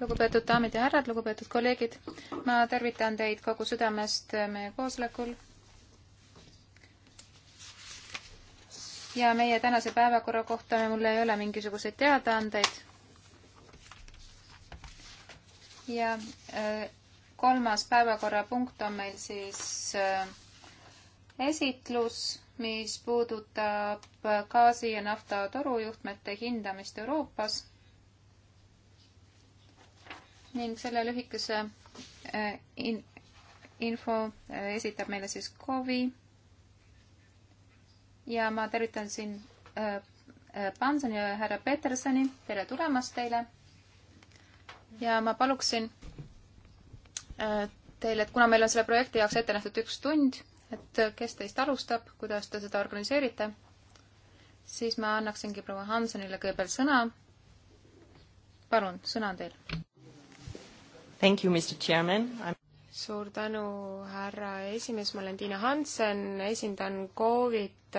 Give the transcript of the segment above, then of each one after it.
lugupeetud daamid ja härrad, lugupeetud kolleegid, ma tervitan teid kogu südamest meie koosolekul. ja meie tänase päevakorra kohta mul ei ole mingisuguseid teadaandeid. ja äh, kolmas päevakorrapunkt on meil siis äh, esitlus mis puudutab gaasi ja nafta torujuhtmete hindamist Euroopas ning selle lühikese eh, in, info eh, esitab meile siis KOV-i ja ma tervitan siin eh, Pansoni ja härra Petersoni, tere tulemast teile ja ma paluksin teile, et kuna meil on selle projekti jaoks ette nähtud üks tund, et kes teist alustab, kuidas te seda organiseerite, siis ma annaksingi proua Hansonile kõigepealt sõna. palun, sõna on teil. Thank you, Mr Chairman. suur tänu, härra esimees, ma olen Tiina Hansen, esindan KOV-it,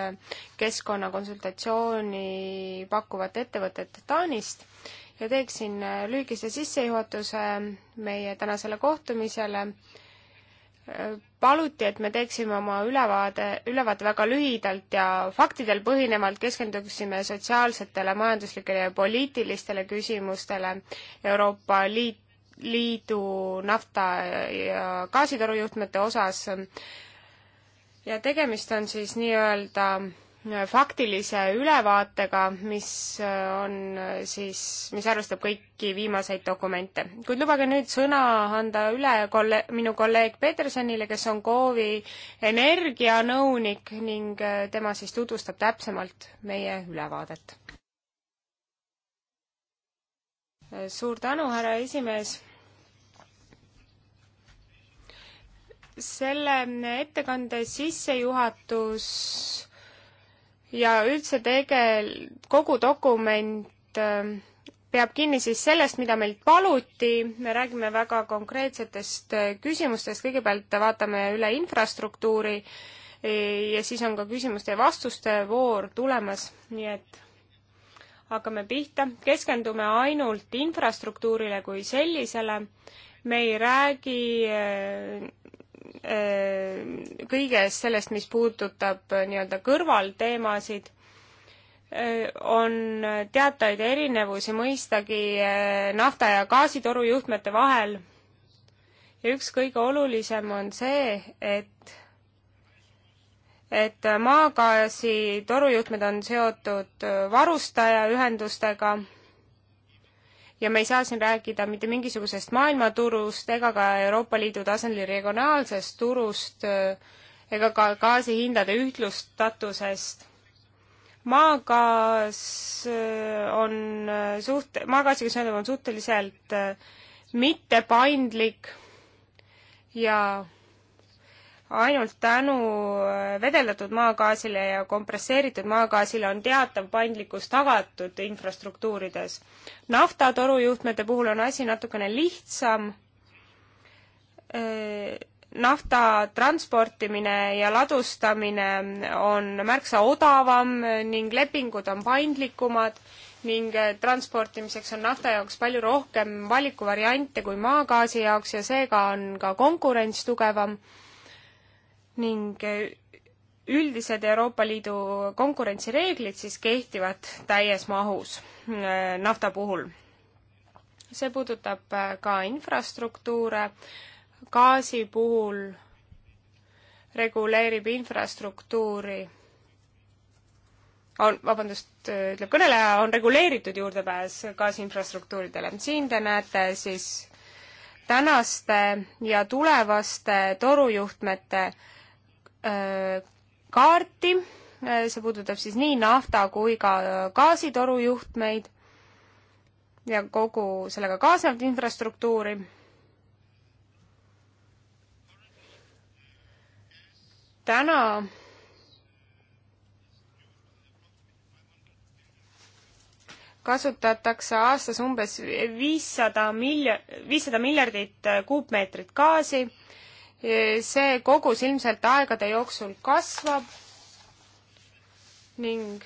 keskkonnakonsultatsiooni pakkuvat ettevõtet Taanist ja teeksin lühikese sissejuhatuse meie tänasele kohtumisele paluti, et me teeksime oma ülevaade, ülevaate väga lühidalt ja faktidel põhinevalt keskenduksime sotsiaalsetele, majanduslikele ja poliitilistele küsimustele Euroopa Liit, Liidu nafta ja gaasitorujuhtmete osas. ja tegemist on siis nii-öelda faktilise ülevaatega, mis äh, on äh, siis, mis arvestab kõiki viimaseid dokumente. kuid lubage nüüd sõna anda üle kolle-, minu kolleeg Petersonile, kes on KOV-i energianõunik ning äh, tema siis tutvustab täpsemalt meie ülevaadet. suur tänu, härra esimees selle ettekande sissejuhatus ja üldse tegel-, kogu dokument ähm, peab kinni siis sellest, mida meilt paluti, me räägime väga konkreetsetest äh, küsimustest, kõigepealt vaatame üle infrastruktuuri e, ja siis on ka küsimuste ja vastuste voor tulemas, nii et hakkame pihta, keskendume ainult infrastruktuurile kui sellisele, me ei räägi äh, Äh, kõigest sellest, mis puudutab äh, nii-öelda kõrvalteemasid, äh, on teatajaid erinevusi mõistagi nafta- ja gaasitoru juhtmete vahel ja üks kõige olulisem on see, et et maagaasi torujuhtmed on seotud varustajaühendustega ja me ei saa siin rääkida mitte mingisugusest maailmaturust ega ka Euroopa Liidu tasandil regionaalsest turust äh, ega ka gaasihindade ühtlustatusest. maagaas äh, on äh, suht-, maagaasiga seonduv on suhteliselt mittepaindlik ja ainult tänu äh, vedeldatud maagaasile ja kompresseeritud maagaasile on teatav paindlikkus tagatud infrastruktuurides. naftatorujuhtmete puhul on asi natukene lihtsam. Äh, nafta transportimine ja ladustamine on märksa odavam ning lepingud on paindlikumad ning äh, transportimiseks on nafta jaoks palju rohkem valikuvariante kui maagaasi jaoks ja seega on ka konkurents tugevam ning üldised Euroopa Liidu konkurentsireeglid siis kehtivad täies mahus äh, nafta puhul. see puudutab äh, ka infrastruktuure, gaasi puhul reguleerib infrastruktuuri on, vabandust, äh, ütleb kõneleja, on reguleeritud juurdepääs gaasinfrastruktuuridele. siin te näete siis tänaste ja tulevaste torujuhtmete äh, Äh, kaarti, äh, see puudutab siis nii nafta kui ka äh, gaasitoru juhtmeid ja kogu sellega kaasnevat infrastruktuuri. täna kasutatakse aastas umbes viissada miljon, viissada miljardit kuupmeetrit gaasi see kogus ilmselt aegade jooksul kasvab ning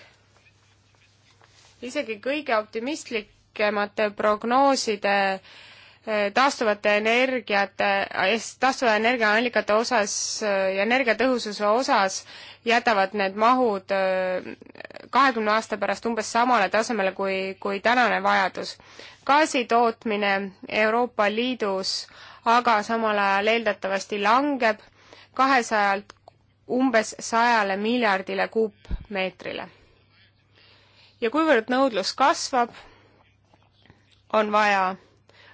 isegi kõige optimistlikemate prognooside eh, taastuvate energiate, eh, taastuva energiaallikate osas eh, ja energiatõhususe osas jätavad need mahud kahekümne aasta pärast umbes samale tasemele kui, kui tänane vajadus. gaasi tootmine Euroopa Liidus aga samal ajal eeldatavasti langeb kahesajalt umbes sajale miljardile kuupmeetrile. ja kuivõrd nõudlus kasvab, on vaja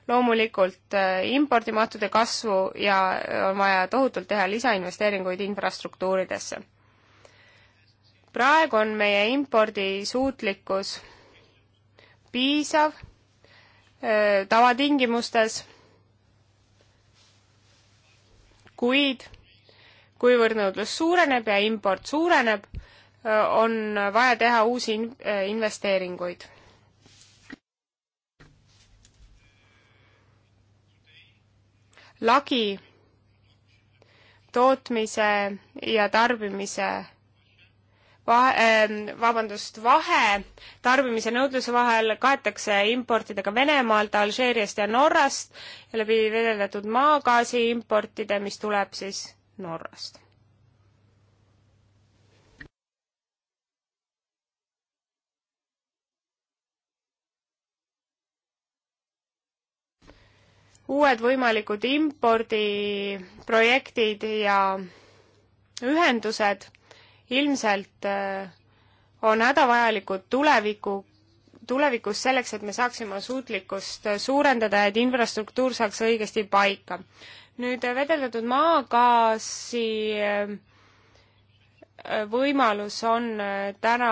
loomulikult äh, impordimahtude kasvu ja äh, on vaja tohutult teha lisainvesteeringuid infrastruktuuridesse. praegu on meie impordisuutlikkus piisav äh, tavatingimustes kuid kuivõrd nõudlus suureneb ja import suureneb, on vaja teha uusi investeeringuid. lagi tootmise ja tarbimise vahe, ähm, vabandust, vahe tarbimise nõudluse vahel kaetakse importidega Venemaalt, Alžeeriast ja Norrast ja läbi vedeldatud maagaasi importide, mis tuleb siis Norrast. uued võimalikud impordiprojektid ja ühendused ilmselt äh, on hädavajalikud tuleviku, tulevikus selleks, et me saaksime suutlikkust äh, suurendada, et infrastruktuur saaks õigesti paika. nüüd äh, vedeldatud maagaasi võimalus on täna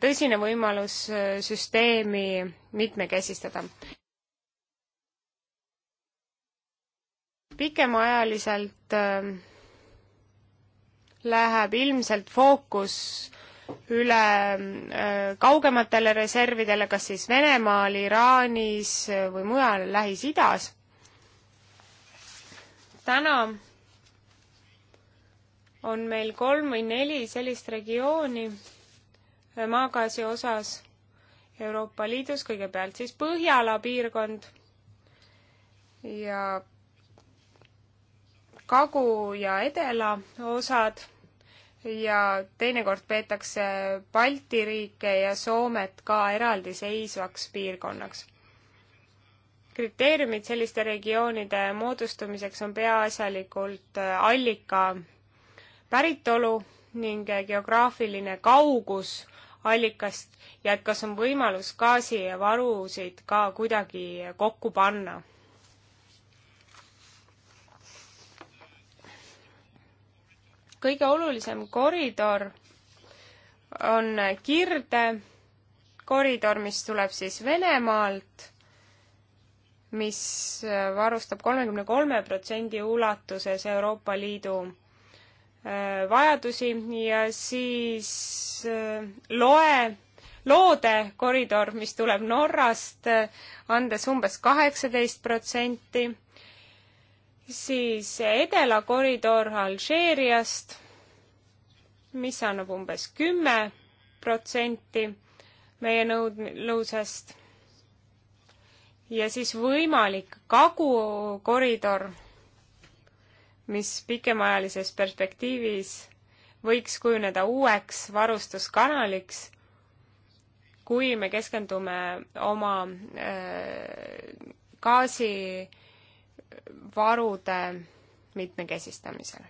tõsine võimalus süsteemi mitmekesistada. pikemaajaliselt läheb ilmselt fookus üle äh, kaugematele reservidele, kas siis Venemaal, Iraanis äh, või mujal Lähis-Idas. täna on meil kolm või neli sellist regiooni äh, maagaasi osas Euroopa Liidus, kõigepealt siis Põhjala piirkond ja Kagu ja Edela osad ja teinekord peetakse Balti riike ja Soomet ka eraldiseisvaks piirkonnaks. kriteeriumid selliste regioonide moodustumiseks on peaasjalikult äh, allika päritolu ning äh, geograafiline kaugus allikast ja et kas on võimalus gaasivarusid ka kuidagi äh, kokku panna kõige olulisem koridor on Kirde koridor, mis tuleb siis Venemaalt, mis varustab kolmekümne kolme protsendi ulatuses Euroopa Liidu äh, vajadusi ja siis äh, loe, loode koridor, mis tuleb Norrast, äh, andes umbes kaheksateist protsenti siis edelakoridor Alžeeriast, mis annab umbes kümme protsenti meie nõud-, lõusest. ja siis võimalik kagukoridor, mis pikemaajalises perspektiivis võiks kujuneda uueks varustuskanaliks, kui me keskendume oma äh, gaasi äh, varude mitmekesistamisel.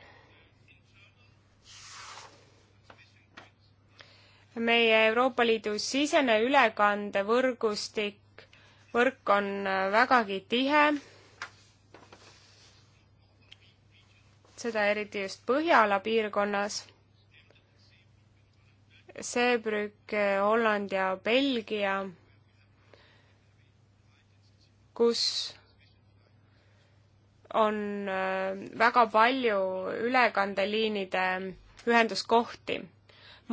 meie Euroopa Liidu sisene ülekandevõrgustik, võrk on vägagi tihe. seda eriti just Põhjala piirkonnas. Seebrück, Holland ja Belgia kus on äh, väga palju ülekandeliinide ühenduskohti.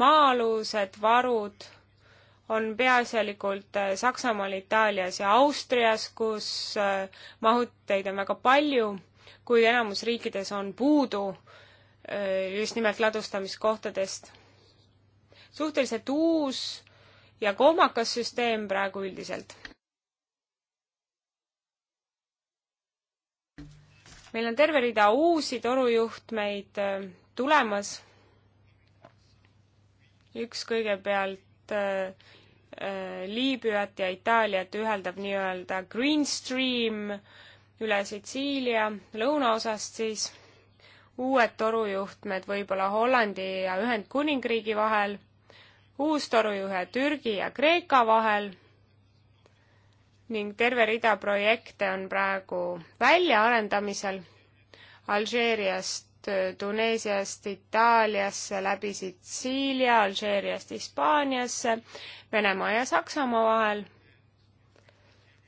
maa-alused varud on peaasjalikult äh, Saksamaal, Itaalias ja Austrias, kus äh, mahuteid on väga palju, kuid enamus riikides on puudu just nimelt ladustamiskohtadest. suhteliselt uus ja kohmakas süsteem praegu üldiselt meil on terve rida uusi torujuhtmeid äh, tulemas. üks kõigepealt äh, äh, Liibüat ja Itaaliat üheldab nii-öelda Green Stream üle Sitsiilia lõunaosast siis uued torujuhtmed võib-olla Hollandi ja Ühendkuningriigi vahel, uus torujuhe Türgi ja Kreeka vahel ning terve rida projekte on praegu väljaarendamisel Alžeeriast, Tuneesiast Itaaliasse, läbi Sitsiilia, Alžeeriast Hispaaniasse, Venemaa ja Saksamaa vahel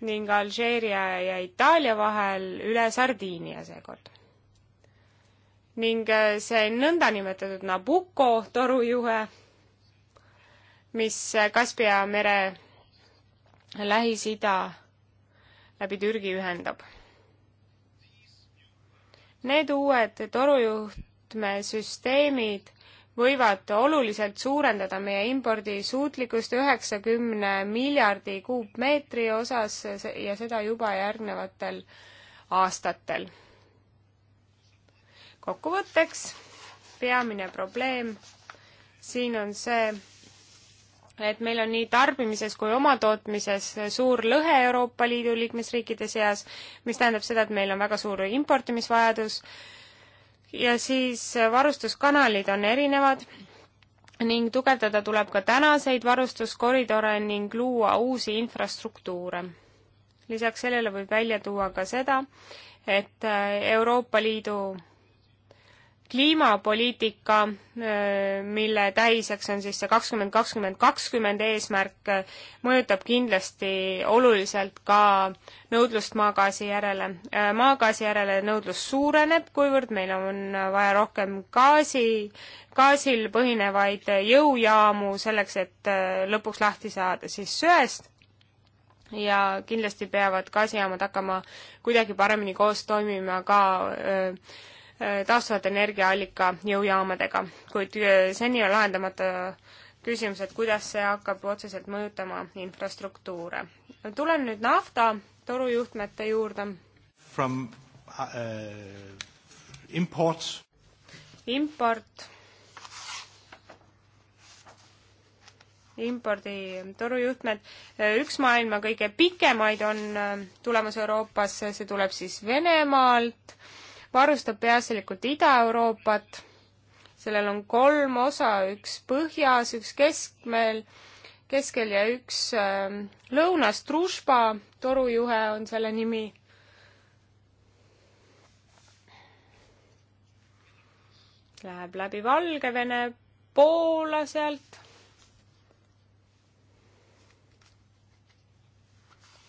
ning Alžeeria ja Itaalia vahel üle Sardiinia seekord. ning äh, see nõndanimetatud Nabucco torujuhe, mis äh, Kaspia mere Lähis-Ida läbi Türgi ühendab. Need uued torujuhtmesüsteemid võivad oluliselt suurendada meie impordi suutlikkust üheksakümne miljardi kuupmeetri osas ja seda juba järgnevatel aastatel. kokkuvõtteks, peamine probleem siin on see, et meil on nii tarbimises kui omatootmises suur lõhe Euroopa Liidu liikmesriikide seas, mis tähendab seda, et meil on väga suur importimisvajadus ja siis varustuskanalid on erinevad ning tugevdada tuleb ka tänaseid varustuskoridore ning luua uusi infrastruktuure. lisaks sellele võib välja tuua ka seda, et Euroopa Liidu kliimapoliitika, mille tähiseks on siis see kakskümmend, kakskümmend, kakskümmend eesmärk, mõjutab kindlasti oluliselt ka nõudlust maagaasi järele. maagaasi järele nõudlus suureneb, kuivõrd meil on vaja rohkem gaasi, gaasil põhinevaid jõujaamu selleks, et lõpuks lahti saada siis söest ja kindlasti peavad gaasijaamad hakkama kuidagi paremini koos toimima ka öö, taastuvat energiaallika jõujaamadega, kuid äh, seni on lahendamata küsimus, et kuidas see hakkab otseselt mõjutama infrastruktuure. tulen nüüd nafta torujuhtmete juurde. From uh, imports. import. impordi torujuhtmed. üks maailma kõige pikemaid on äh, tulemas Euroopasse, see tuleb siis Venemaalt varustab peaasjalikult Ida-Euroopat, sellel on kolm osa, üks põhjas, üks keskmel, keskel ja üks äh, lõunas, Družba, torujuhe on selle nimi. Läheb läbi Valgevene, Poola sealt.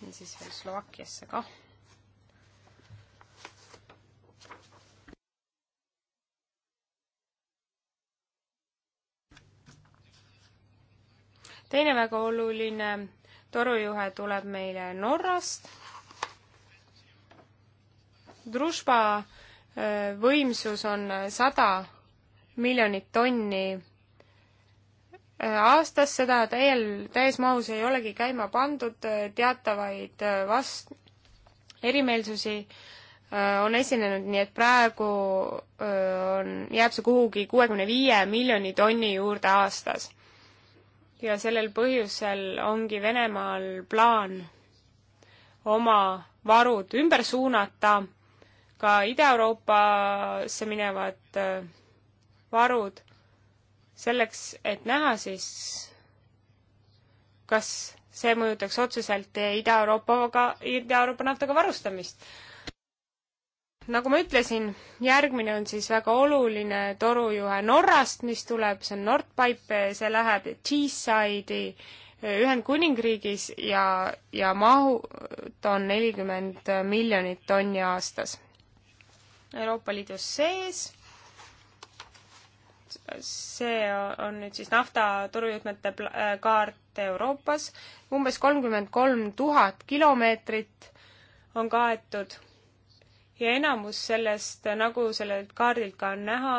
ja siis veel Slovakkiasse kah teine väga oluline torujuhe tuleb meile Norrast. Družba äh, võimsus on sada miljonit tonni äh, aastas, seda täiel, täies mahus ei olegi käima pandud, äh, teatavaid vast-, erimeelsusi on esinenud, nii et praegu on, jääb see kuhugi kuuekümne viie miljoni tonni juurde aastas ja sellel põhjusel ongi Venemaal plaan oma varud ümber suunata, ka Ida-Euroopasse minevad äh, varud, selleks et näha siis, kas see mõjutaks otseselt Ida-Euroopaga, Ida-Euroopa naftaga varustamist nagu ma ütlesin, järgmine on siis väga oluline torujuhe Norrast, mis tuleb, see on Nordpipe, see läheb Cheeside'i äh, Ühendkuningriigis ja, ja mahut on nelikümmend miljonit tonni aastas. Euroopa Liidus sees, see on nüüd siis nafta torujuhtmete äh, kaart Euroopas, umbes kolmkümmend kolm tuhat kilomeetrit on kaetud ja enamus sellest, nagu sellelt kaardilt ka on näha,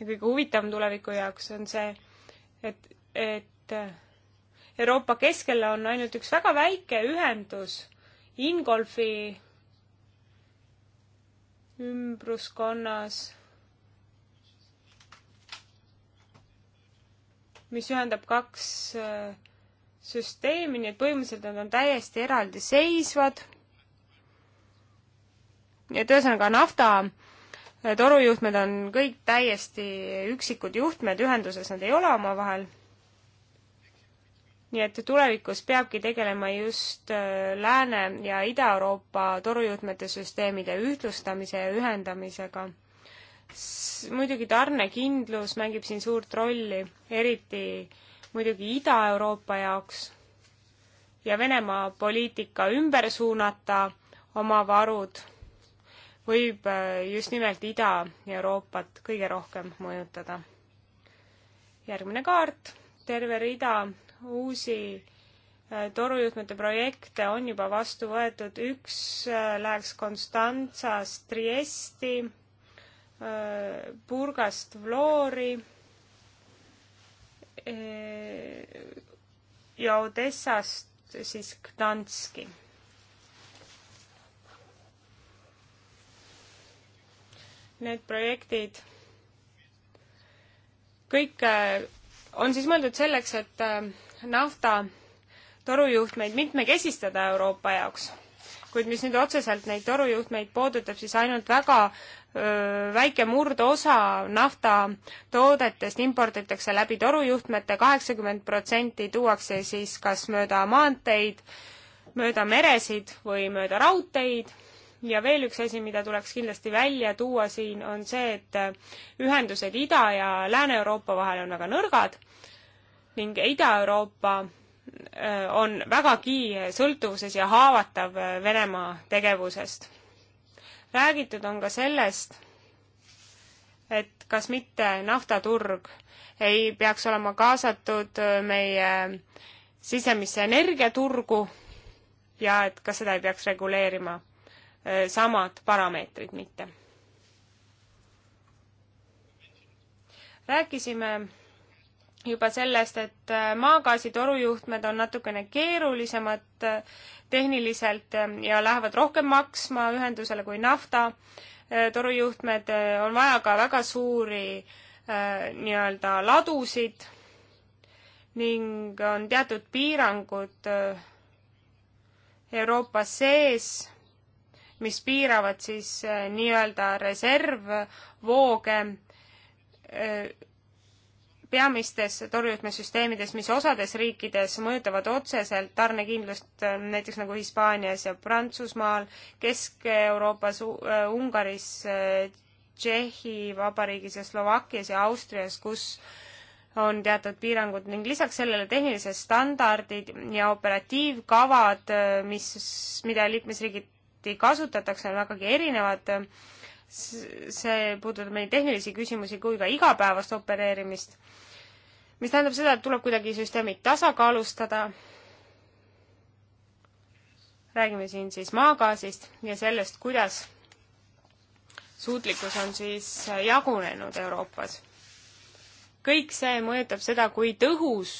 ja kõige huvitavam tuleviku jaoks on see, et, et Euroopa keskel on ainult üks väga väike ühendus Ingolfi ümbruskonnas, mis ühendab kaks äh, süsteemi, nii et põhimõtteliselt nad on täiesti eraldiseisvad. nii et ühesõnaga nafta eh, torujuhtmed on kõik täiesti üksikud juhtmed, ühenduses nad ei ole omavahel. nii et tulevikus peabki tegelema just eh, Lääne- ja Ida-Euroopa torujuhtmete süsteemide ühtlustamise ja ühendamisega. muidugi tarnekindlus mängib siin suurt rolli, eriti äh, muidugi Ida-Euroopa jaoks ja Venemaa poliitika ümber suunata oma varud võib äh, just nimelt Ida-Euroopat kõige rohkem mõjutada. järgmine kaart, terve rida uusi äh, torujuhtmete projekte on juba vastu võetud, üks äh, läheks Konstantsast Triesti, Burgast Vloori ja Odessast siis Gdanski. Need projektid kõik äh, on siis mõeldud selleks, et äh, nafta torujuhtmeid mitmekesistada Euroopa jaoks kuid mis nüüd otseselt neid torujuhtmeid puudutab, siis ainult väga öö, väike murdosa naftatoodetest imporditakse läbi torujuhtmete, kaheksakümmend protsenti tuuakse siis kas mööda maanteid, mööda meresid või mööda raudteid ja veel üks asi, mida tuleks kindlasti välja tuua siin, on see, et äh, ühendused Ida- ja Lääne-Euroopa vahel on väga nõrgad ning Ida-Euroopa Äh, on vägagi sõltuvuses ja haavatav äh, Venemaa tegevusest. räägitud on ka sellest, et kas mitte naftaturg ei peaks olema kaasatud äh, meie sisemisse energiaturgu ja et ka seda ei peaks reguleerima samad parameetrid mitte. rääkisime juba sellest, et äh, maagaasi torujuhtmed on natukene keerulisemad äh, tehniliselt äh, ja lähevad rohkem maksma ühendusele kui nafta torujuhtmed, on vaja ka väga suuri nii-öelda ladusid ning on teatud piirangud Euroopa sees, mis piiravad siis nii-öelda reservvooge peamistes tõrjutmesüsteemides, mis osades riikides mõjutavad otseselt tarnekindlust, äh, näiteks nagu Hispaanias ja Prantsusmaal, Kesk-Euroopas, äh, Ungaris, äh, Tšehhi Vabariigis ja Slovakkias ja Austrias, kus on teatud piirangud ning lisaks sellele tehnilised standardid ja operatiivkavad, mis, mida liikmesriigiti kasutatakse, on vägagi erinevad see puudutab nii tehnilisi küsimusi kui ka igapäevast opereerimist, mis tähendab seda, et tuleb kuidagi süsteemid tasakaalustada. räägime siin siis maagaasist ja sellest, kuidas suutlikkus on siis jagunenud Euroopas. kõik see mõjutab seda, kui tõhus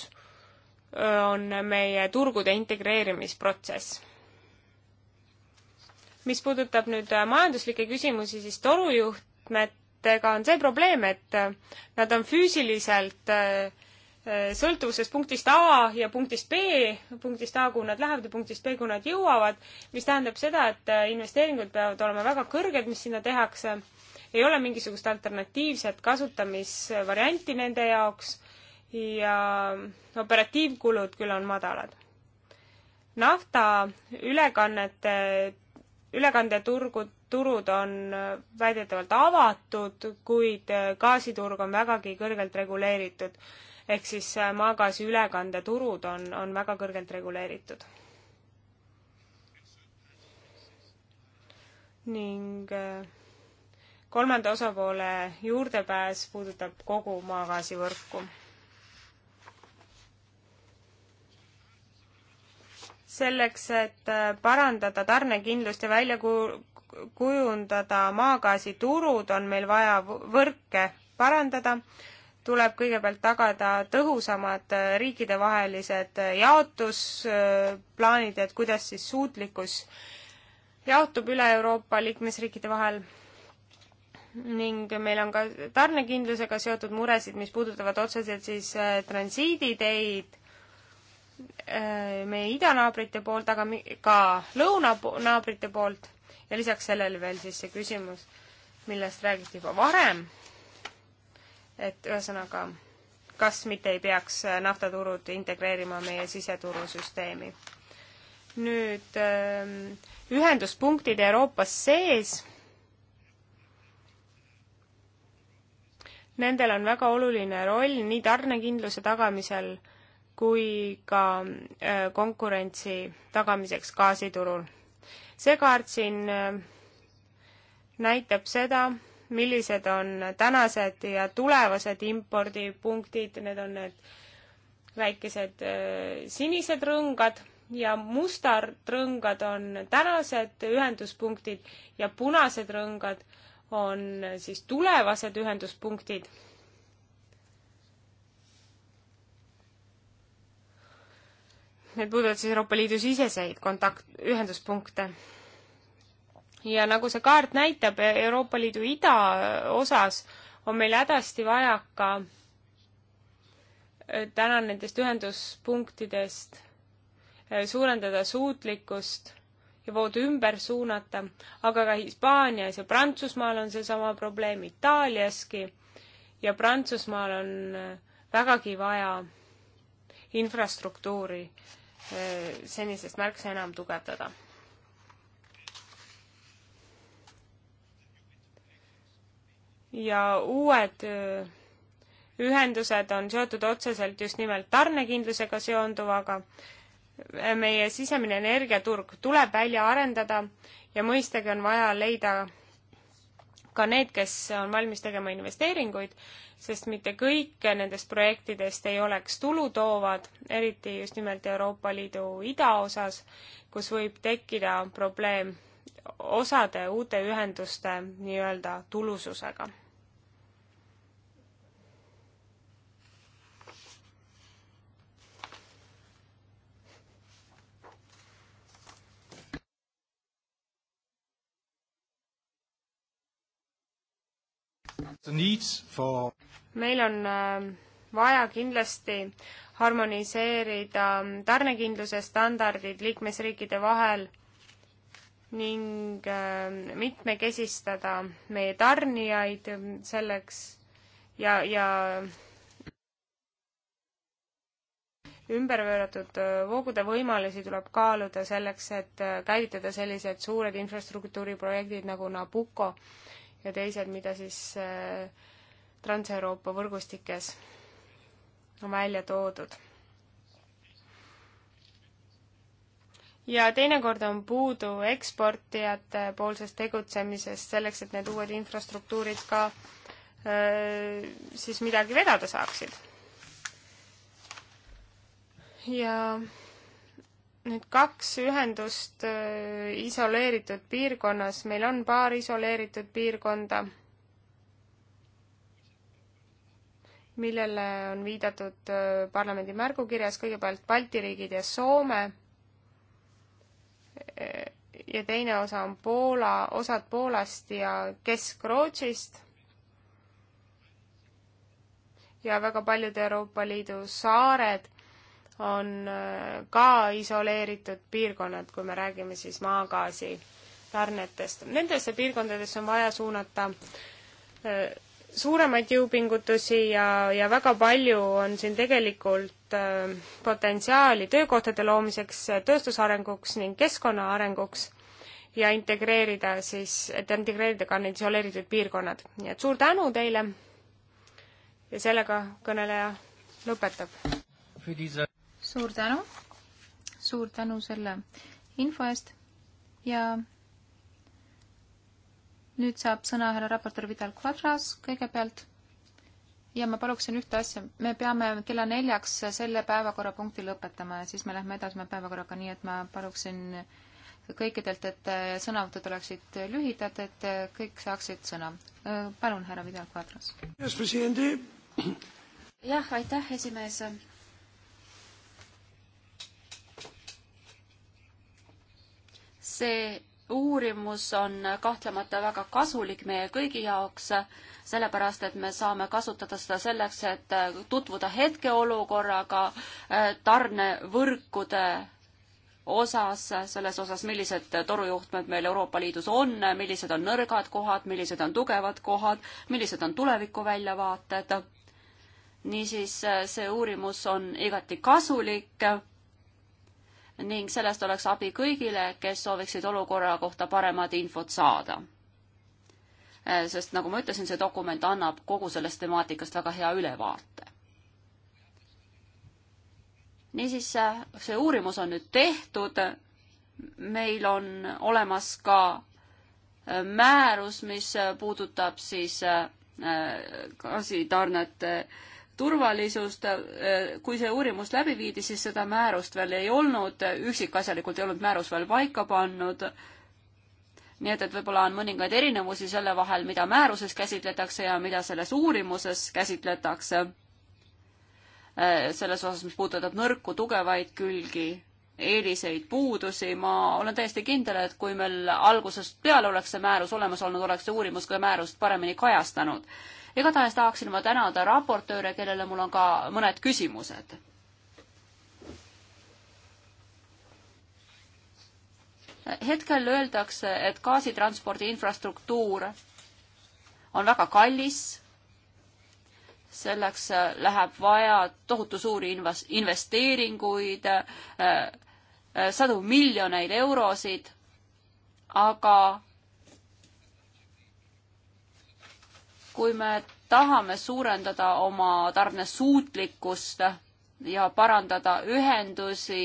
on meie turgude integreerimisprotsess mis puudutab nüüd äh, majanduslikke küsimusi, siis torujuhtmetega on see probleem, et äh, nad on füüsiliselt äh, sõltuvuses punktist A ja punktist B, punktist A, kuhu nad lähevad ja punktist B, kuhu nad jõuavad, mis tähendab seda, et investeeringud peavad olema väga kõrged, mis sinna tehakse, ei ole mingisugust alternatiivset kasutamisvarianti nende jaoks ja operatiivkulud küll on madalad nafta ülekannete ülekandeturgud, turud on äh, väidetavalt avatud, kuid äh, gaasiturg on vägagi kõrgelt reguleeritud. ehk siis äh, maagaasi ülekandeturud on, on väga kõrgelt reguleeritud. ning kolmanda osapoole juurdepääs puudutab kogu maagaasivõrku selleks, et äh, parandada tarnekindlust ja välja kujundada maagaasiturud, on meil vaja võrke parandada, tuleb kõigepealt tagada tõhusamad äh, riikidevahelised äh, jaotusplaanid, et kuidas siis suutlikkus jaotub üle Euroopa liikmesriikide vahel ning meil on ka tarnekindlusega seotud muresid, mis puudutavad otseselt siis transiiditeid Äh, meie idanaabrite poolt, aga ka lõunanaabrite poolt ja lisaks sellele veel siis see küsimus, millest räägiti juba varem, et ühesõnaga, kas mitte ei peaks naftaturud integreerima meie siseturusüsteemi. nüüd ähm, ühenduspunktid Euroopas sees, nendel on väga oluline roll nii tarnekindluse tagamisel, kui ka äh, konkurentsi tagamiseks gaasiturul. see kaart siin äh, näitab seda, millised on tänased ja tulevased impordipunktid, need on need väikesed äh, sinised rõngad ja mustad rõngad on tänased ühenduspunktid ja punased rõngad on siis tulevased ühenduspunktid need puudutavad siis Euroopa Liidu siseseid kontakt, ühenduspunkte. ja nagu see kaart näitab, Euroopa Liidu idaosas on meil hädasti vaja ka äh, täna nendest ühenduspunktidest äh, suurendada suutlikkust ja vood ümber suunata, aga ka Hispaanias ja Prantsusmaal on seesama probleem, Itaaliaski ja Prantsusmaal on äh, vägagi vaja infrastruktuuri äh, Eh, senisest märksa enam tugevdada. ja uued eh, ühendused on seotud otseselt just nimelt tarnekindlusega seonduvaga. meie sisemine energiaturg tuleb välja arendada ja mõistagi on vaja leida ka need, kes on valmis tegema investeeringuid, sest mitte kõik nendest projektidest ei oleks tulutoovad, eriti just nimelt Euroopa Liidu idaosas, kus võib tekkida probleem osade uute ühenduste nii-öelda tulususega For... meil on äh, vaja kindlasti harmoniseerida ähm, tarnekindluse standardid liikmesriikide vahel ning ähm, mitmekesistada meie tarnijaid ähm, selleks ja, ja ümberpööratud äh, voogude võimalusi tuleb kaaluda selleks, et äh, käivitada sellised suured infrastruktuuriprojektid nagu Nabucco ja teised, mida siis äh, Trans-Euroopa võrgustikes on välja toodud. ja teinekord on puudu eksportijate poolsest tegutsemisest selleks, et need uued infrastruktuurid ka äh, siis midagi vedada saaksid. ja nüüd kaks ühendust äh, isoleeritud piirkonnas, meil on paar isoleeritud piirkonda, millele on viidatud äh, parlamendi märgukirjas, kõigepealt Balti riigid ja Soome äh, ja teine osa on Poola, osad Poolast ja Kesk-Rootsist ja väga paljud Euroopa Liidu saared on äh, ka isoleeritud piirkonnad, kui me räägime siis maagaasi tarnetest. Nendesse piirkondadesse on vaja suunata äh, suuremaid jõupingutusi ja, ja väga palju on siin tegelikult äh, potentsiaali töökohtade loomiseks, tööstusarenguks ning keskkonna arenguks ja integreerida siis, et integreerida ka need isoleeritud piirkonnad. nii et suur tänu teile ja sellega kõneleja lõpetab suur tänu, suur tänu selle info eest ja nüüd saab sõna härra raportöör Vidal Quadras kõigepealt. ja ma paluksin ühte asja, me peame kella neljaks selle päevakorrapunkti lõpetama ja siis me lähme edasi oma päevakorraga, nii et ma paluksin kõikidelt, et sõnavõtud oleksid lühidad, et kõik saaksid sõna. palun, härra Vidal Quadras. jah, aitäh, esimees see uurimus on kahtlemata väga kasulik meie kõigi jaoks, sellepärast et me saame kasutada seda selleks, et äh, tutvuda hetkeolukorraga, äh, tarnevõrkude osas, selles osas, millised torujuhtmed meil Euroopa Liidus on, millised on nõrgad kohad, millised on tugevad kohad, millised on tuleviku väljavaated. niisiis, äh, see uurimus on igati kasulik ning sellest oleks abi kõigile, kes sooviksid olukorra kohta paremat infot saada. Äh, sest nagu ma ütlesin, see dokument annab kogu sellest temaatikast väga hea ülevaate. niisiis, äh, see uurimus on nüüd tehtud, meil on olemas ka äh, määrus, mis puudutab siis gaasitarnete äh, turvalisust, kui see uurimus läbi viidi, siis seda määrust veel ei olnud, üksikasjalikult ei olnud määrus veel paika pannud. nii et, et võib-olla on mõningaid erinevusi selle vahel, mida määruses käsitletakse ja mida selles uurimuses käsitletakse. selles osas, mis puudutab nõrku, tugevaid külgi, eeliseid, puudusi, ma olen täiesti kindel, et kui meil algusest peale oleks see määrus olemas olnud, oleks see uurimus ka määrust paremini kajastanud igatahes tahaksin ma tänada raportööre, kellele mul on ka mõned küsimused. hetkel öeldakse, et gaasitranspordi infrastruktuur on väga kallis, selleks läheb vaja tohutu suuri investeeringuid, äh, äh, sadu miljoneid eurosid, aga kui me tahame suurendada oma tarnesuutlikkust ja parandada ühendusi,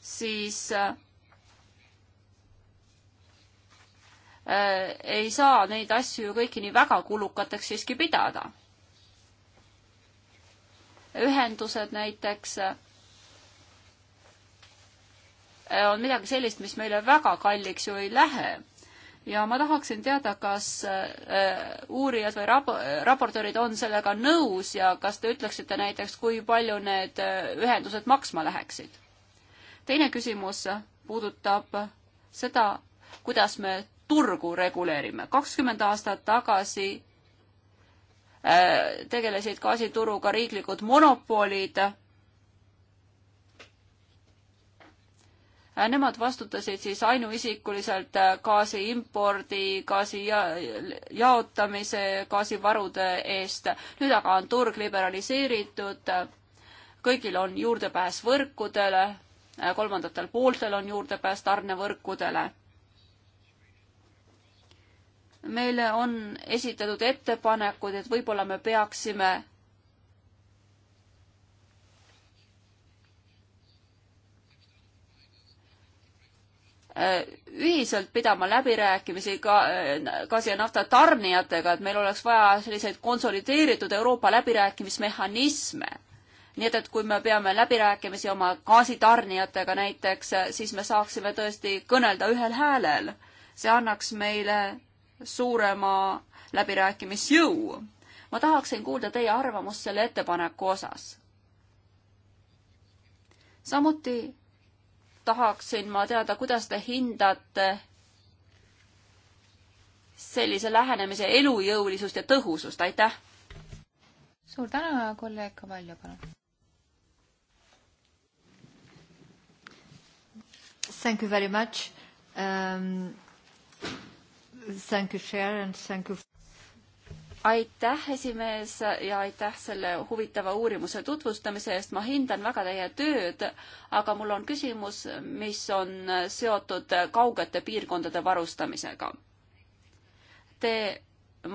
siis äh, ei saa neid asju ju kõiki nii väga kulukateks siiski pidada. ühendused näiteks on midagi sellist, mis meile väga kalliks ju ei lähe. ja ma tahaksin teada, kas äh, uurijad või rap-, raportöörid on sellega nõus ja kas te ütleksite näiteks, kui palju need äh, ühendused maksma läheksid? teine küsimus puudutab seda, kuidas me turgu reguleerime. kakskümmend aastat tagasi äh, tegelesid gaasituruga riiklikud monopolid Äh, nemad vastutasid siis ainuisikuliselt äh, gaasi impordi, gaasi jaotamise, gaasivarude eest. nüüd aga on turg liberaliseeritud, kõigil on juurdepääs võrkudele, äh, kolmandatel pooltel on juurdepääs tarnevõrkudele meile on esitatud ettepanekud, et võib-olla me peaksime ühiselt pidama läbirääkimisi ka gaasi ja nafta tarnijatega, et meil oleks vaja selliseid konsolideeritud Euroopa läbirääkimismehhanisme. nii et, et kui me peame läbirääkimisi oma gaasitarnijatega näiteks, siis me saaksime tõesti kõnelda ühel häälel. see annaks meile suurema läbirääkimisjõu. ma tahaksin kuulda teie arvamust selle ettepaneku osas. samuti tahaksin ma teada, kuidas te hindate sellise lähenemise elujõulisust ja tõhusust, aitäh! suur tänu, kolleeg Kavaljo, palun! Thank you very much um,. Thank you, Sharon, thank you aitäh, esimees ja aitäh selle huvitava uurimuse tutvustamise eest, ma hindan väga teie tööd, aga mul on küsimus, mis on seotud kaugete piirkondade varustamisega. Te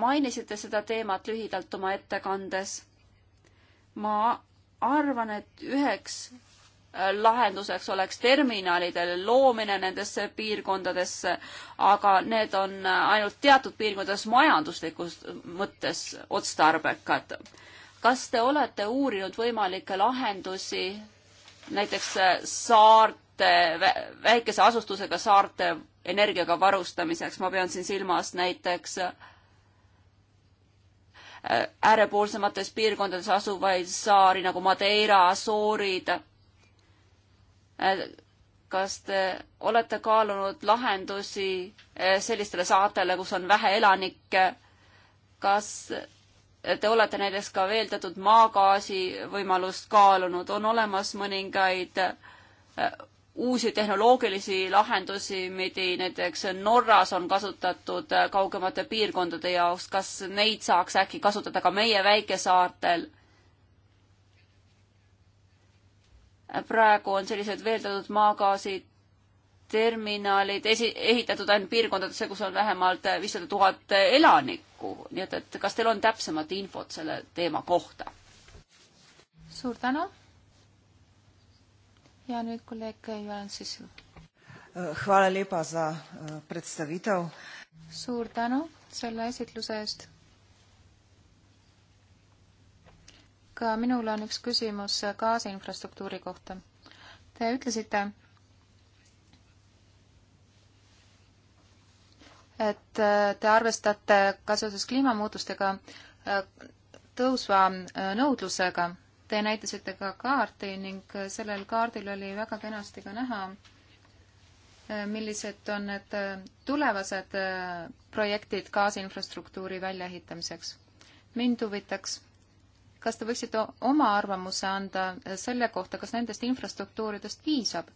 mainisite seda teemat lühidalt oma ettekandes. ma arvan, et üheks lahenduseks oleks terminalide loomine nendesse piirkondadesse, aga need on ainult teatud piirkondades majanduslikus mõttes otstarbekad. kas te olete uurinud võimalikke lahendusi näiteks saarte, väikese asustusega saarte energiaga varustamiseks, ma pean siin silmas näiteks äärepoolsemates piirkondades asuvaid saari nagu Madeira, Asoorid Äh, kas te olete kaalunud lahendusi äh, sellistele saartele, kus on vähe elanikke? kas te olete näiteks ka veeldatud maagaasi võimalust kaalunud, on olemas mõningaid äh, uusi tehnoloogilisi lahendusi, mida näiteks Norras on kasutatud kaugemate piirkondade jaoks, kas neid saaks äkki kasutada ka meie väikesaartel? praegu on sellised veeldatud maagaasi terminalid esi-, ehitatud ainult piirkondadesse, kus on vähemalt viissada tuhat elanikku, nii et, et kas teil on täpsemat infot selle teema kohta? suur tänu. ja nüüd kolleeg Jüran Sissu. Hvala lepa za eh, predstavitev. suur tänu selle esitluse eest ka minul on üks küsimus gaasinfrastruktuuri kohta. Te ütlesite, et äh, te arvestate ka seoses kliimamuutustega äh, tõusva äh, nõudlusega. Te näitasite ka kaarti ning sellel kaardil oli väga kenasti ka näha, millised on need tulevased projektid gaasinfrastruktuuri väljaehitamiseks. mind huvitaks kas te võiksite oma arvamuse anda selle kohta, kas nendest infrastruktuuridest piisab?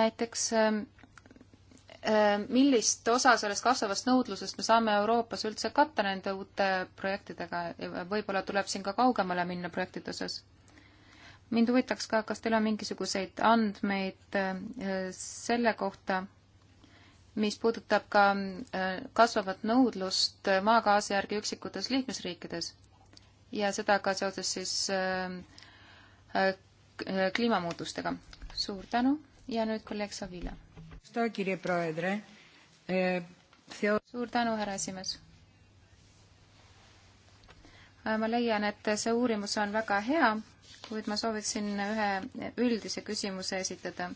näiteks ähm, ähm, millist osa sellest kasvavast nõudlusest me saame Euroopas üldse katta nende uute projektidega, võib-olla tuleb siin ka kaugemale minna projektide osas? mind huvitaks ka, kas teil on mingisuguseid andmeid äh, selle kohta, mis puudutab ka äh, kasvavat nõudlust äh, maagaasi järgi üksikutes liikmesriikides ja seda ka seoses siis äh, kliimamuutustega. suur tänu ja nüüd kolleeg Savila. suur tänu, härra esimees. ma leian, et see uurimus on väga hea, kuid ma sooviksin ühe üldise küsimuse esitada.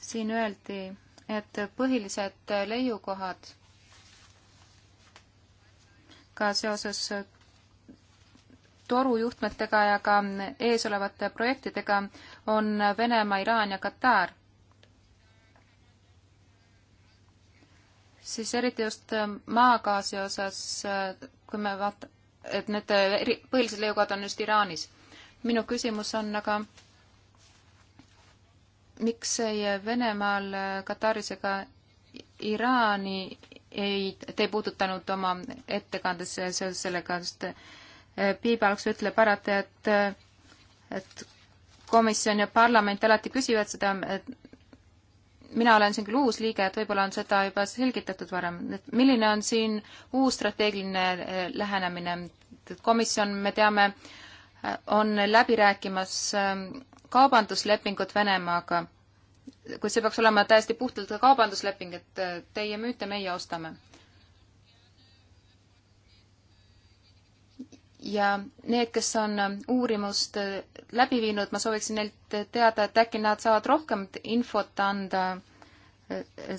siin öeldi need põhilised leiukohad ka seoses torujuhtmetega ja ka eesolevate projektidega on Venemaa, Iraan ja Katar. siis eriti just maagaasi osas, kui me vaata-, et need põhilised leiukohad on just Iraanis. minu küsimus on aga, miks ei Venemaal, Kataris ega Iraani ei, te ei puudutanud oma ettekandes seoses sellega, sest eh, Piibalks ütleb alati, et, et komisjon ja parlament alati küsivad seda, et mina olen siin küll uus liige, et võib-olla on seda juba selgitatud varem, et milline on siin uus strateegiline eh, lähenemine, et komisjon, me teame, eh, on läbi rääkimas äh, kaubanduslepingut Venemaaga, kuid see peaks olema täiesti puhtalt ka kaubandusleping, et äh, teie müüte, meie ostame. ja need, kes on äh, uurimust äh, läbi viinud, ma sooviksin neilt teada, et äkki nad saavad rohkem infot anda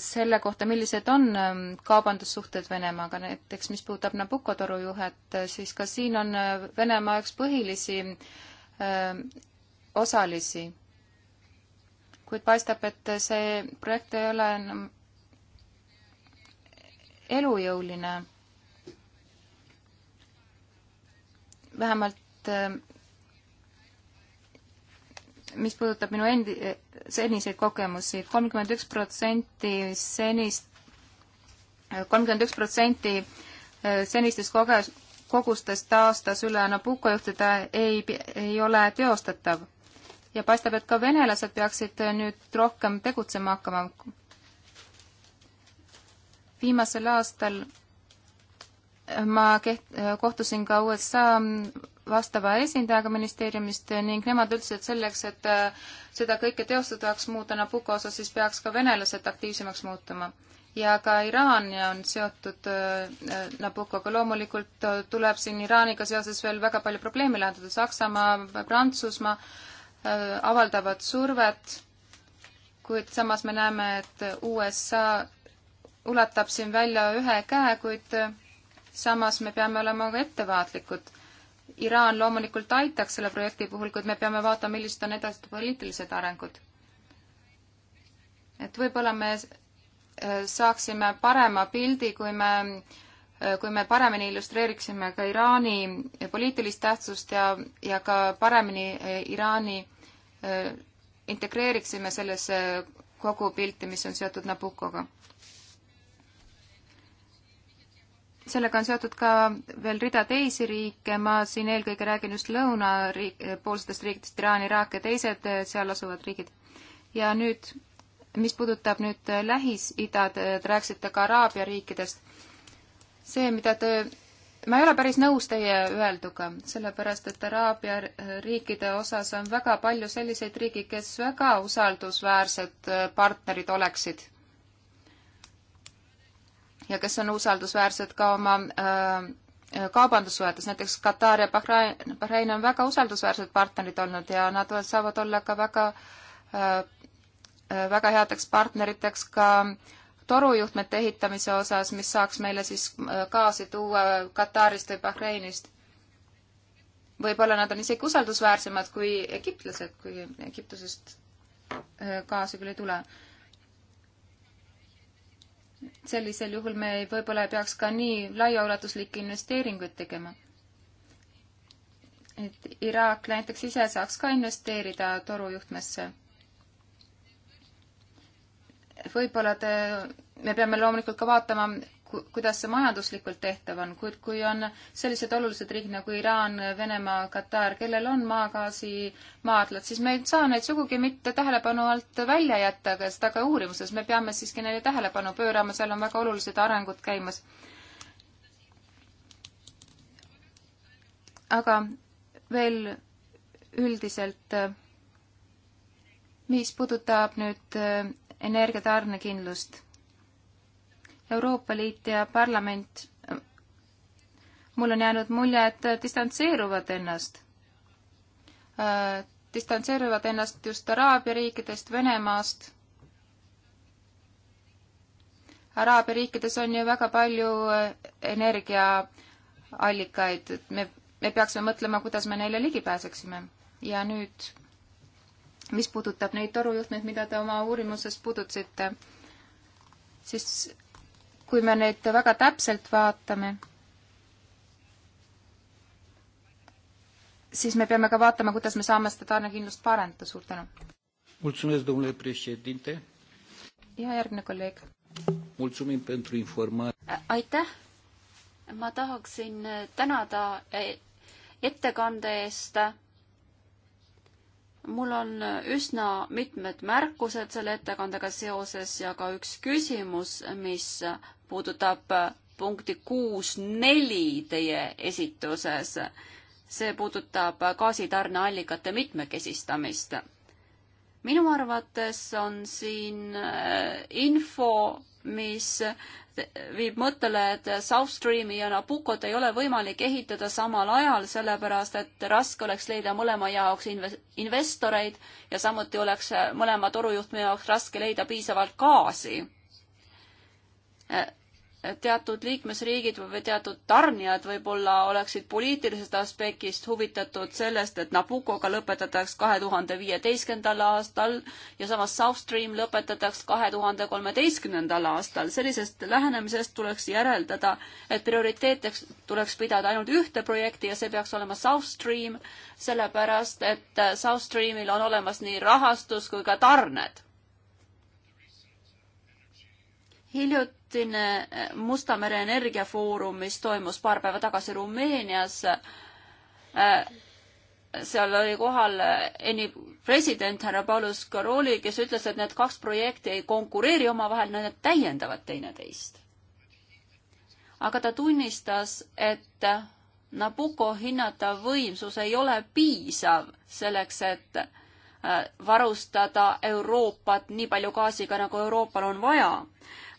selle kohta, millised on ähm, kaubandussuhted Venemaaga, näiteks mis puudutab Nabucco toru juhet, siis ka siin on Venemaa üks põhilisi osalisi. kuid paistab, et see projekt ei ole enam elujõuline. vähemalt äh, mis puudutab minu endi, seniseid kogemusi, kolmkümmend üks protsenti senist, kolmkümmend üks protsenti äh, senistest koge-, kogustest aastas üle Nabucco juhtida ei, ei ole teostatav ja paistab, et ka venelased peaksid nüüd rohkem tegutsema hakkama. viimasel aastal ma keht-, kohtusin ka USA vastava esindajaga ministeeriumist ning nemad ütlesid, et selleks, et äh, seda kõike teostatavaks muuta Nabucco osas, siis peaks ka venelased aktiivsemaks muutuma. ja ka Iraan on seotud äh, Nabuccoga, loomulikult äh, tuleb siin Iraaniga seoses veel väga palju probleeme lahendada, Saksamaa, Prantsusmaa Äh, avaldavad survet, kuid samas me näeme, et USA ulatab siin välja ühe käe, kuid äh, samas me peame olema ka ettevaatlikud. Iraan loomulikult aitaks selle projekti puhul, kuid me peame vaatama, millised on edasised poliitilised arengud. et võib-olla me äh, saaksime parema pildi, kui me, kui me paremini illustreeriksime ka Iraani poliitilist tähtsust ja, ja ka paremini Iraani Äh, integreeriksime sellesse kogu pilti, mis on seotud Nabukoga. sellega on seotud ka veel rida teisi riike, ma siin eelkõige räägin just lõunapoolsetest riik, äh, riikidest, Iraan, Iraak ja teised äh, seal asuvad riigid. ja nüüd, mis puudutab nüüd Lähis-Ida, te rääkisite ka Araabia riikidest, see, mida te ma ei ole päris nõus teie öelduga, sellepärast et Araabia riikide osas on väga palju selliseid riike, kes väga usaldusväärsed partnerid oleksid. ja kes on usaldusväärsed ka oma äh, kaubandussuhetes, näiteks Katar ja Bahrain, Bahrain on väga usaldusväärsed partnerid olnud ja nad saavad olla ka väga äh,, äh väga headeks partneriteks ka äh, torujuhtmete ehitamise osas, mis saaks meile siis gaasi äh, tuua Katarist või Bahreinist. võib-olla nad on isegi usaldusväärsemad kui egiptlased, kuigi Egiptusest gaasi äh, küll ei tule. sellisel juhul me võib-olla ei peaks ka nii laiaulatuslikke investeeringuid tegema. et Iraak näiteks ise saaks ka investeerida torujuhtmesse võib-olla te, me peame loomulikult ka vaatama, kuidas see majanduslikult tehtav on, kuid kui on sellised olulised riigid nagu Iraan, Venemaa, Katar, kellel on maagaasi maardlad, siis me ei saa neid sugugi mitte tähelepanu alt välja jätta, aga seda ka uurimuses, me peame siiski neile tähelepanu pöörama, seal on väga olulised arengud käimas. aga veel üldiselt, mis puudutab nüüd energiatarnekindlust. Euroopa Liit ja parlament, mul on jäänud mulje, et distantseeruvad ennast. distantseeruvad ennast just Araabia riikidest, Venemaast. Araabia riikides on ju väga palju eh, energiaallikaid, et me, me peaksime mõtlema, kuidas me neile ligi pääseksime. ja nüüd mis puudutab neid torujuhtmeid, mida te oma uurimuses puudutasite, siis kui me neid väga täpselt vaatame, siis me peame ka vaatama, kuidas me saame seda tarnekindlust parandada, suur tänu. ja järgmine kolleeg. aitäh, ma tahaksin äh, tänada äh, ettekande eest mul on üsna mitmed märkused selle ettekandega seoses ja ka üks küsimus, mis puudutab punkti kuus neli teie esituses. see puudutab gaasitarneallikate mitmekesistamist. minu arvates on siin info, mis viib mõttele, et South Streami ja Nabucot ei ole võimalik ehitada samal ajal, sellepärast et raske oleks leida mõlema jaoks investoreid ja samuti oleks mõlema torujuhtme jaoks raske leida piisavalt gaasi teatud liikmesriigid või teatud tarnijad võib-olla oleksid poliitilisest aspektist huvitatud sellest, et Nabucoga lõpetataks kahe tuhande viieteistkümnendal aastal ja samas South Stream lõpetataks kahe tuhande kolmeteistkümnendal aastal. sellisest lähenemisest tuleks järeldada, et prioriteeteks tuleks pidada ainult ühte projekti ja see peaks olema South Stream, sellepärast et South Streamil on olemas nii rahastus kui ka tarned hiljuti hiljutine eh, Musta mere energiafoorum, mis toimus paar päeva tagasi Rumeenias. Eh, seal oli kohal eh, ENI president härra Paulus Karoli, kes ütles, et need kaks projekti ei konkureeri omavahel, need täiendavad teineteist. aga ta tunnistas, et Nabucco hinnatav võimsus ei ole piisav selleks, et varustada Euroopat nii palju gaasiga, nagu Euroopal on vaja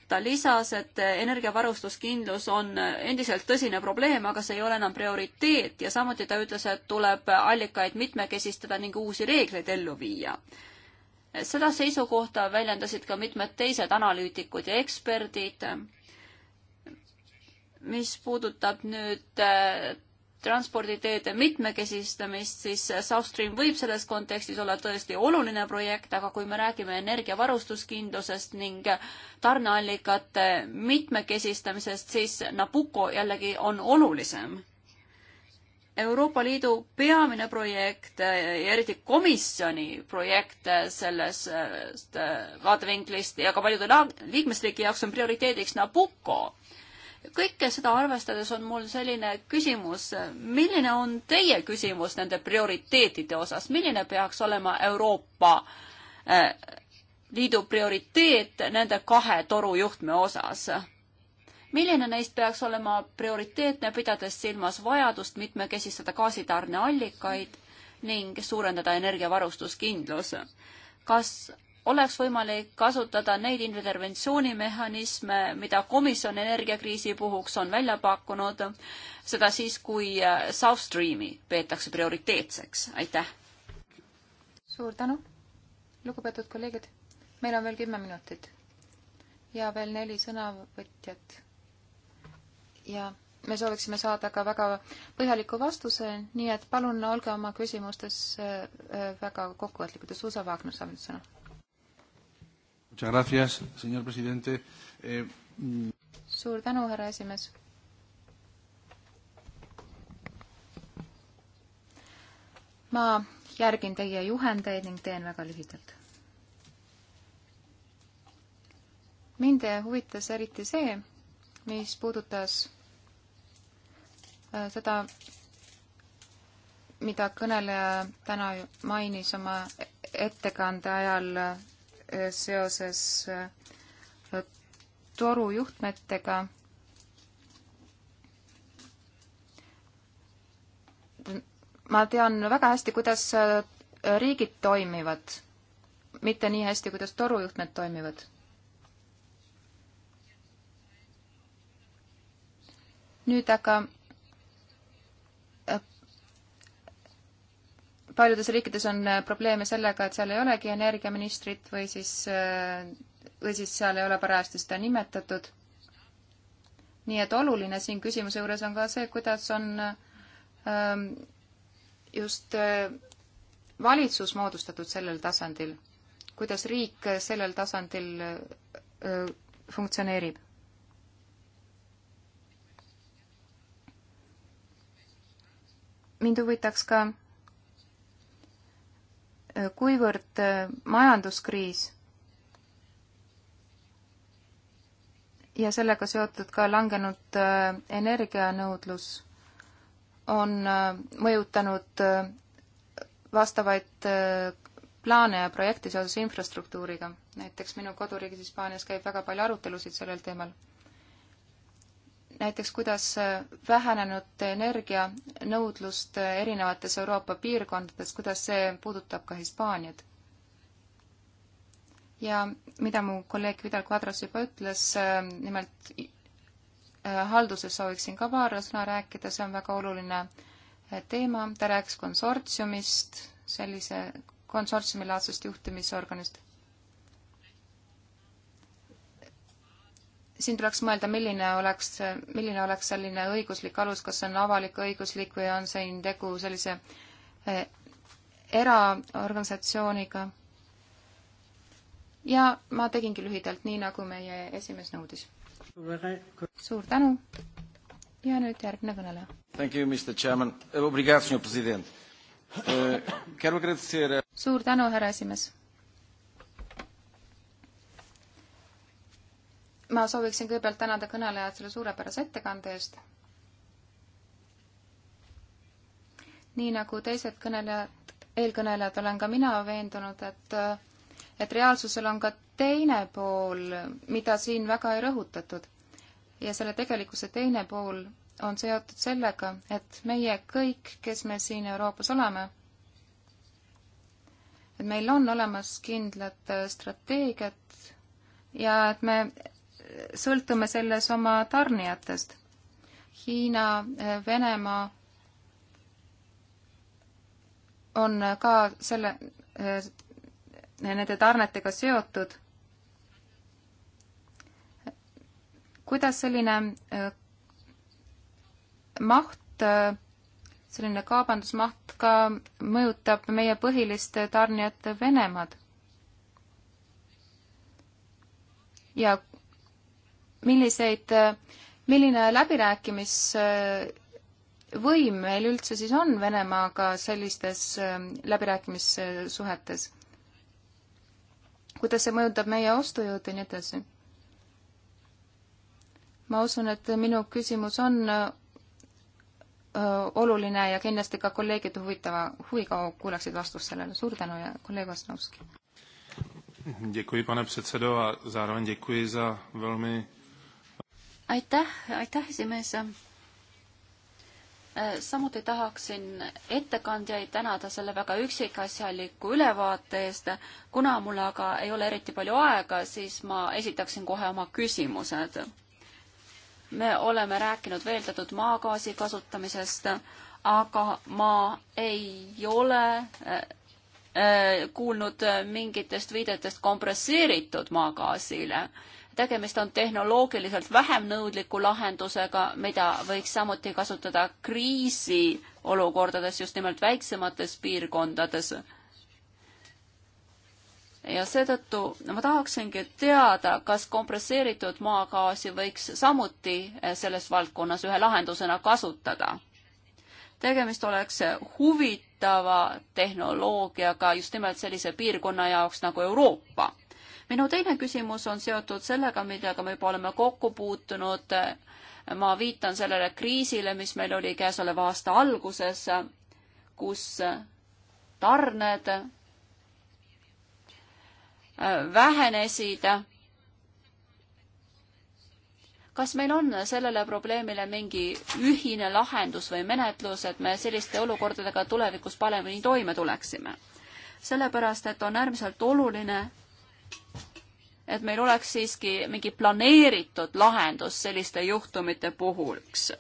ta lisas, et energiavarustuskindlus on endiselt tõsine probleem, aga see ei ole enam prioriteet ja samuti ta ütles, et tuleb allikaid mitmekesistada ning uusi reegleid ellu viia. seda seisukohta väljendasid ka mitmed teised analüütikud ja eksperdid mis puudutab nüüd äh, transporditeede mitmekesistamist, siis South Stream võib selles kontekstis olla tõesti oluline projekt, aga kui me räägime energiavarustuskindlusest ning tarneallikate mitmekesistamisest, siis Nabucco jällegi on olulisem. Euroopa Liidu peamine projekt ja eriti komisjoni projekt sellest äh, vaatevinklist ja ka paljude liikmesriigi jaoks on prioriteediks Nabucco kõike seda arvestades on mul selline küsimus, milline on teie küsimus nende prioriteetide osas, milline peaks olema Euroopa äh, Liidu prioriteet nende kahe torujuhtme osas? milline neist peaks olema prioriteetne, pidades silmas vajadust mitmekesistada gaasitarneallikaid ning suurendada energiavarustuskindlus? kas oleks võimalik kasutada neid interventsioonimehhanisme, mida komisjon energiakriisi puhuks on välja pakkunud, seda siis, kui äh, South Streami peetakse prioriteetseks, aitäh! suur tänu, lugupeetud kolleegid, meil on veel kümme minutit ja veel neli sõnavõtjat. ja me sooviksime saada ka väga põhjaliku vastuse, nii et palun olge oma küsimustes äh, äh, väga kokkuvõtlikud ja Suusa Vaagner saab nüüd sõna Muchas gracias, señor presidente. Eh, mm. suur tänu, härra esimees. ma järgin teie juhendeid ning teen väga lühidalt. mind huvitas eriti see, mis puudutas äh, seda, mida kõneleja täna mainis oma ettekande ajal seoses äh, torujuhtmetega. ma tean väga hästi, kuidas äh, riigid toimivad, mitte nii hästi, kuidas torujuhtmed toimivad. nüüd aga paljudes riikides on äh, probleeme sellega, et seal ei olegi energiaministrit või siis, äh, või siis seal ei ole parajasti seda nimetatud. nii et oluline siin küsimuse juures on ka see, kuidas on ähm, just äh, valitsus moodustatud sellel tasandil, kuidas riik sellel tasandil funktsioneerib. mind huvitaks ka kuivõrd äh, majanduskriis ja sellega seotud ka langenud äh, energianõudlus on äh, mõjutanud vastavaid plaane ja projekte seoses infrastruktuuriga. näiteks minu koduriigis Hispaanias käib väga palju arutelusid sellel teemal näiteks kuidas äh, vähenenud energianõudlust äh, erinevates Euroopa piirkondades, kuidas see puudutab ka Hispaaniat. ja mida mu kolleeg Vidal Quadras juba ütles, äh, nimelt halduses sooviksin ka paar sõna rääkida, see on väga oluline teema, ta rääkis konsortsiumist, sellise konsortsiumilaadsest juhtimisorganist siin tuleks mõelda, milline oleks, milline oleks selline õiguslik alus, kas see on avalik-õiguslik või on siin tegu sellise eh, eraorganisatsiooniga. ja ma tegingi lühidalt, nii nagu meie esimees nõudis. suur tänu ja nüüd järgmine kõneleja. Thank you, Mr Chairman. Obrigado, senhor president. Eh, suur tänu, härra esimees ma sooviksin kõigepealt tänada kõnelejad selle suurepärase ettekande eest. nii nagu teised kõnelejad, eelkõnelejad, olen ka mina veendunud, et, et reaalsusel on ka teine pool, mida siin väga ei rõhutatud. ja selle tegelikkuse teine pool on seotud sellega, et meie kõik, kes me siin Euroopas oleme, et meil on olemas kindlad strateegiad ja et me sõltume selles oma tarnijatest. Hiina, eh, Venemaa on ka selle, eh, nende tarnetega seotud. kuidas selline eh, maht, selline kaubandusmaht ka mõjutab meie põhilist tarnijat Venemaad? ja milliseid, äh, milline läbirääkimisvõim meil üldse siis on Venemaaga sellistes ähm, läbirääkimissuhetes? kuidas see mõjutab meie ostujõudu ja nii edasi? ma usun, et minu küsimus on äh, äh, oluline ja kindlasti ka kolleegid huvitava huviga kuulaksid vastust sellele. suur tänu ja kolleeg Osnovski. Děkuji, pane předsedo, a zároveň děkuji za velmi aitäh, aitäh, esimees. Äh, samuti tahaksin ettekandjaid tänada selle väga üksikasjaliku ülevaate eest. kuna mul aga ei ole eriti palju aega, siis ma esitaksin kohe oma küsimused. me oleme rääkinud veeldatud maagaasi kasutamisest, aga ma ei ole äh, äh, kuulnud mingitest viidetest kompresseeritud maagaasile tegemist on tehnoloogiliselt vähem nõudliku lahendusega, mida võiks samuti kasutada kriisiolukordades, just nimelt väiksemates piirkondades. ja seetõttu ma tahaksingi teada, kas kompresseeritud maagaasi võiks samuti selles valdkonnas ühe lahendusena kasutada. tegemist oleks huvitava tehnoloogiaga just nimelt sellise piirkonna jaoks nagu Euroopa minu teine küsimus on seotud sellega, millega me juba oleme kokku puutunud. ma viitan sellele kriisile, mis meil oli käesoleva aasta alguses, kus tarned vähenesid. kas meil on sellele probleemile mingi ühine lahendus või menetlus, et me selliste olukordadega tulevikus paremini toime tuleksime? sellepärast, et on äärmiselt oluline, et meil oleks siiski mingi planeeritud lahendus selliste juhtumite puhuks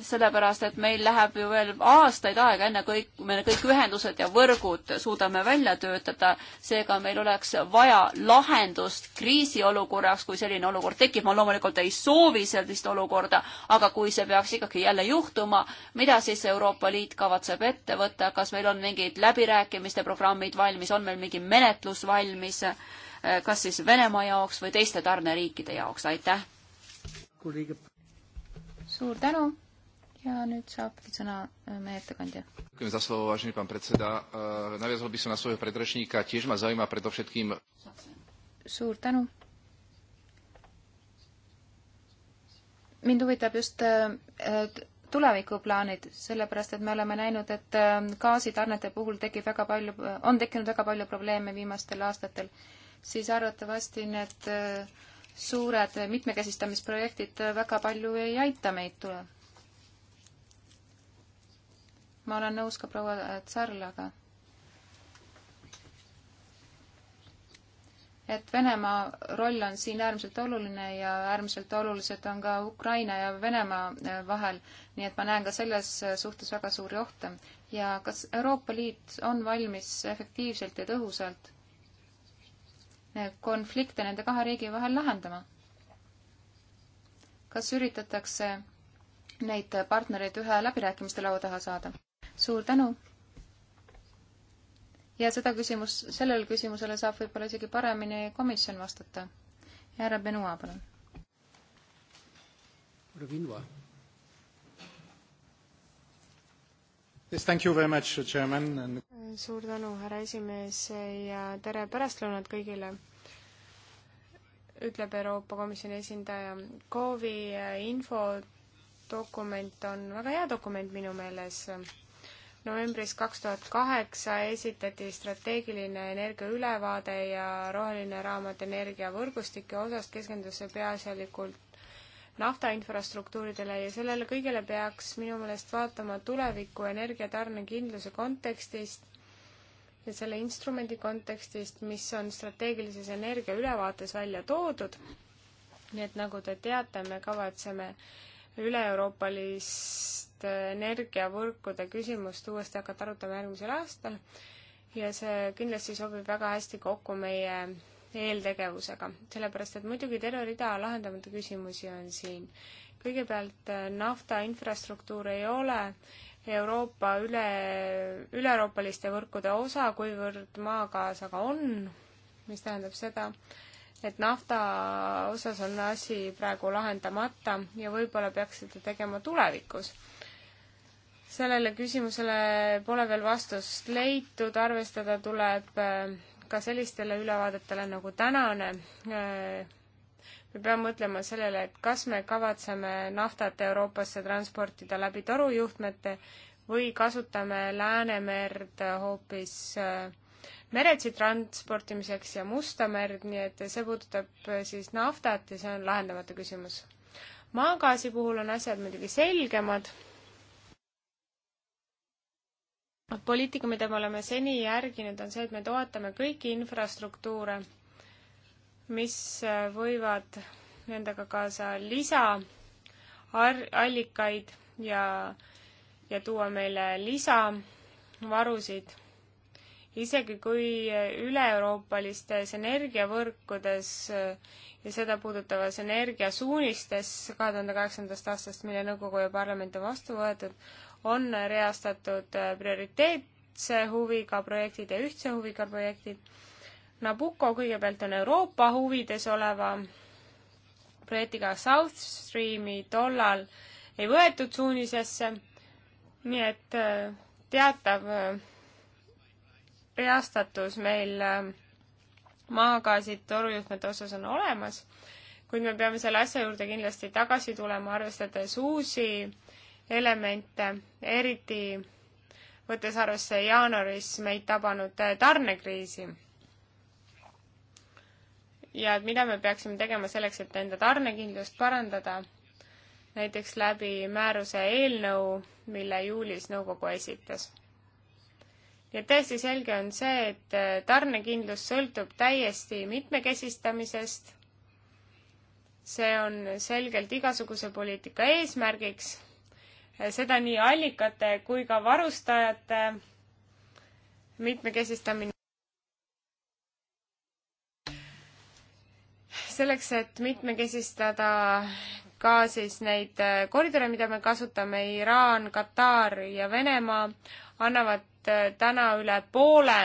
sellepärast, et meil läheb ju veel aastaid aega, enne kõik, kui me kõik ühendused ja võrgud suudame välja töötada, seega meil oleks vaja lahendust kriisiolukorraks, kui selline olukord tekib, ma loomulikult ei soovi sellist olukorda, aga kui see peaks ikkagi jälle juhtuma, mida siis Euroopa Liit kavatseb ette võtta, kas meil on mingid läbirääkimiste programmid valmis, on meil mingi menetlus valmis, kas siis Venemaa jaoks või teiste tarneriikide jaoks, aitäh! suur tänu! ja nüüd saabki sõna äh, meie ettekandja. Ďakujem za slovo, vážený pán predseda. Äh, Naviazal by som na svojho predrečníka. Tiež ma zaujíma predovšetkým... Suur tänu. mind huvitab just äh, tulevikuplaanid, sellepärast et me oleme näinud, et gaasitarnete puhul tekib väga palju, on tekkinud väga palju probleeme viimastel aastatel, siis arvatavasti need suured mitmekesistamisprojektid väga palju ei aita meid tulevikus ma olen nõus ka proua Tsarlaga, et Venemaa roll on siin äärmiselt oluline ja äärmiselt olulised on ka Ukraina ja Venemaa äh, vahel, nii et ma näen ka selles äh, suhtes väga suuri ohte. ja kas Euroopa Liit on valmis efektiivselt ja tõhusalt äh, konflikte nende kahe riigi vahel lahendama? kas üritatakse neid partnereid ühe läbirääkimiste laua taha saada? suur tänu! ja seda küsimus, sellele küsimusele saab võib-olla isegi paremini komisjon vastata. härra Benoit, palun. härra Benoit. Yes, thank you very much, chairman and.... suur tänu, härra esimees ja tere pärastlõunat kõigile ütleb Euroopa Komisjoni esindaja. KOV-i infodokument on väga hea dokument minu meeles novembris kaks tuhat kaheksa esitati strateegiline energiaülevaade ja roheline raamat energiavõrgustike osas keskendus see peaasjalikult naftainfrastruktuuridele ja sellele kõigele peaks minu meelest vaatama tuleviku energiatarnekindluse kontekstist ja selle instrumendi kontekstist, mis on strateegilises energiaülevaates välja toodud. nii et nagu te teate, me kavatseme üle-euroopalist energiavõrkude küsimust uuesti hakata arutama järgmisel aastal ja see kindlasti sobib väga hästi kokku meie eeltegevusega, sellepärast et muidugi terve rida lahendamata küsimusi on siin. kõigepealt äh, nafta infrastruktuur ei ole Euroopa üle, üle-euroopaliste võrkude osa, kuivõrd maagaas aga on, mis tähendab seda, et nafta osas on asi praegu lahendamata ja võib-olla peaks seda tegema tulevikus. sellele küsimusele pole veel vastust leitud, arvestada tuleb äh, ka sellistele ülevaadetele nagu tänane. Äh, me peame mõtlema sellele, et kas me kavatseme naftat Euroopasse transportida läbi torujuhtmete või kasutame Läänemerd hoopis äh, meretsi transportimiseks ja Musta merd, nii et see puudutab äh, siis naftat ja see on lahendamata küsimus. maagaasi puhul on asjad muidugi selgemad. poliitika, mida me oleme seni järginud, on see, et me toetame kõiki infrastruktuure, mis äh, võivad endaga kaasa lisaallikaid ja, ja tuua meile lisavarusid isegi kui eh, üle-euroopalistes energiavõrkudes eh, ja seda puudutavas energiasuunistes kahe tuhande kaheksandast aastast, mille nõukogu ja parlament on vastu võetud, on reastatud eh, prioriteetse huviga projektid ja ühtse huviga projektid. Nabucco kõigepealt on Euroopa huvides oleva projektiga South Streami tollal ei võetud suunisesse, nii et teatav reastatus meil äh, maagaasi torujuhtmete osas on olemas, kuid me peame selle asja juurde kindlasti tagasi tulema, arvestades uusi elemente, eriti võttes arvesse jaanuaris meid tabanud äh, tarnekriisi. ja et mida me peaksime tegema selleks, et enda tarnekindlust parandada, näiteks läbi määruse eelnõu, mille juulis nõukogu esitas ja täiesti selge on see, et äh, tarnekindlus sõltub täiesti mitmekesistamisest. see on selgelt igasuguse poliitika eesmärgiks, äh, seda nii allikate kui ka varustajate mitmekesistamine. selleks, et mitmekesistada ka siis neid äh, koridore, mida me kasutame, Iraan, Katar ja Venemaa, annavad et äh, täna üle poole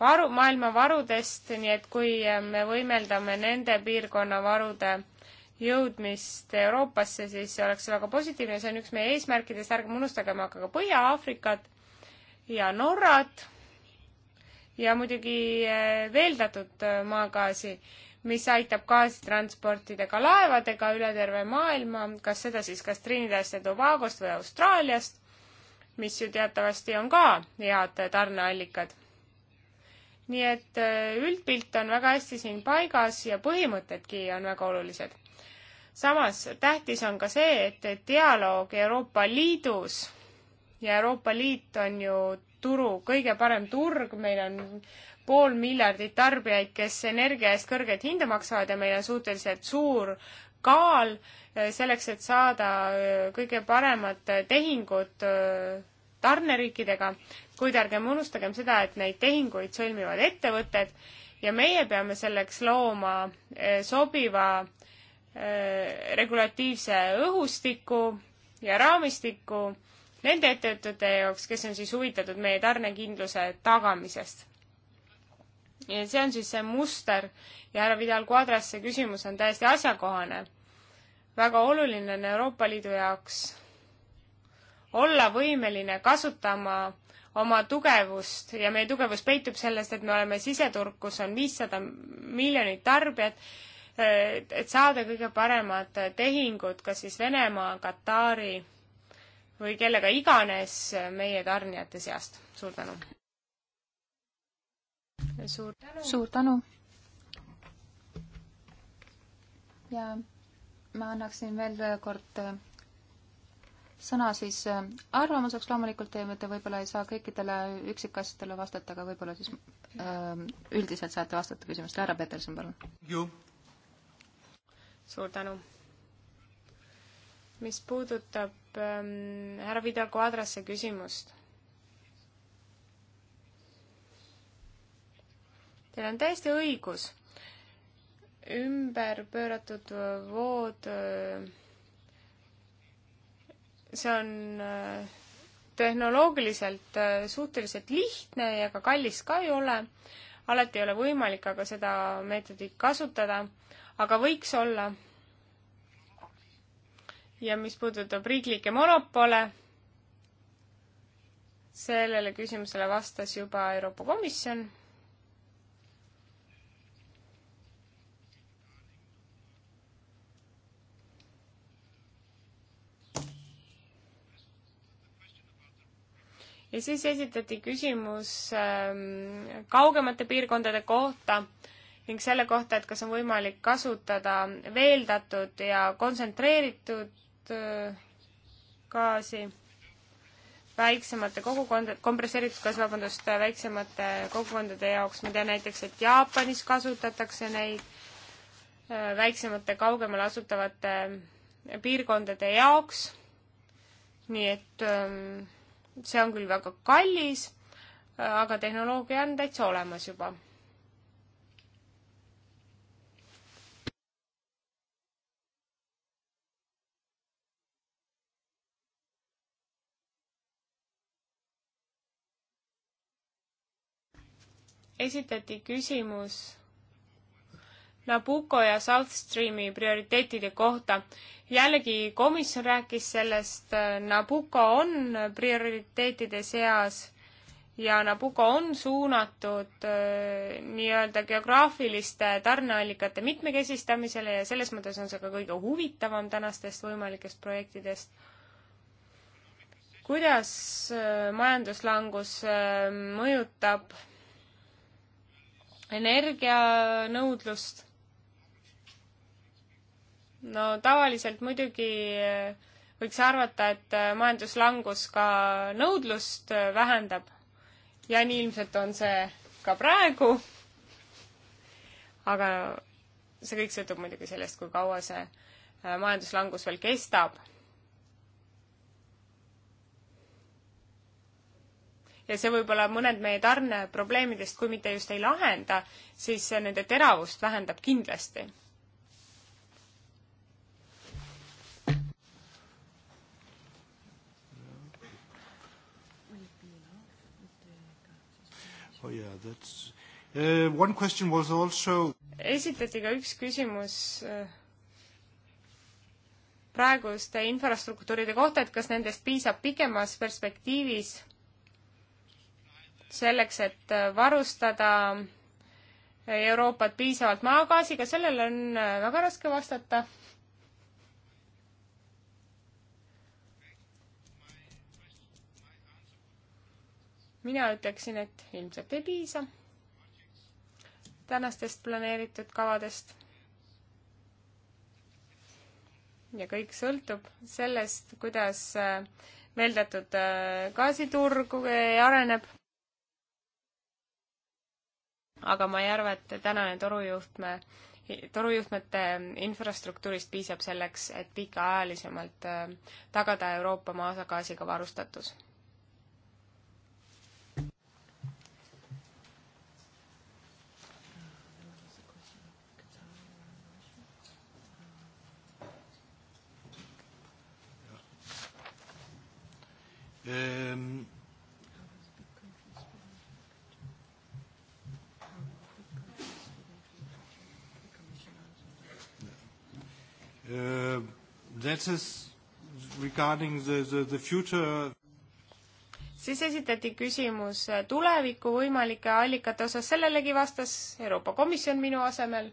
varu, maailma varudest, nii et kui äh, me võimeldame nende piirkonna varude jõudmist Euroopasse, siis oleks see väga positiivne, see on üks meie eesmärkidest, ärgem unustagem aga ka Põhja-Aafrikat ja Norrat ja muidugi äh, veeldatud maagaasi, mis aitab gaasi transportida ka laevadega üle terve maailma, kas seda siis kas Trinidadist ja Tobagost või Austraaliast mis ju teatavasti on ka head tarneallikad. nii et äh, üldpilt on väga hästi siin paigas ja põhimõtedki on väga olulised. samas tähtis on ka see, et dialoog Euroopa Liidus ja Euroopa Liit on ju turu kõige parem turg, meil on pool miljardit tarbijaid, kes energia eest kõrget hinda maksavad ja meil on suhteliselt suur kaal eh, selleks, et saada eh, kõige paremad eh, tehingud tarneriikidega, kuid ärgem unustagem seda, et neid tehinguid sõlmivad ettevõtted ja meie peame selleks looma sobiva regulatiivse õhustiku ja raamistiku nende ettevõtete jaoks, kes on siis huvitatud meie tarnekindluse tagamisest ja see on siis see muster ja härra Vidal Quadras, see küsimus on täiesti asjakohane. väga oluline on Euroopa Liidu jaoks olla võimeline kasutama oma tugevust ja meie tugevus peitub sellest, et me oleme siseturg, kus on viissada miljonit tarbijat, et saada kõige paremad tehingud kas siis Venemaa, Katari või kellega iganes meie tarnijate seast. suur tänu! suur tänu. suur tänu. ja ma annaksin veel kord äh, sõna siis äh, arvamuseks, loomulikult te, te võib-olla ei saa kõikidele üksikasjadele vastata, aga võib-olla siis öö, äh, üldiselt saate vastata küsimustele. härra Peterson, palun. suur tänu. mis puudutab ähm, härra Vidal Quadrase küsimust Teil on täiesti õigus. ümberpööratud vood, äh, see on äh, tehnoloogiliselt äh, suhteliselt lihtne ja ka kallis ka ei ole. alati ei ole võimalik aga seda meetodit kasutada, aga võiks olla. ja mis puudutab riiklikke monopole, sellele küsimusele vastas juba Euroopa Komisjon ja siis esitati küsimus ähm, kaugemate piirkondade kohta ning selle kohta, et kas on võimalik kasutada veeldatud ja kontsentreeritud äh, gaasi väiksemate kogukondade, kompresseeritud gaas, vabandust, väiksemate kogukondade jaoks, ma tean näiteks, et Jaapanis kasutatakse neid äh, väiksemate kaugemal asutavate piirkondade jaoks, nii et äh, see on küll väga kallis, aga tehnoloogia on täitsa olemas juba. esitati küsimus Nabucco ja South Streami prioriteetide kohta. jällegi komisjon rääkis sellest, Nabucco on prioriteetide seas ja Nabucco on suunatud äh, nii-öelda geograafiliste tarneallikate mitmekesistamisele ja selles mõttes on see ka kõige huvitavam tänastest võimalikest projektidest. kuidas äh, majanduslangus äh, mõjutab energianõudlust? no tavaliselt muidugi eh, võiks arvata, et eh, majanduslangus ka nõudlust eh, vähendab ja nii ilmselt on see ka praegu. aga see kõik sõltub muidugi sellest, kui kaua see majanduslangus veel kestab. ja see võib-olla mõned meie tarneprobleemidest, kui mitte just ei lahenda, siis nende teravust vähendab kindlasti oh, yeah, that's... uh, one question was also esitati ka üks küsimus äh, praeguste infrastruktuuride kohta, et kas nendest piisab pikemas perspektiivis selleks, et äh, varustada äh, Euroopat piisavalt maagaasiga, sellele on väga raske vastata mina ütleksin, et ilmselt ei piisa tänastest planeeritud kavadest. ja kõik sõltub sellest, kuidas veeldatud äh, äh, gaasiturg äh, areneb. aga ma ei arva, et tänane torujuhtme, torujuhtmete infrastruktuurist piisab selleks, et pikaajalisemalt tagada Euroopa maagaasiga varustatus Um, uh, that is regarding the, the, the future siis esitati küsimus tuleviku võimalike allikate osas, sellelegi vastas Euroopa Komisjon minu asemel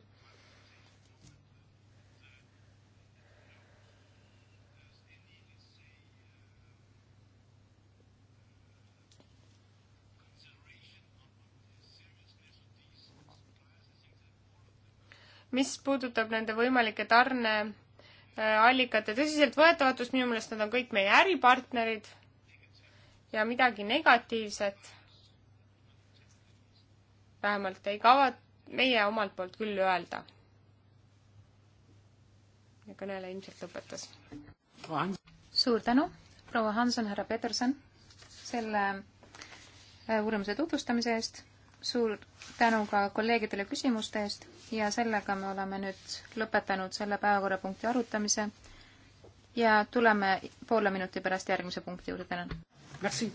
mis puudutab nende võimalike tarneallikate tõsiseltvõetavatust, minu meelest nad on kõik meie äripartnerid ja midagi negatiivset vähemalt ei kava-, meie omalt poolt küll öelda. ja kõneleja ilmselt lõpetas. suur tänu, proua Hanson, härra Peterson, selle äh, uurimuse tutvustamise eest suur tänu ka kolleegidele küsimuste eest ja sellega me oleme nüüd lõpetanud selle päevakorrapunkti arutamise ja tuleme poole minuti pärast järgmise punkti juurde, tänan. Merci.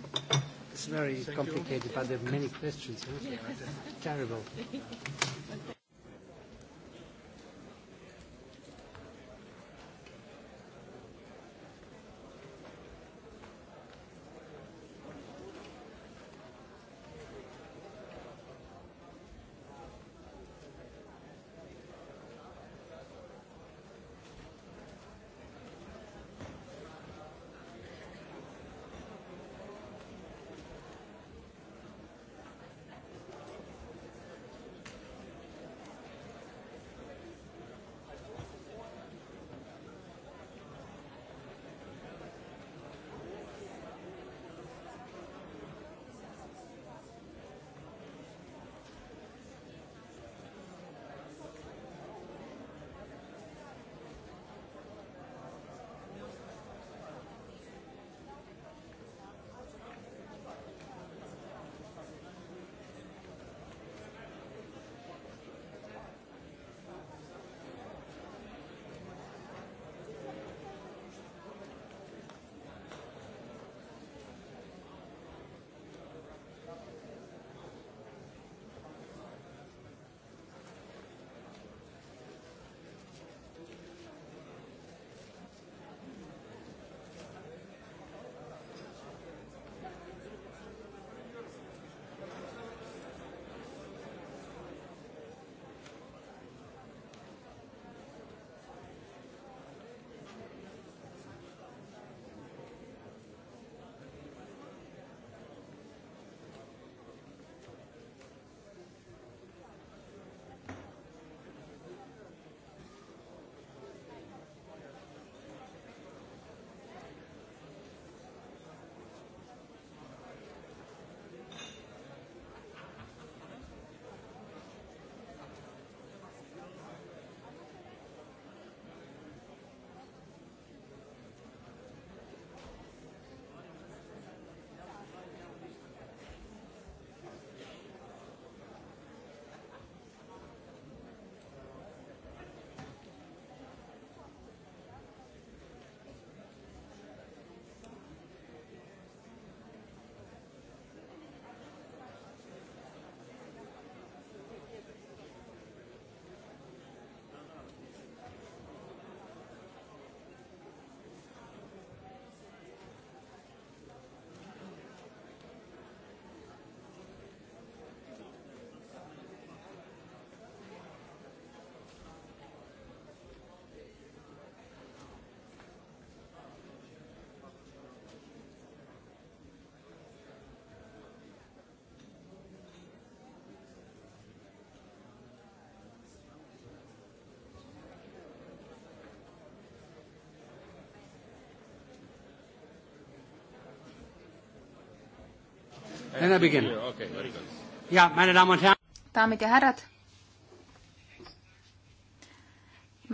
It's very complicated, but there are many questions. Huh? Terrible. Then I begin. Ja, meine Damen und Herren. daamid ja härrad.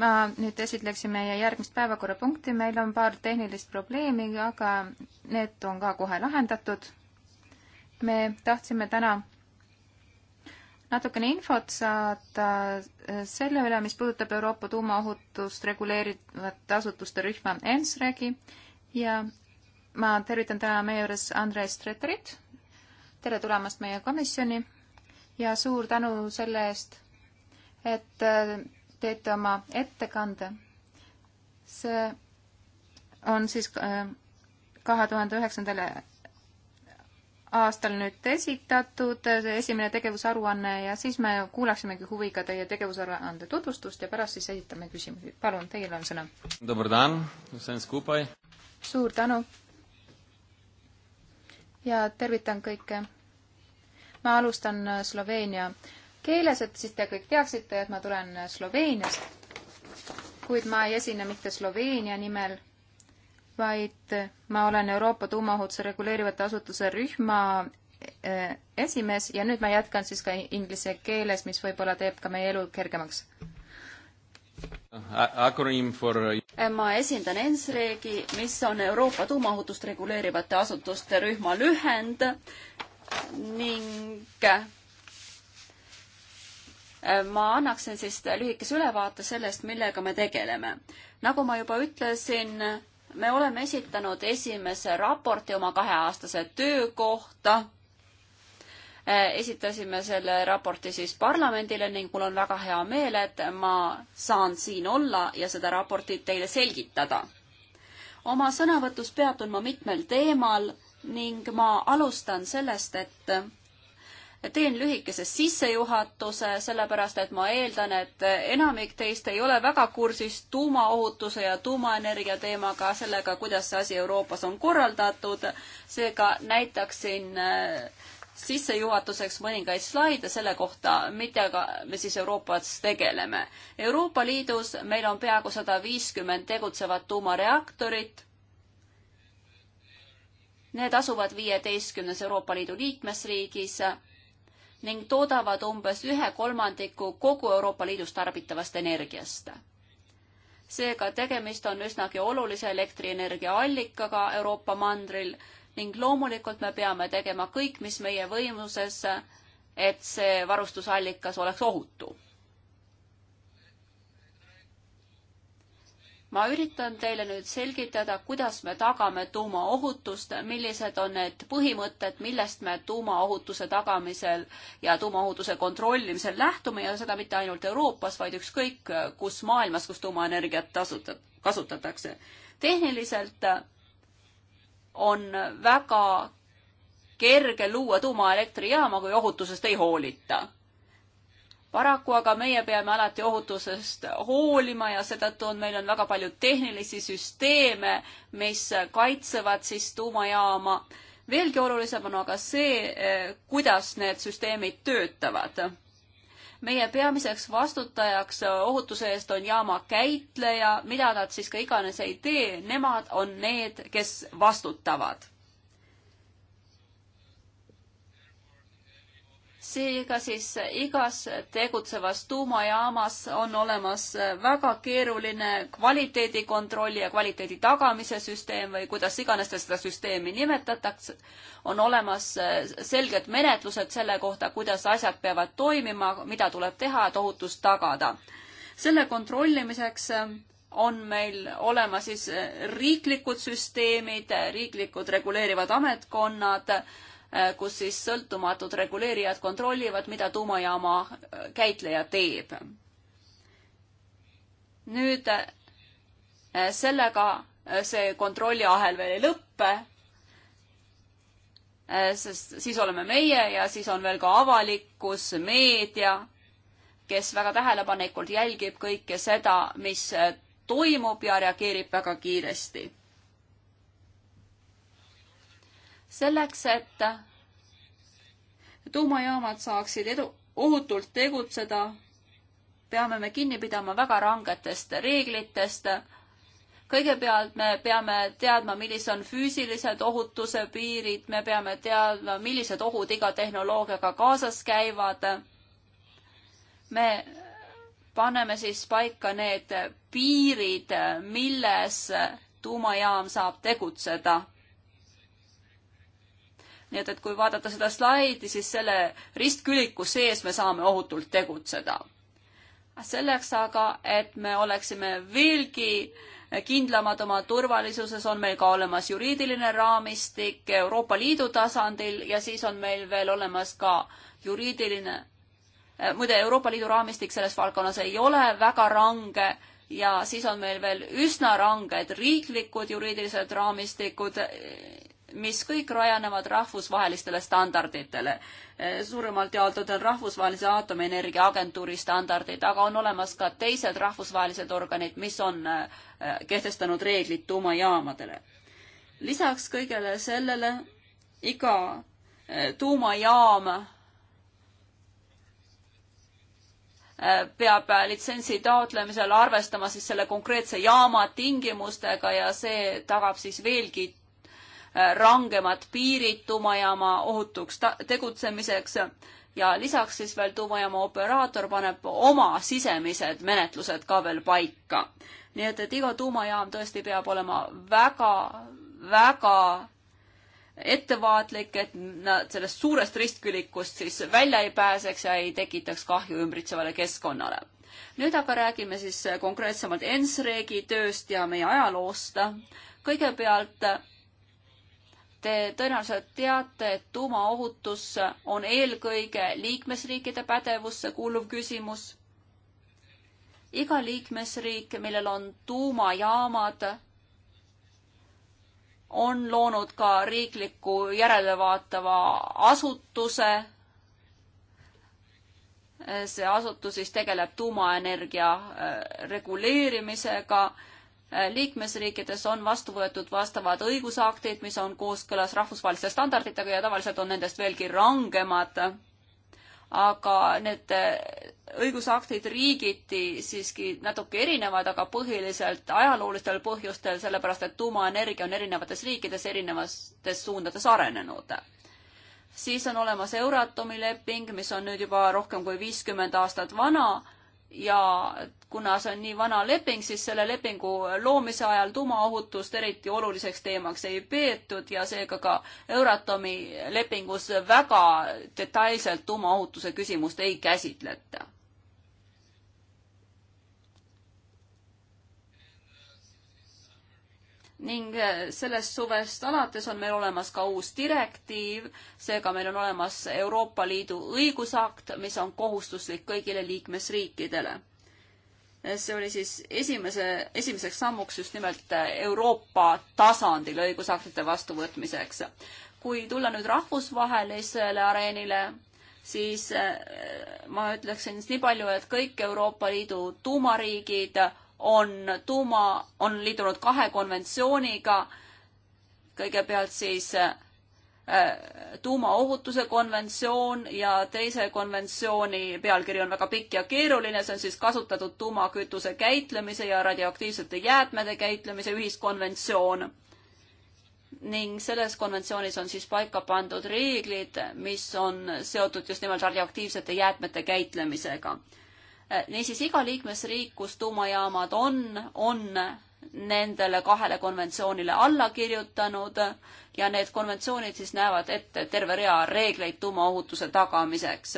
ma nüüd esitleksin meie järgmist päevakorrapunkti, meil on paar tehnilist probleemi, aga need on ka kohe lahendatud. me tahtsime täna natukene infot saada selle üle, mis puudutab Euroopa tuumaohutust reguleerivate asutuste rühma ENSREG-i ja ma tervitan täna meie juures Andres Treterit tere tulemast meie komisjoni ja suur tänu selle eest, et äh, teete oma ettekande. see on siis äh, kahe tuhande üheksandal aastal nüüd esitatud, äh, esimene tegevusaruanne ja siis me kuulaksimegi huviga teie tegevusaruande tutvustust ja pärast siis esitame küsimusi. palun, teil on sõna. suur tänu ja tervitan kõike. ma alustan äh, Sloveenia keeles, et siis te kõik teaksite, et ma tulen äh, Sloveeniast. kuid ma ei esine mitte Sloveenia nimel, vaid äh, ma olen Euroopa tuumaohutuse reguleerivate asutuse rühma esimees ja nüüd ma jätkan siis ka inglise keeles, mis võib-olla teeb ka meie elu kergemaks. Acronym for uh, ma esindan ENSREG-i, mis on Euroopa tuumaohutust reguleerivate asutuste rühma lühend ning äh, ma annaksin siis lühikese ülevaate sellest, millega me tegeleme. nagu ma juba ütlesin, me oleme esitanud esimese raporti oma kaheaastase töö kohta Äh, esitasime selle raporti siis parlamendile ning mul on väga hea meel, et ma saan siin olla ja seda raportit teile selgitada. oma sõnavõtus peatun ma mitmel teemal ning ma alustan sellest, et teen lühikese sissejuhatuse, sellepärast et ma eeldan, et enamik teist ei ole väga kursis tuumaohutuse ja tuumaenergia teemaga, sellega, kuidas see asi Euroopas on korraldatud. seega näitaksin äh, sissejuhatuseks mõningaid slaide selle kohta, millega me siis Euroopas tegeleme. Euroopa Liidus meil on peaaegu sada viiskümmend tegutsevat tuumareaktorit. Need asuvad viieteistkümnes Euroopa Liidu liikmesriigis ning toodavad umbes ühe kolmandiku kogu Euroopa Liidus tarbitavast energiast. seega tegemist on üsnagi olulise elektrienergia allikaga Euroopa mandril ning loomulikult me peame tegema kõik, mis meie võimuses, et see varustusallikas oleks ohutu. ma üritan teile nüüd selgitada, kuidas me tagame tuumaohutust, millised on need põhimõtted, millest me tuumaohutuse tagamisel ja tuumaohutuse kontrollimisel lähtume ja seda mitte ainult Euroopas, vaid ükskõik kus maailmas, kus tuumaenergiat tasuta, kasutatakse. tehniliselt on väga kerge luua tuumaelektrijaama, kui ohutusest ei hoolita. paraku aga meie peame alati ohutusest hoolima ja seetõttu on, meil on väga palju tehnilisi süsteeme, mis kaitsevad siis tuumajaama. veelgi olulisem on aga see, eh, kuidas need süsteemid töötavad meie peamiseks vastutajaks ohutuse eest on jaama käitleja, mida nad siis ka iganes ei tee, nemad on need, kes vastutavad seega siis igas tegutsevas tuumajaamas on olemas väga keeruline kvaliteedikontrolli ja kvaliteedi tagamise süsteem või kuidas iganes te seda süsteemi nimetatakse. on olemas selged menetlused selle kohta, kuidas asjad peavad toimima, mida tuleb teha, et ohutust tagada. selle kontrollimiseks on meil olemas siis riiklikud süsteemid, riiklikud reguleerivad ametkonnad Äh, kus siis sõltumatud reguleerijad kontrollivad, mida tuumajaama äh, käitleja teeb. nüüd äh, sellega see kontrolliahel veel ei lõppe, sest siis oleme meie ja siis on veel ka avalikkus, meedia, kes väga tähelepanelikult jälgib kõike seda, mis toimub ja reageerib väga kiiresti selleks, et tuumajaamad saaksid edu, ohutult tegutseda, peame me kinni pidama väga rangetest reeglitest. kõigepealt me peame teadma, millised on füüsilised ohutuse piirid, me peame teadma, millised ohud iga tehnoloogiaga kaasas käivad. me paneme siis paika need piirid, milles tuumajaam saab tegutseda nii et, et kui vaadata seda slaidi, siis selle ristküliku sees me saame ohutult tegutseda. selleks aga, et me oleksime veelgi kindlamad oma turvalisuses, on meil ka olemas juriidiline raamistik Euroopa Liidu tasandil ja siis on meil veel olemas ka juriidiline muide, Euroopa Liidu raamistik selles valdkonnas ei ole väga range ja siis on meil veel üsna ranged riiklikud juriidilised raamistikud mis kõik rajanevad rahvusvahelistele standarditele. suuremalt jaolt on rahvusvahelise aatomienergia agentuuri standardid, aga on olemas ka teised rahvusvahelised organid, mis on äh, kehtestanud reeglid tuumajaamadele. lisaks kõigele sellele iga äh, tuumajaam äh, peab litsentsi taotlemisel arvestama siis selle konkreetse jaama tingimustega ja see tagab siis veelgi Äh, rangemad piirid tuumajaama ohutuks tegutsemiseks ja lisaks siis veel tuumajaama operaator paneb oma sisemised menetlused ka veel paika. nii et, et iga tuumajaam tõesti peab olema väga, väga ettevaatlik, et nad sellest suurest ristkülikust siis välja ei pääseks ja ei tekitaks kahju ümbritsevale keskkonnale. nüüd aga räägime siis konkreetsemalt ENSREG-i tööst ja meie ajaloost. kõigepealt Te tõenäoliselt teate, et tuumaohutus on eelkõige liikmesriikide pädevusse kuuluv küsimus. iga liikmesriik, millel on tuumajaamad, on loonud ka riikliku järelevaatava asutuse. see asutus siis tegeleb tuumaenergia äh, reguleerimisega Äh, liikmesriikides on vastu võetud vastavad õigusaktid, mis on kooskõlas rahvusvaheliste standarditega ja tavaliselt on nendest veelgi rangemad. aga need äh, õigusaktid riigiti siiski natuke erinevad, aga põhiliselt ajaloolistel põhjustel, sellepärast et tuumaenergia on erinevates riikides erinevates suundades arenenud siis on olemas Euratomi leping, mis on nüüd juba rohkem kui viiskümmend aastat vana ja kuna see on nii vana leping, siis selle lepingu loomise ajal tuumaohutust eriti oluliseks teemaks ei peetud ja seega ka Euratomi lepingus väga detailselt tuumaohutuse küsimust ei käsitleta ning äh, sellest suvest alates on meil olemas ka uus direktiiv, seega meil on olemas Euroopa Liidu õigusakt, mis on kohustuslik kõigile liikmesriikidele. Äh, see oli siis esimese, esimeseks sammuks just nimelt äh, Euroopa tasandil õigusaktide vastuvõtmiseks. kui tulla nüüd rahvusvahelisele areenile, siis ma ütleksin siis nii palju, et kõik Euroopa Liidu tuumariigid on tuuma, on liitunud kahe konventsiooniga, kõigepealt siis äh, tuumaohutuse konventsioon ja teise konventsiooni pealkiri on väga pikk ja keeruline, see on siis kasutatud tuumakütuse käitlemise ja radioaktiivsete jäätmede käitlemise ühiskonventsioon. ning selles konventsioonis on siis paika pandud reeglid, mis on seotud just nimelt radioaktiivsete jäätmete käitlemisega niisiis, iga liikmesriik, kus tuumajaamad on, on nendele kahele konventsioonile alla kirjutanud ja need konventsioonid siis näevad ette terve rea reegleid tuumaohutuse tagamiseks.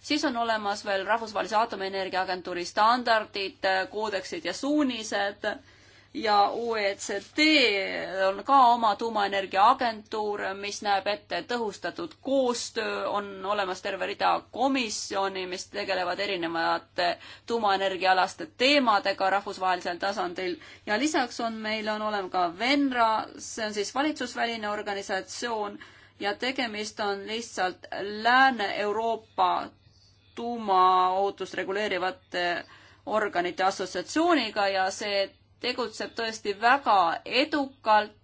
siis on olemas veel Rahvusvahelise Aatomienergia Agentuuri standardid, koodeksid ja suunised ja OECD on ka oma tuumaenergia agentuur, mis näeb ette tõhustatud koostöö, on olemas terve rida komisjoni, mis tegelevad erinevate tuumaenergiaalaste teemadega rahvusvahelisel tasandil ja lisaks on meil, on olemas ka Venra, see on siis valitsusväline organisatsioon ja tegemist on lihtsalt Lääne-Euroopa tuumaohutust reguleerivate organite assotsiatsiooniga ja see tegutseb tõesti väga edukalt.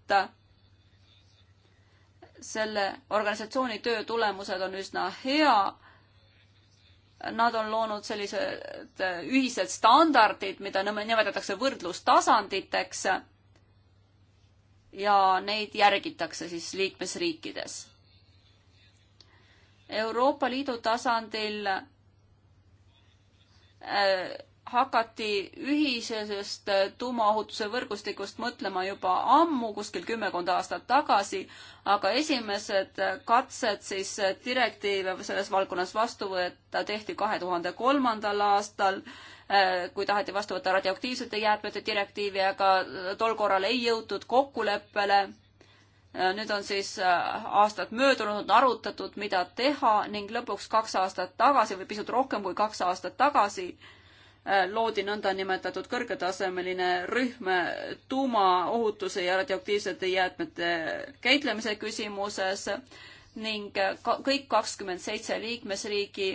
selle organisatsiooni töö tulemused on üsna hea. Nad on loonud sellised äh, ühised standardid, mida nimetatakse võrdlustasanditeks. ja neid järgitakse siis liikmesriikides. Euroopa Liidu tasandil äh, hakati ühisesest tuumaohutuse võrgustikust mõtlema juba ammu, kuskil kümmekond aastat tagasi, aga esimesed katsed siis direktiive selles valdkonnas vastu võtta tehti kahe tuhande kolmandal aastal, kui taheti vastu võtta radioaktiivsete jäätmete direktiivi, aga tol korral ei jõutud kokkuleppele. nüüd on siis aastad möödunud, arutatud, mida teha ning lõpuks kaks aastat tagasi või pisut rohkem kui kaks aastat tagasi Äh, loodi nõndanimetatud kõrgetasemeline rühm äh, tuumaohutuse ja radioaktiivsete jäätmete käitlemise küsimuses ning äh, kõik kakskümmend seitse liikmesriigi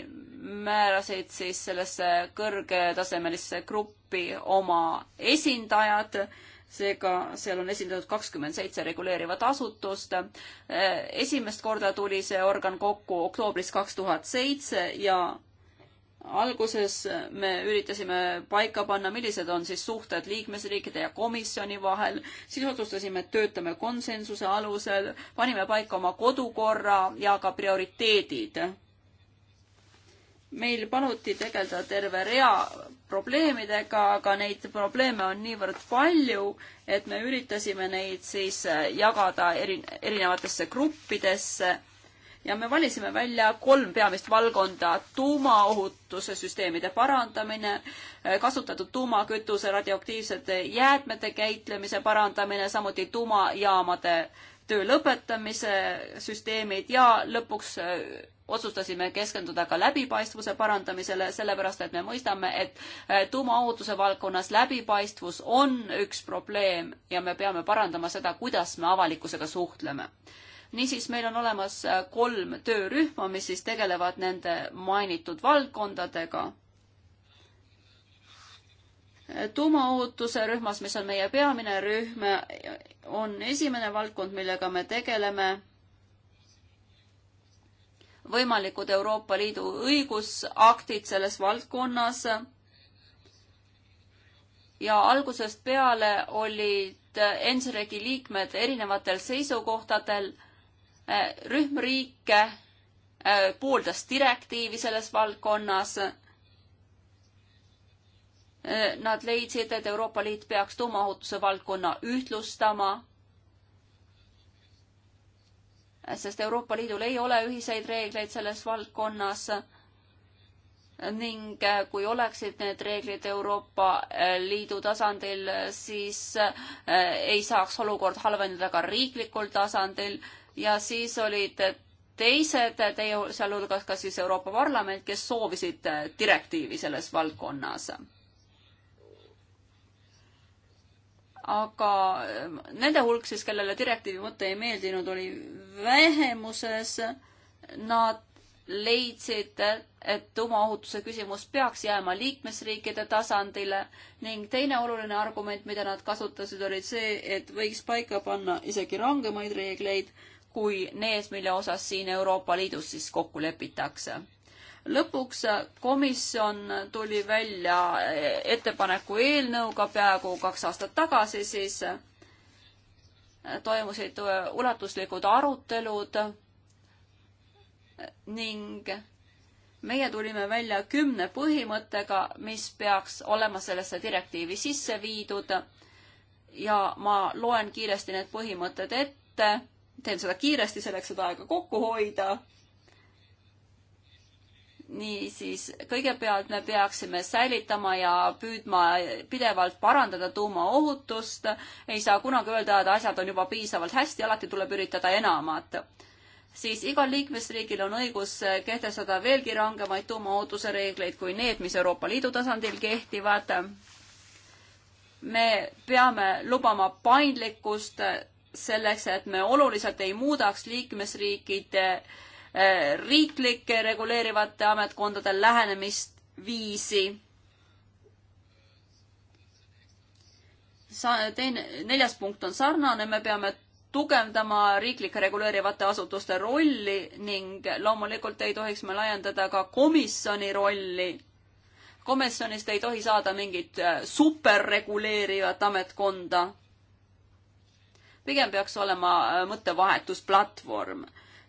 määrasid siis sellesse kõrgetasemelisse gruppi oma esindajad seega seal on esindatud kakskümmend seitse reguleerivat asutust. esimest korda tuli see organ kokku oktoobris kaks tuhat seitse ja alguses me üritasime paika panna, millised on siis suhted liikmesriikide ja komisjoni vahel, siis otsustasime, et töötame konsensuse alusel, panime paika oma kodukorra ja ka prioriteedid. meil paluti tegeleda terve rea probleemidega, aga neid probleeme on niivõrd palju, et me üritasime neid siis jagada eri, erinevatesse gruppidesse ja me valisime välja kolm peamist valdkonda, tuumaohutuse süsteemide parandamine, eh, kasutatud tuumakütuse radioaktiivsete jäätmete käitlemise parandamine, samuti tuumajaamade töö lõpetamise süsteemid ja lõpuks eh, otsustasime keskenduda ka läbipaistvuse parandamisele, sellepärast et me mõistame, et eh, tuumaohutuse valdkonnas läbipaistvus on üks probleem ja me peame parandama seda, kuidas me avalikkusega suhtleme niisiis, meil on olemas äh, kolm töörühma, mis siis tegelevad nende mainitud valdkondadega. tuumaohutuse rühmas, mis on meie peamine rühm, on esimene valdkond, millega me tegeleme võimalikud Euroopa Liidu õigusaktid selles valdkonnas. ja algusest peale olid ENSREGi liikmed erinevatel seisukohtadel rühm riike äh, pooldas direktiivi selles valdkonnas. Äh, nad leidsid, et Euroopa Liit peaks tuumaohutuse valdkonna ühtlustama, sest Euroopa Liidul ei ole ühiseid reegleid selles valdkonnas ning äh, kui oleksid need reeglid Euroopa Liidu tasandil, siis ei saaks olukord halveneda ka riiklikul tasandil ja siis olid teised teie sealhulgas ka siis Euroopa Parlament, kes soovisid äh, direktiivi selles valdkonnas. aga äh, nende hulk siis, kellele direktiivi mõte ei meeldinud, oli vähemuses. Nad leidsid, et tuumaohutuse küsimus peaks jääma liikmesriikide tasandile ning teine oluline argument, mida nad kasutasid, oli see, et võiks paika panna isegi rangemaid reegleid, kui need, mille osas siin Euroopa Liidus siis kokku lepitakse. lõpuks komisjon tuli välja ettepaneku eelnõuga peaaegu kaks aastat tagasi, siis toimusid ulatuslikud arutelud ning meie tulime välja kümne põhimõttega, mis peaks olema sellesse direktiivi sisse viidud. ja ma loen kiiresti need põhimõtted ette teen seda kiiresti selleks, et aega kokku hoida. niisiis, kõigepealt me peaksime säilitama ja püüdma pidevalt parandada tuumaohutust. ei saa kunagi öelda, et asjad on juba piisavalt hästi, alati tuleb üritada enamat siis igal liikmesriigil on õigus kehtestada veelgi rangemaid tuumaohutuse reegleid kui need, mis Euroopa Liidu tasandil kehtivad. me peame lubama paindlikkust selleks, et me oluliselt ei muudaks liikmesriikide eh, riiklike reguleerivate ametkondade lähenemist viisi. sa-, teine, neljas punkt on sarnane, me peame tugevdama riiklike reguleerivate asutuste rolli ning loomulikult ei tohiks me laiendada ka komisjoni rolli. komisjonist ei tohi saada mingit eh, superreguleerivat ametkonda pigem peaks olema äh, mõttevahetusplatvorm.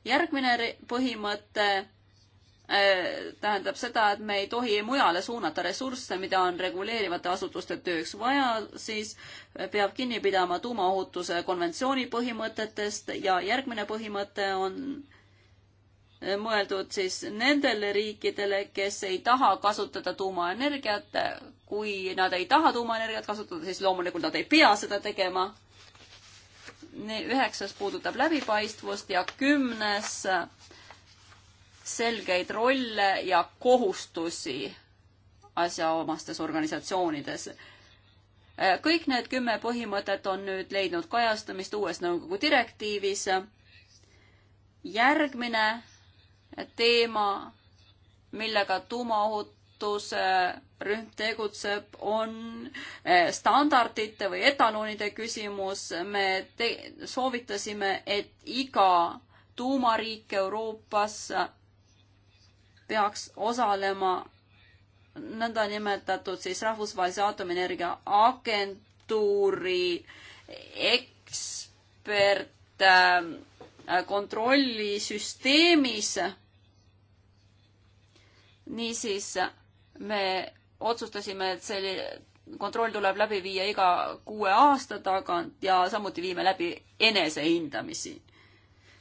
järgmine põhimõte äh, tähendab seda, et me ei tohi mujale suunata ressursse, mida on reguleerivate asutuste tööks vaja, siis peab kinni pidama tuumaohutuse konventsiooni põhimõtetest ja järgmine põhimõte on äh, mõeldud siis nendele riikidele, kes ei taha kasutada tuumaenergiat. kui nad ei taha tuumaenergiat kasutada, siis loomulikult nad ei pea seda tegema üheksas puudutab läbipaistvust ja kümnes selgeid rolle ja kohustusi asjaomastes organisatsioonides. kõik need kümme põhimõtet on nüüd leidnud kajastamist uues nõukogu direktiivis. järgmine teema, millega tuumaohut kasutusrühm tegutseb, on eh, standardite või etalonide küsimus. me te-, soovitasime, et iga tuumariik Euroopas peaks osalema nõndanimetatud siis rahvusvahelise aatomienergia agentuuri ekspert eh, kontrollisüsteemis niisiis me otsustasime, et selline kontroll tuleb läbi viia iga kuue aasta tagant ja samuti viime läbi enesehindamisi.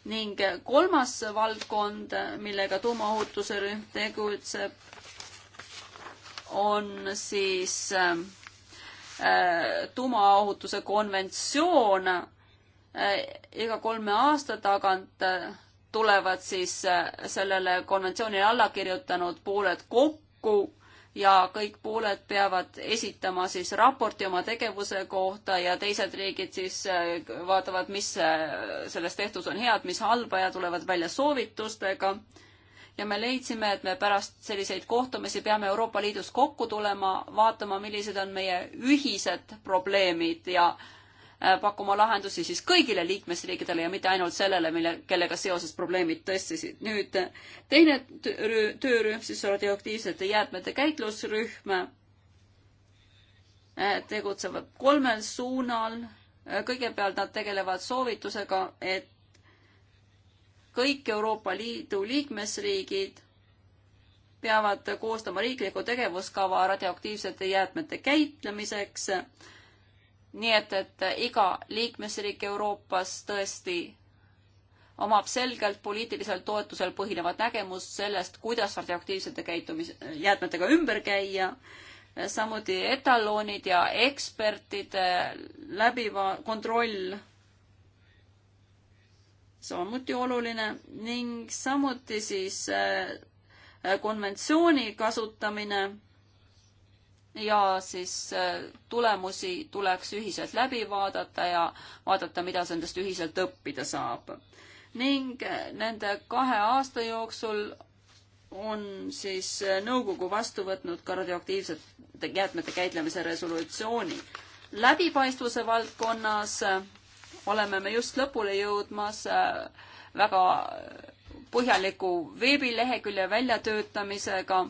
ning kolmas valdkond, millega tuumaohutuse rühm tegutseb, on siis äh, tuumaohutuse konventsioon äh,. iga kolme aasta tagant äh, tulevad siis äh, sellele konventsioonile alla kirjutanud pooled kokku ja kõik pooled peavad esitama siis raporti oma tegevuse kohta ja teised riigid siis äh, vaatavad, mis äh, selles tehtus on head, mis halba ja tulevad välja soovitustega. ja me leidsime, et me pärast selliseid kohtumisi peame Euroopa Liidus kokku tulema, vaatama, millised on meie ühised probleemid ja äh, Äh, pakkuma lahendusi siis kõigile liikmesriikidele ja mitte ainult sellele, mille, kellega seoses probleemid tõstisid. nüüd teine töörühm, siis radioaktiivsete jäätmete käitlusrühm, äh, tegutsevad kolmel suunal. Äh, kõigepealt nad tegelevad soovitusega, et kõik Euroopa Liidu liikmesriigid peavad koostama riikliku tegevuskava radioaktiivsete jäätmete käitlemiseks nii et, et iga liikmesriik Euroopas tõesti omab selgelt poliitilisel toetusel põhinevat nägemust sellest, kuidas radioaktiivsete käitumis, jäätmetega ümber käia, samuti etaloonid ja ekspertide läbiva kontroll, samuti oluline ning samuti siis eh, konventsiooni kasutamine ja siis äh, tulemusi tuleks ühiselt läbi vaadata ja vaadata, mida nendest ühiselt õppida saab. ning äh, nende kahe aasta jooksul on siis äh, nõukogu vastu võtnud ka radioaktiivsete jäätmete käitlemise resolutsiooni. läbipaistvuse valdkonnas oleme me just lõpule jõudmas väga põhjaliku veebilehekülje väljatöötamisega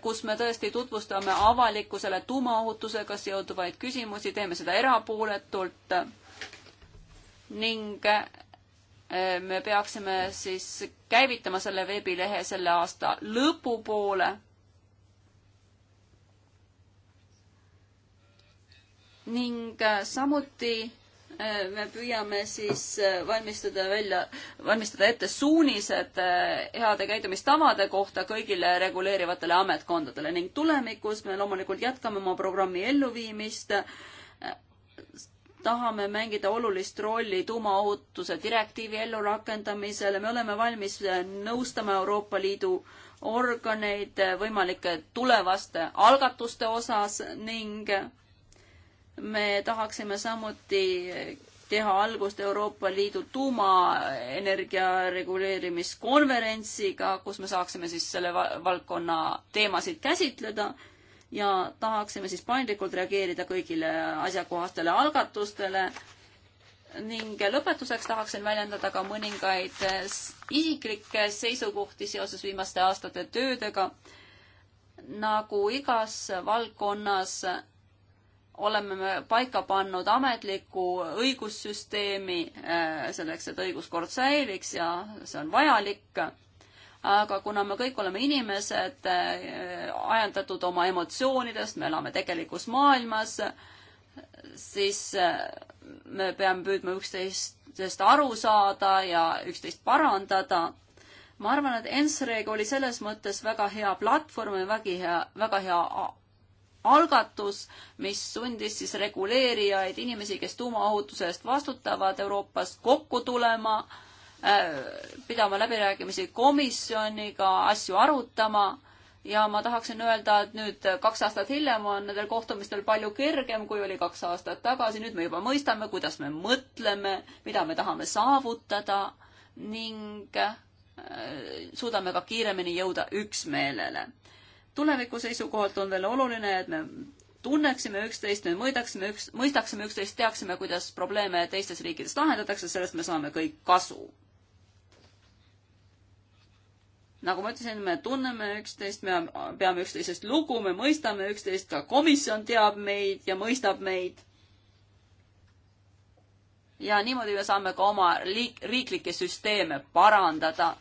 kus me tõesti tutvustame avalikkusele tuumaohutusega seonduvaid küsimusi, teeme seda erapooletult ning eh, me peaksime siis käivitama selle veebilehe selle aasta lõpupoole. ning eh, samuti Äh, me püüame siis äh, valmistada välja, valmistada ette suunised äh, heade käitumistavade kohta kõigile reguleerivatele ametkondadele ning tulevikus me loomulikult jätkame oma programmi elluviimist. tahame mängida olulist rolli tuumaohutuse direktiivi ellurakendamisel, me oleme valmis nõustama Euroopa Liidu organeid võimalike tulevaste algatuste osas ning me tahaksime samuti teha algust Euroopa Liidu tuumaenergia reguleerimiskonverentsiga, kus me saaksime siis selle valdkonna teemasid käsitleda ja tahaksime siis paindlikult reageerida kõigile asjakohastele algatustele. ning lõpetuseks tahaksin väljendada ka mõningaid isiklikke seisukohti seoses viimaste aastate töödega. nagu igas valdkonnas oleme me paika pannud ametliku õigussüsteemi äh, selleks, et õiguskord säiliks ja see on vajalik. aga kuna me kõik oleme inimesed, äh, ajendatud oma emotsioonidest, me elame tegelikus maailmas, siis äh, me peame püüdma üksteisest aru saada ja üksteist parandada ma arvan, et Ensreg oli selles mõttes väga hea platvorm ja väga hea, väga hea algatus, mis sundis siis reguleerijaid, inimesi, kes tuumaohutuse eest vastutavad Euroopas, kokku tulema, äh, pidama läbirääkimisi komisjoniga, asju arutama ja ma tahaksin öelda, et nüüd kaks aastat hiljem on nendel kohtumistel palju kergem, kui oli kaks aastat tagasi, nüüd me juba mõistame, kuidas me mõtleme, mida me tahame saavutada ning äh, suudame ka kiiremini jõuda üksmeelele tuleviku seisukohalt on veel oluline, et me tunneksime üksteist, me mõõdaksime üks, mõistaksime üksteist, teaksime, kuidas probleeme teistes riikides lahendatakse, sellest me saame kõik kasu. nagu ma ütlesin, me tunneme üksteist, me peame üksteisest lugu, me mõistame üksteist, ka komisjon teab meid ja mõistab meid. ja niimoodi me saame ka oma liik-, riiklikke süsteeme parandada.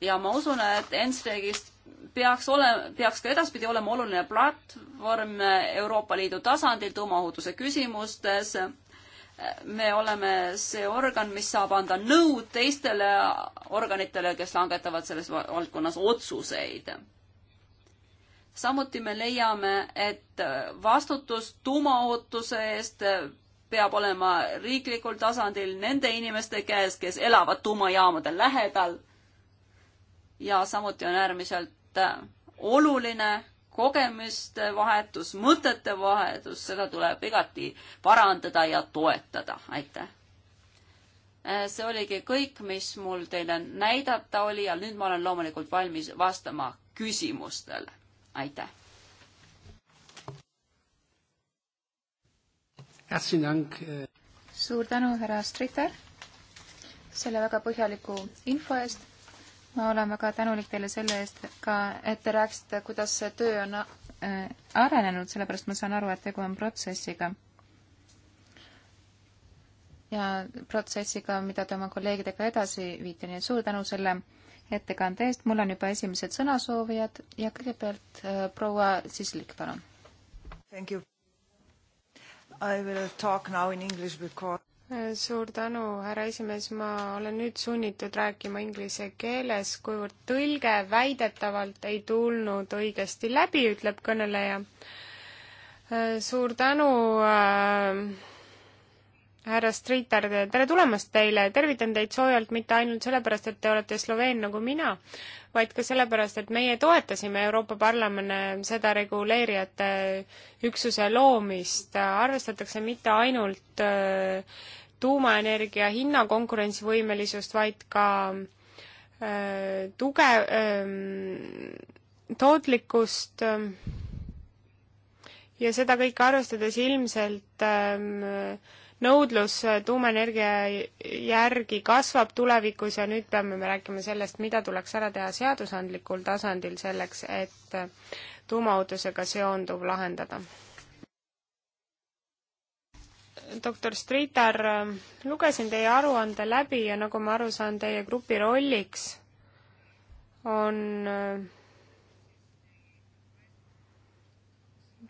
ja ma usun, et Enstregist peaks ole, peaks ka edaspidi olema oluline platvorm Euroopa Liidu tasandil tuumaohutuse küsimustes. me oleme see organ, mis saab anda nõud teistele organitele, kes langetavad selles valdkonnas otsuseid. samuti me leiame, et vastutus tuumaohutuse eest peab olema riiklikul tasandil nende inimeste käes, kes elavad tuumajaamade lähedal ja samuti on äärmiselt Äh, oluline kogemuste vahetus, mõtete vahetus, seda tuleb igati parandada ja toetada, aitäh. Äh, see oligi kõik, mis mul teile näidata oli ja nüüd ma olen loomulikult valmis vastama küsimustele, aitäh. Äh. suur tänu, härra Striter, selle väga põhjaliku info eest ma olen väga tänulik teile selle eest ka, et te rääkisite, kuidas see töö on äh, arenenud, sellepärast ma saan aru, et tegu on protsessiga. ja protsessiga, mida te oma kolleegidega edasi viite, nii et suur tänu selle ettekande eest, mul on juba esimesed sõnasoovijad ja kõigepealt äh, proua Sislik, palun. Thank you. I will talk now in english because suur tänu, härra esimees, ma olen nüüd sunnitud rääkima inglise keeles, kuivõrd tõlge väidetavalt ei tulnud õigesti läbi, ütleb kõneleja. suur tänu äh, härra Streeter, tere tulemast teile, tervitan teid soojalt mitte ainult sellepärast, et te olete Sloveen nagu mina, vaid ka sellepärast, et meie toetasime Euroopa Parlamendi seda reguleerijate üksuse loomist, arvestatakse mitte ainult äh, tuumaenergia hinna konkurentsivõimelisust, vaid ka äh, tuge, ähm, tootlikkust ähm, ja seda kõike arvestades ilmselt ähm, nõudlus tuumaenergia järgi kasvab tulevikus ja nüüd peame me rääkima sellest, mida tuleks ära teha seadusandlikul tasandil selleks, et tuumaohutusega seonduv lahendada. doktor Stritar, lugesin teie aruande läbi ja nagu ma aru saan, teie grupi rolliks on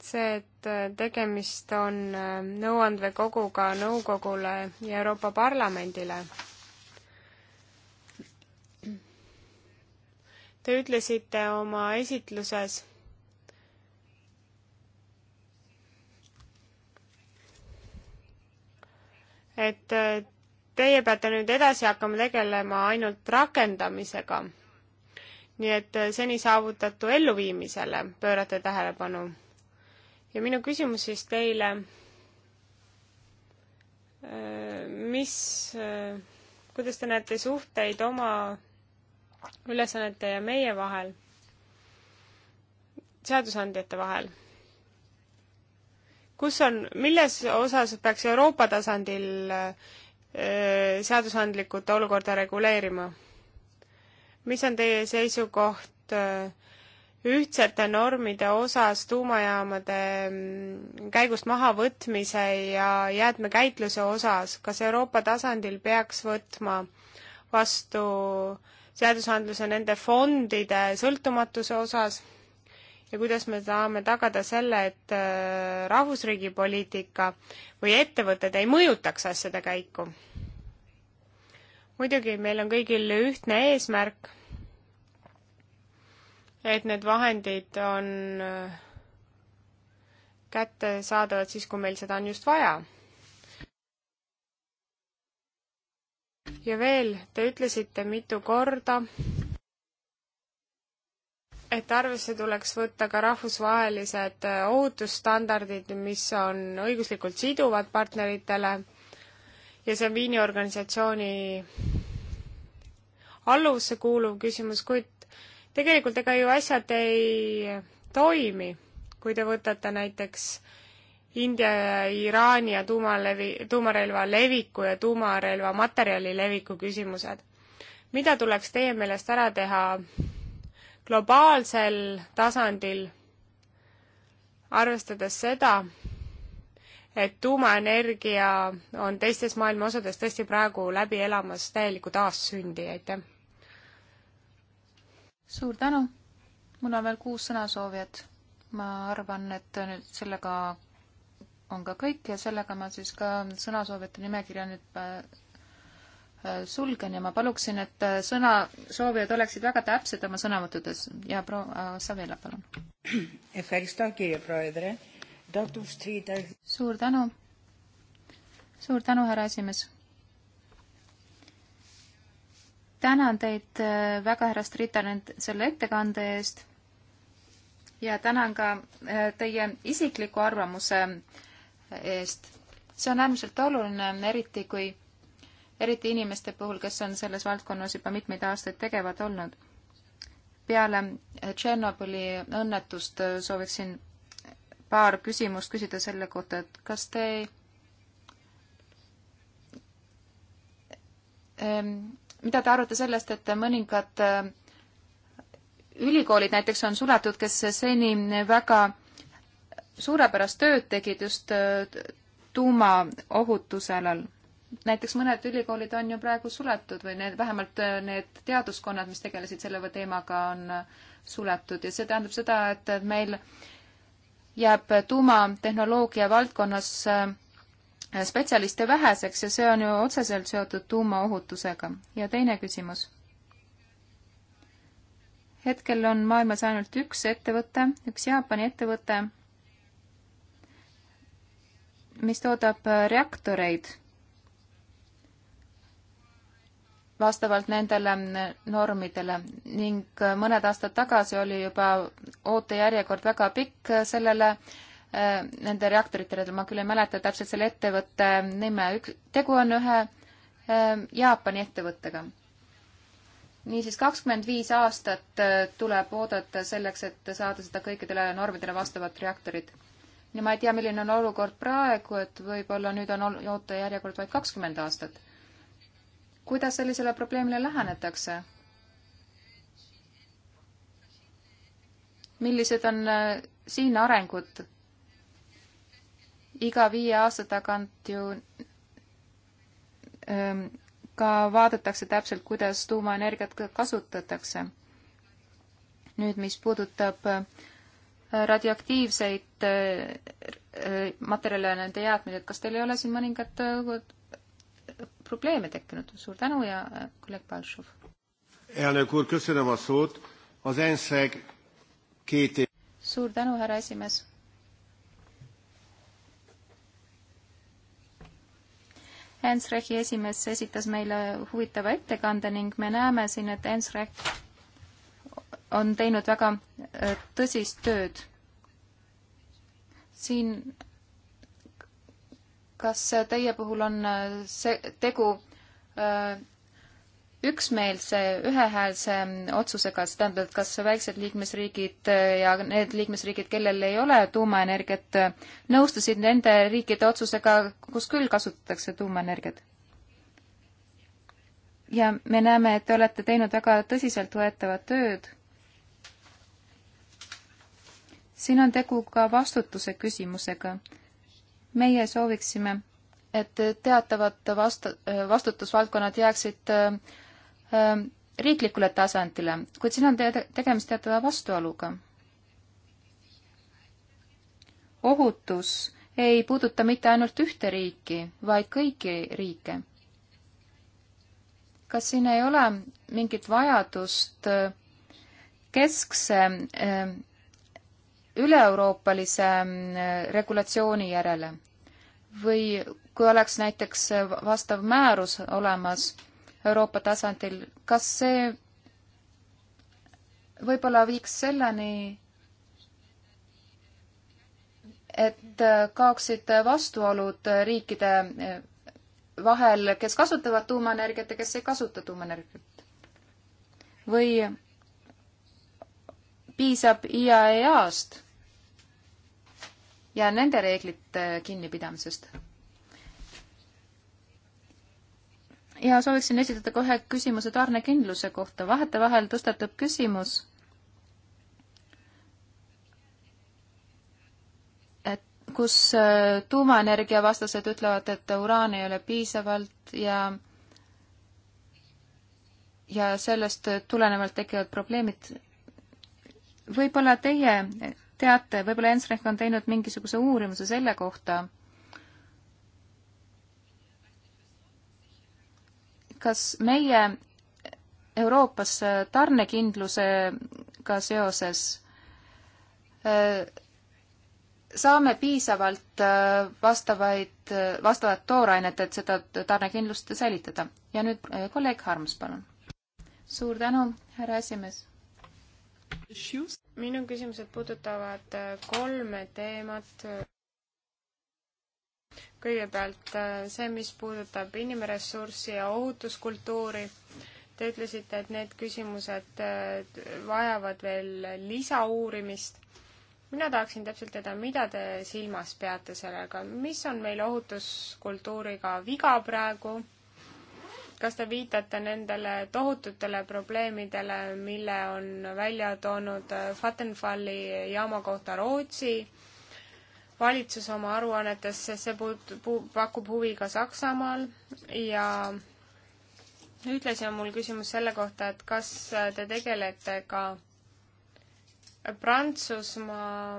see, et äh, tegemist on äh, nõuandekoguga nõukogule ja Euroopa Parlamendile. Te ütlesite oma esitluses, et äh, teie peate nüüd edasi hakkama tegelema ainult rakendamisega. nii et seni saavutatu elluviimisele pöörate tähelepanu ja minu küsimus siis teile, äh, mis, äh, kuidas te näete suhteid oma ülesannete ja meie vahel, seadusandjate vahel? kus on, milles osas peaks Euroopa tasandil äh, seadusandlikult olukorda reguleerima? mis on teie seisukoht äh, ühtsete normide osas tuumajaamade mm, käigust mahavõtmise ja jäätmekäitluse osas, kas Euroopa tasandil peaks võtma vastu seadusandluse nende fondide sõltumatuse osas ja kuidas me saame tagada selle, et äh, rahvusriigi poliitika või ettevõtted ei mõjutaks asjade käiku? muidugi, meil on kõigil ühtne eesmärk et need vahendid on äh, kättesaadavad siis, kui meil seda on just vaja. ja veel, te ütlesite mitu korda, et arvesse tuleks võtta ka rahvusvahelised äh, ohutusstandardid, mis on õiguslikult siduvad partneritele ja see on Viini organisatsiooni alluvusse kuuluv küsimus, kuid tegelikult ega ju asjad ei toimi, kui te võtate näiteks India ja Iraani ja tuumalevi, tuumarelva leviku ja tuumarelva materjali leviku küsimused. mida tuleks teie meelest ära teha globaalsel tasandil, arvestades seda, et tuumaenergia on teistes maailma osades tõesti praegu läbi elamas täielikku taassündi, aitäh! suur tänu. mul on veel kuus sõnasoovijat. ma arvan, et nüüd sellega on ka kõik ja sellega ma siis ka sõnasoovijate nimekirja nüüd äh, äh, sulgen ja ma paluksin, et äh, sõnasoovijad oleksid väga täpsed oma sõnavõttudes ja proua Savela, palun. suur tänu. suur tänu, härra esimees tänan teid äh, väga, härra Strita, selle ettekande eest ja tänan ka äh, teie isikliku arvamuse äh, eest. see on äärmiselt oluline, eriti kui, eriti inimeste puhul, kes on selles valdkonnas juba mitmeid aastaid tegevad olnud. peale Tšernobõli õnnetust sooviksin paar küsimust küsida selle kohta, et kas te ähm, mida te arvate sellest, et mõningad äh, ülikoolid näiteks on suletud, kes seni väga suurepärast tööd tegid just äh, tuumaohutuse alal. näiteks mõned ülikoolid on ju praegu suletud või need, vähemalt äh, need teaduskonnad, mis tegelesid selle teemaga, on suletud ja see tähendab seda, et meil jääb tuumatehnoloogia valdkonnas äh, spetsialiste väheseks ja see on ju otseselt seotud tuumaohutusega. ja teine küsimus. hetkel on maailmas ainult üks ettevõte, üks Jaapani ettevõte, mis toodab reaktoreid vastavalt nendele normidele ning mõned aastad tagasi oli juba ootejärjekord väga pikk sellele äh, Äh, nende reaktoritele, ma küll ei mäleta täpselt selle ettevõtte nime, üks, tegu on ühe äh, Jaapani ettevõttega. niisiis kakskümmend viis aastat äh, tuleb oodata selleks, et saada seda kõikidele normidele vastavat reaktorit. ja ma ei tea, milline on olukord praegu, et võib-olla nüüd on ootejärjekord vaid kakskümmend aastat. kuidas sellisele probleemile lähenetakse? millised on siin arengud iga viie aasta tagant ju ähm, ka vaadatakse täpselt, kuidas tuumaenergiat kasutatakse. nüüd, mis puudutab äh, radioaktiivseid äh, äh, materjale ja nende jäätmeid, et kas teil ei ole siin mõningat probleeme tekkinud? suur tänu ja kolleeg Balšov. suur tänu, härra esimees Ensrechi esimees esitas meile huvitava ettekande ning me näeme siin, et Ensrech on teinud väga äh, tõsist tööd. siin, kas teie puhul on äh, see tegu äh, üksmeelse ühehäälse otsusega, see tähendab, et kas väiksed liikmesriigid ja need liikmesriigid, kellel ei ole tuumaenergiat, nõustusid nende riikide otsusega, kus küll kasutatakse tuumaenergiat? ja me näeme, et te olete teinud väga tõsiseltvõetavat tööd. siin on tegu ka vastutuse küsimusega. meie sooviksime, et teatavad vast-, vastutusvaldkonnad jääksid äh, Ähm, riiklikule tasandile, kuid siin on te tegemist teatava vastuoluga. ohutus ei puuduta mitte ainult ühte riiki, vaid kõiki riike. kas siin ei ole mingit vajadust äh, keskse äh, üle-euroopalise äh, regulatsiooni järele või kui oleks näiteks vastav määrus olemas, Euroopa tasandil, kas see võib-olla viiks selleni, et kaoksid vastuolud riikide vahel, kes kasutavad tuumaenergiat ja kes ei kasuta tuumaenergiat? või piisab IAEA-st ja nende reeglite kinnipidamisest? ja sooviksin esitada kohe küsimuse tarnekindluse kohta. vahetevahel tõstatub küsimus, et kus äh, tuumaenergia vastased ütlevad, et uraani ei ole piisavalt ja ja sellest tulenevalt tekivad probleemid. võib-olla teie teate, võib-olla Ensrech on teinud mingisuguse uurimuse selle kohta kas meie Euroopas tarnekindlusega seoses äh, saame piisavalt äh, vastavaid, äh, vastavat toorainet, et seda tarnekindlust säilitada. ja nüüd kolleeg Harms, palun. suur tänu, härra esimees. minu küsimused puudutavad kolme teemat kõigepealt äh, see, mis puudutab inimressurssi ja ohutuskultuuri. Te ütlesite, et need küsimused äh, vajavad veel lisauurimist. mina tahaksin täpselt teada, mida te silmas peate sellega, mis on meil ohutuskultuuriga viga praegu? kas te viitate nendele tohututele probleemidele, mille on välja toonud äh, Vattenfalli jaama kohta Rootsi? valitsus oma aruannetesse, see puut-, pu-, pakub huvi ka Saksamaal ja ühtlasi on mul küsimus selle kohta, et kas te tegelete ka Prantsusmaa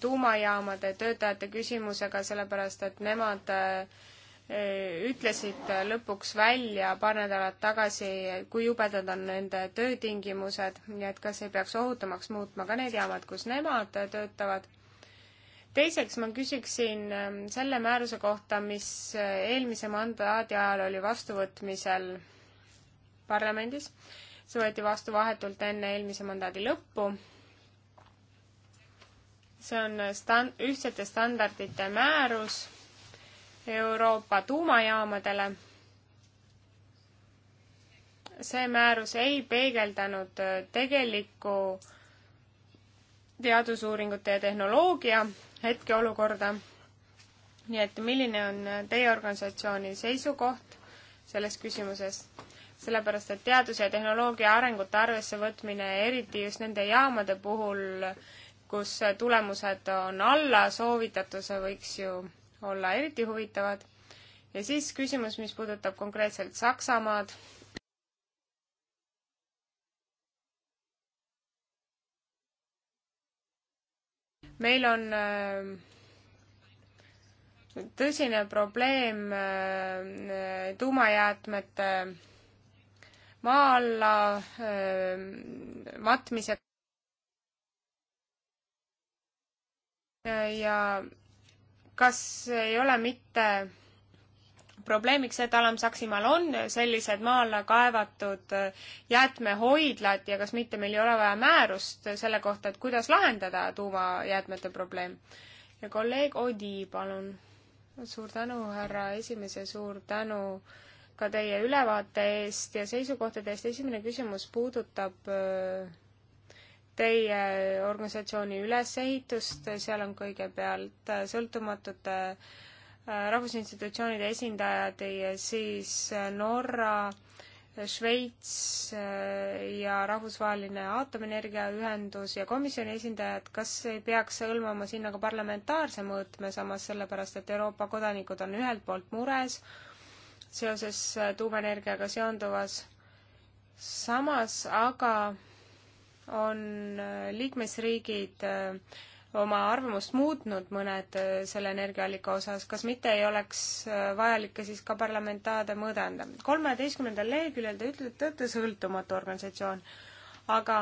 tuumajaamade töötajate küsimusega, sellepärast et nemad eh, ütlesid lõpuks välja paar nädalat tagasi, kui jubedad on nende töötingimused ja et kas ei peaks ohutumaks muutma ka need jaamad, kus nemad töötavad teiseks ma küsiksin ähm, selle määruse kohta, mis äh, eelmise mandaadi ajal oli vastuvõtmisel parlamendis. see võeti vastu vahetult enne eelmise mandaadi lõppu. see on äh, stan-, ühtsete standardite määrus Euroopa tuumajaamadele. see määrus ei peegeldanud äh, tegelikku teadusuuringute ja tehnoloogia hetkeolukorda. nii et milline on teie organisatsiooni seisukoht selles küsimuses? sellepärast, et teaduse ja tehnoloogia arengute arvesse võtmine, eriti just nende jaamade puhul, kus tulemused on alla soovitatuse, võiks ju olla eriti huvitavad. ja siis küsimus, mis puudutab konkreetselt Saksamaad meil on äh, tõsine probleem äh, tuumajäätmete maa alla äh, matmisega. ja kas ei ole mitte probleemiks see, et Alam-Saksimaal on sellised maa alla kaevatud äh, jäätmehoidlad ja kas mitte meil ei ole vaja määrust selle kohta, et kuidas lahendada tuumajäätmete probleem. ja kolleeg Odi, palun. suur tänu, härra esimees ja suur tänu ka teie ülevaate eest ja seisukohtade eest. esimene küsimus puudutab äh, teie organisatsiooni ülesehitust, seal on kõigepealt äh, sõltumatute Äh, rahvusinstitutsioonide esindajad ja siis äh, Norra, äh, Šveits ja Rahvusvaheline Aatomienergiaühendus ja komisjoni esindajad, kas ei peaks hõlmama sinna ka parlamentaarse mõõtme samas, sellepärast et Euroopa kodanikud on ühelt poolt mures seoses tuumaenergiaga seonduvas, samas aga on liikmesriigid äh, oma arvamust muutnud mõned äh, selle energiaallika osas, kas mitte ei oleks äh, vajalik ka siis ka parlamentaade mõõde anda? kolmeteistkümnendal leheküljel te ütlete, te olete sõltumatu organisatsioon, aga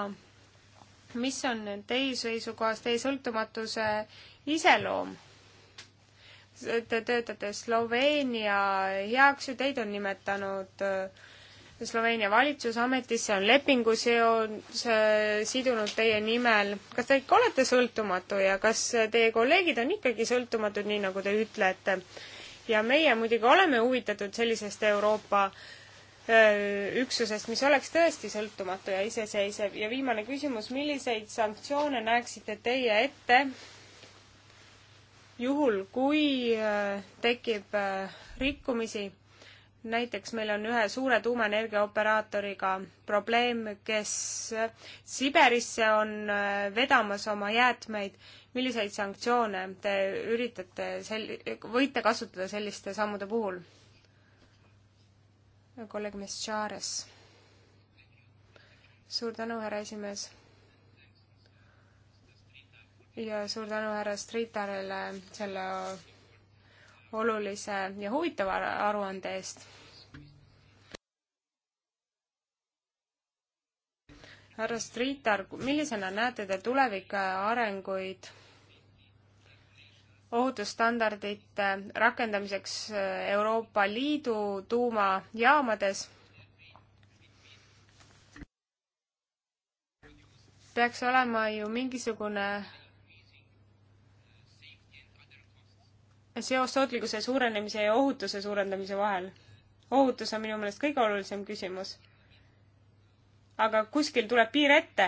mis on teie seisukohast teie sõltumatuse iseloom? Te töötate Sloveenia heaks ju, teid on nimetanud äh, Sloveenia valitsus ametisse on lepingu seos äh, sidunud teie nimel. kas te ikka olete sõltumatu ja kas teie kolleegid on ikkagi sõltumatud, nii nagu te ütlete? ja meie muidugi oleme huvitatud sellisest Euroopa äh, üksusest, mis oleks tõesti sõltumatu ja iseseisev. ja viimane küsimus, milliseid sanktsioone näeksite teie ette juhul, kui äh, tekib rikkumisi? näiteks meil on ühe suure tuumaenergiaoperaatoriga probleem, kes Siberisse on äh, vedamas oma jäätmeid. milliseid sanktsioone te üritate sel-, võite kasutada selliste sammude puhul? kolleeg Mestšares. suur tänu, härra esimees. ja suur tänu härra Stritarele selle olulise ja huvitava aruande eest. härra Striitar, millisena näete te tulevike arenguid ohutusstandardite rakendamiseks Euroopa Liidu tuumajaamades? peaks olema ju mingisugune seos tootlikkuse suurenemise ja ohutuse suurendamise vahel. ohutus on minu meelest kõige olulisem küsimus. aga kuskil tuleb piir ette,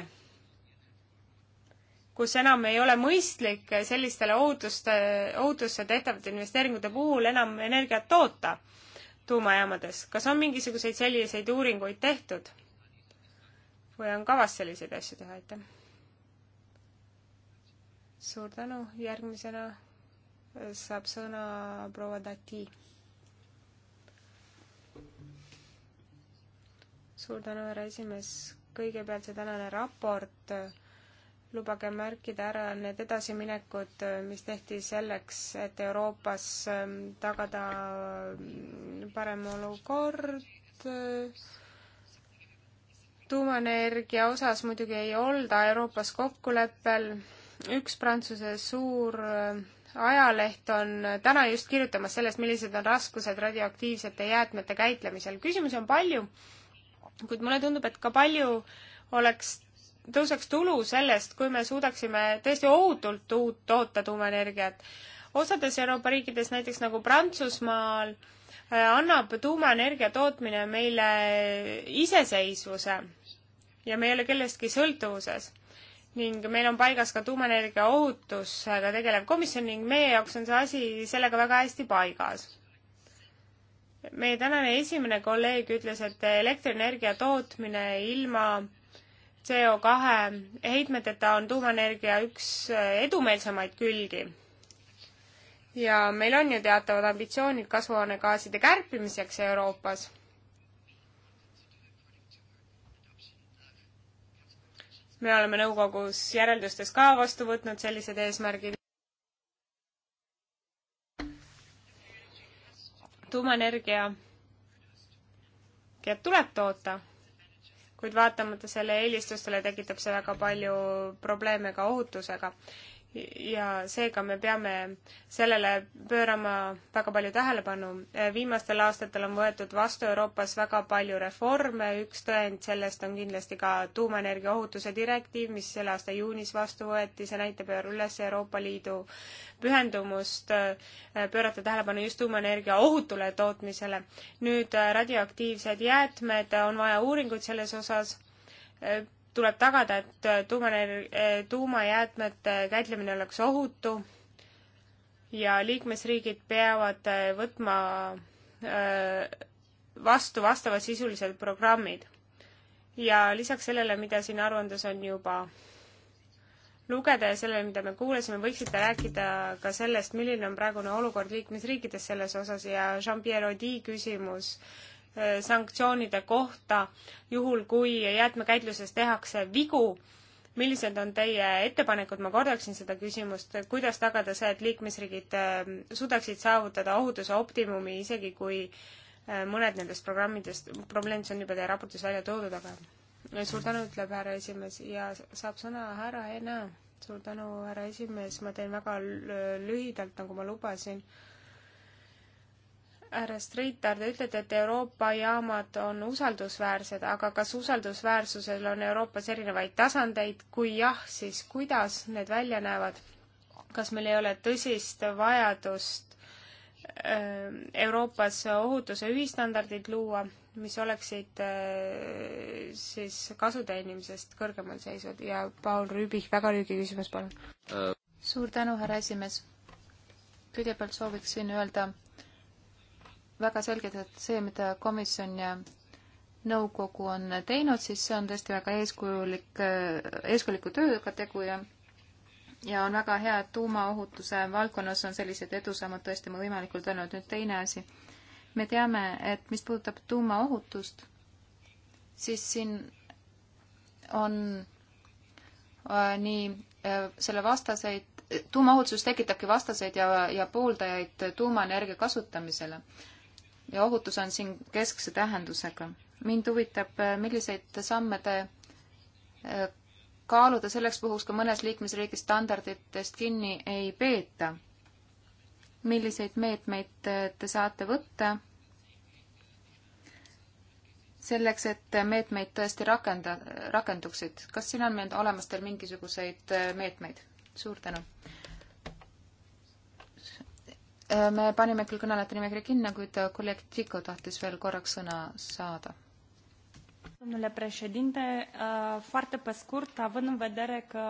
kus enam ei ole mõistlik sellistele ohutuste, ohutusse tehtavate investeeringute puhul enam energiat toota tuumajaamades. kas on mingisuguseid selliseid uuringuid tehtud? või on kavas selliseid asju teha, aitäh! suur tänu, järgmisena saab sõna proua Dati. suur tänu, härra esimees. kõigepealt see tänane raport lubage märkida ära need edasiminekud, mis tehti selleks, et Euroopas ähm, tagada ähm, parem olukord. tuumaenergia osas muidugi ei olda Euroopas kokkuleppel. üks Prantsuse suur ähm, ajaleht on täna just kirjutamas sellest, millised on raskused radioaktiivsete jäätmete käitlemisel. küsimusi on palju, kuid mulle tundub, et ka palju oleks, tõuseks tulu sellest, kui me suudaksime tõesti ohutult uut toota tuumaenergiat. osades Euroopa riikides, näiteks nagu Prantsusmaal, äh, annab tuumaenergia tootmine meile iseseisvuse ja me ei ole kellestki sõltuvuses ning meil on paigas ka tuumaenergia ohutusega tegelev komisjon ning meie jaoks on see asi sellega väga hästi paigas. meie tänane esimene kolleeg ütles, et elektrienergia tootmine ilma CO kahe heitmeteta on tuumaenergia üks edumeelsemaid külgi. ja meil on ju teatavad ambitsioonid kasvuhoonegaaside kärpimiseks Euroopas me oleme nõukogus järeldustes ka vastu võtnud sellised eesmärgid. tuumaenergia tuleb toota, kuid vaatamata selle eelistustele tekitab see väga palju probleeme ka ohutusega ja seega me peame sellele pöörama väga palju tähelepanu. viimastel aastatel on võetud vastu Euroopas väga palju reforme, üks tõend sellest on kindlasti ka tuumaenergia ohutuse direktiiv, mis selle aasta juunis vastu võeti, see näitab üles Euroopa Liidu pühendumust äh, pöörata tähelepanu just tuumaenergia ohutule tootmisele. nüüd äh, radioaktiivsed jäätmed, on vaja uuringuid selles osas äh, tuleb tagada, et äh, tuumaener-, äh, tuumajäätmete käitlemine oleks ohutu ja liikmesriigid peavad äh, võtma vastu vastavasisulised programmid. ja lisaks sellele, mida siin aruandes on juba lugeda ja sellele, mida me kuulasime, võiksite rääkida ka sellest, milline on praegune olukord liikmesriikides selles osas ja Jean-Pierre Audi küsimus äh, Äh, sanktsioonide kohta, juhul kui jäätmekäitluses tehakse vigu. millised on teie ettepanekud, ma kordaksin seda küsimust, kuidas tagada see, et liikmesriigid äh, suudaksid saavutada ohutuse optimumi, isegi kui äh, mõned nendest programmidest, probleemid on juba teie raportis välja toodud, aga suur tänu, ütleb härra esimees ja saab sõna härra Ene. suur tänu, härra esimees, ma teen väga lühidalt, nagu ma lubasin härra Streetar, te ütlete, et Euroopa jaamad on usaldusväärsed, aga kas usaldusväärsusel on Euroopas erinevaid tasandeid, kui jah, siis kuidas need välja näevad? kas meil ei ole tõsist vajadust äh, Euroopas ohutuse ühistandardid luua, mis oleksid äh, siis kasuteenimisest kõrgemal seisvad ja Paul Rüübik, väga lühike küsimus, palun. Äh. suur tänu, härra esimees. kõigepealt sooviksin öelda väga selgelt, et see, mida komisjon ja nõukogu on teinud, siis see on tõesti väga eeskujulik, eeskujuliku tööga tegu ja ja on väga hea, et tuumaohutuse valdkonnas on sellised edusammud tõesti võimalikult olnud. nüüd teine asi. me teame, et mis puudutab tuumaohutust, siis siin on äh, nii äh, selle vastaseid, tuumaohutus tekitabki vastaseid ja, ja pooldajaid tuumaenergia kasutamisele ja ohutus on siin keskse tähendusega. mind huvitab, äh, milliseid samme te äh, kaaluda selleks puhuks, kui mõnes liikmesriigis standarditest kinni ei peeta. milliseid meetmeid äh, te saate võtta selleks, et meetmeid tõesti rakenda, rakenduksid? kas siin on meil olemas teil mingisuguseid meetmeid? suur tänu. Äh, me panime küll kõnelejate nimekirja kinni, kuid äh, kolleeg Tšiko tahtis veel korraks sõna saada. Domnule președinte, äh, foarte pe scurt, având în vedere că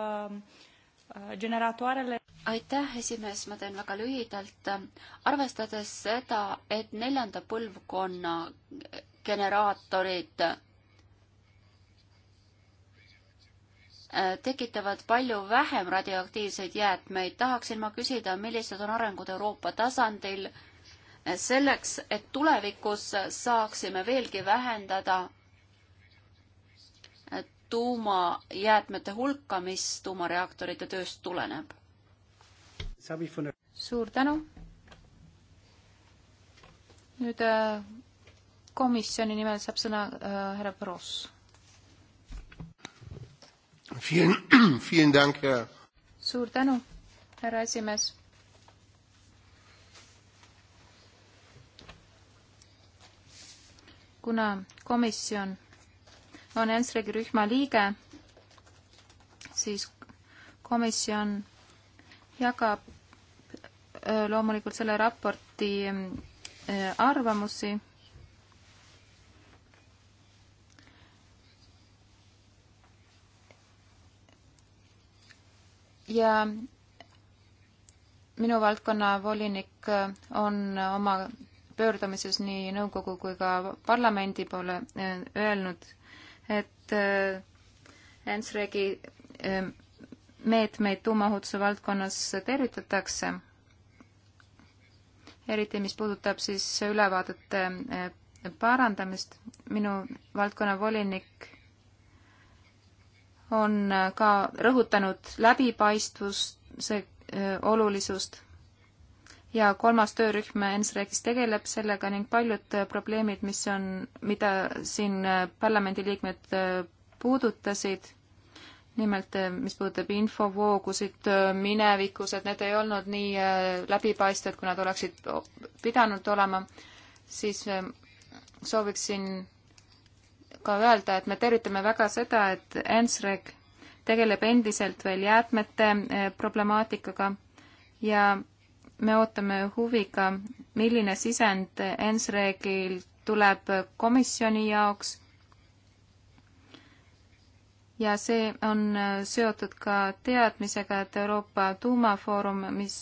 generatoarele aitäh, esimees, ma teen väga lühidalt. arvestades seda, et neljanda põlvkonna generaatorid Äh, tekitavad palju vähem radioaktiivseid jäätmeid, tahaksin ma küsida, millised on arengud Euroopa tasandil äh, selleks, et tulevikus saaksime veelgi vähendada äh, tuumajäätmete hulka, mis tuumareaktorite tööst tuleneb. suur tänu. nüüd komisjoni nimel saab sõna härra äh, Gross Vielen, vielen Dank, Herr. suur tänu, härra esimees. kuna komisjon on Ensregi rühma liige, siis komisjon jagab äh, loomulikult selle raporti äh, arvamusi ja minu valdkonna volinik äh, on äh, oma pöördumises nii nõukogu kui ka parlamendi poole äh, öelnud, et Ensregi meetmeid tuumaohutuse valdkonnas tervitatakse, eriti mis puudutab siis ülevaadete parandamist. minu valdkonna volinik on äh, ka rõhutanud läbipaistvuse äh, olulisust ja kolmas töörühm ENSREGis tegeleb sellega ning paljud äh, probleemid, mis on, mida siin parlamendiliikmed puudutasid, nimelt mis puudutab infovoogusid minevikus, et need ei olnud nii läbipaistvad, kui nad oleksid pidanud olema, siis sooviksin ka öelda, et me tervitame väga seda, et ENSREG tegeleb endiselt veel jäätmete eh, problemaatikaga ja me ootame huviga, milline sisend ENSREG-il tuleb komisjoni jaoks ja see on eh, seotud ka teadmisega, et Euroopa tuumafoorum, mis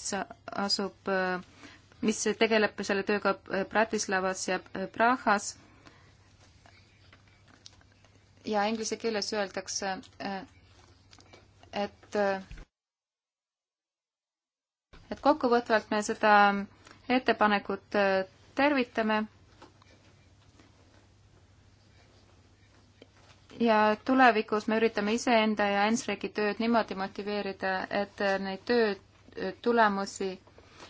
asub, eh, mis tegeleb selle tööga Bratislavas ja Prahas ja inglise keeles öeldakse, eh, et, eh, et kokkuvõtvalt me seda ettepanekut eh, tervitame ja tulevikus me üritame iseenda ja Ensregi tööd niimoodi motiveerida, et neid töö tulemusi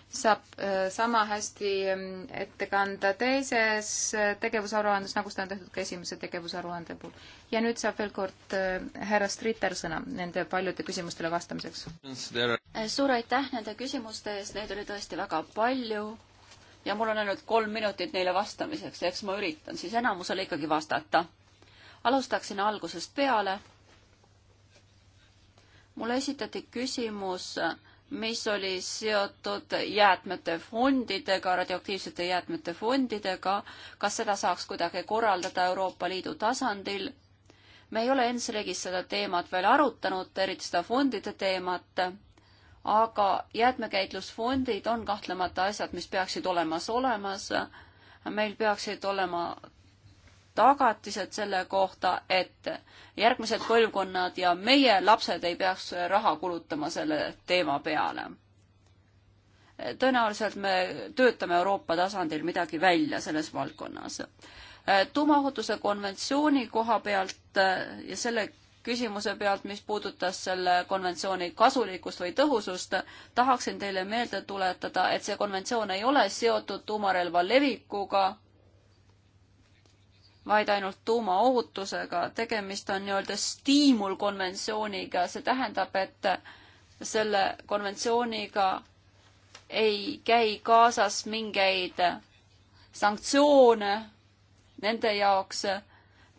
saab äh, sama hästi ähm, ette kanda teises äh, tegevusaruandes, nagu seda on tehtud ka esimese tegevusaruande puhul. ja nüüd saab veel kord äh, härra Striter sõna nende paljude küsimustele vastamiseks. suur aitäh nende küsimuste eest, neid oli tõesti väga palju ja mul on ainult kolm minutit neile vastamiseks, eks ma üritan siis enamusele ikkagi vastata. alustaksin algusest peale. mulle esitati küsimus äh, mis oli seotud jäätmete fondidega, radioaktiivsete jäätmete fondidega, kas seda saaks kuidagi korraldada Euroopa Liidu tasandil? me ei ole Ensregis seda teemat veel arutanud, eriti seda fondide teemat, aga jäätmekäitlusfondid on kahtlemata asjad, mis peaksid olemas olemas. meil peaksid olema tagatised selle kohta, et järgmised põlvkonnad ja meie lapsed ei peaks raha kulutama selle teema peale. tõenäoliselt me töötame Euroopa tasandil midagi välja selles valdkonnas. tuumaohutuse konventsiooni koha pealt ja selle küsimuse pealt, mis puudutas selle konventsiooni kasulikkust või tõhusust, tahaksin teile meelde tuletada, et see konventsioon ei ole seotud tuumarelva levikuga vaid ainult tuumaohutusega. tegemist on nii-öelda stiimulkonventsiooniga, see tähendab, et selle konventsiooniga ei käi kaasas mingeid sanktsioone nende jaoks,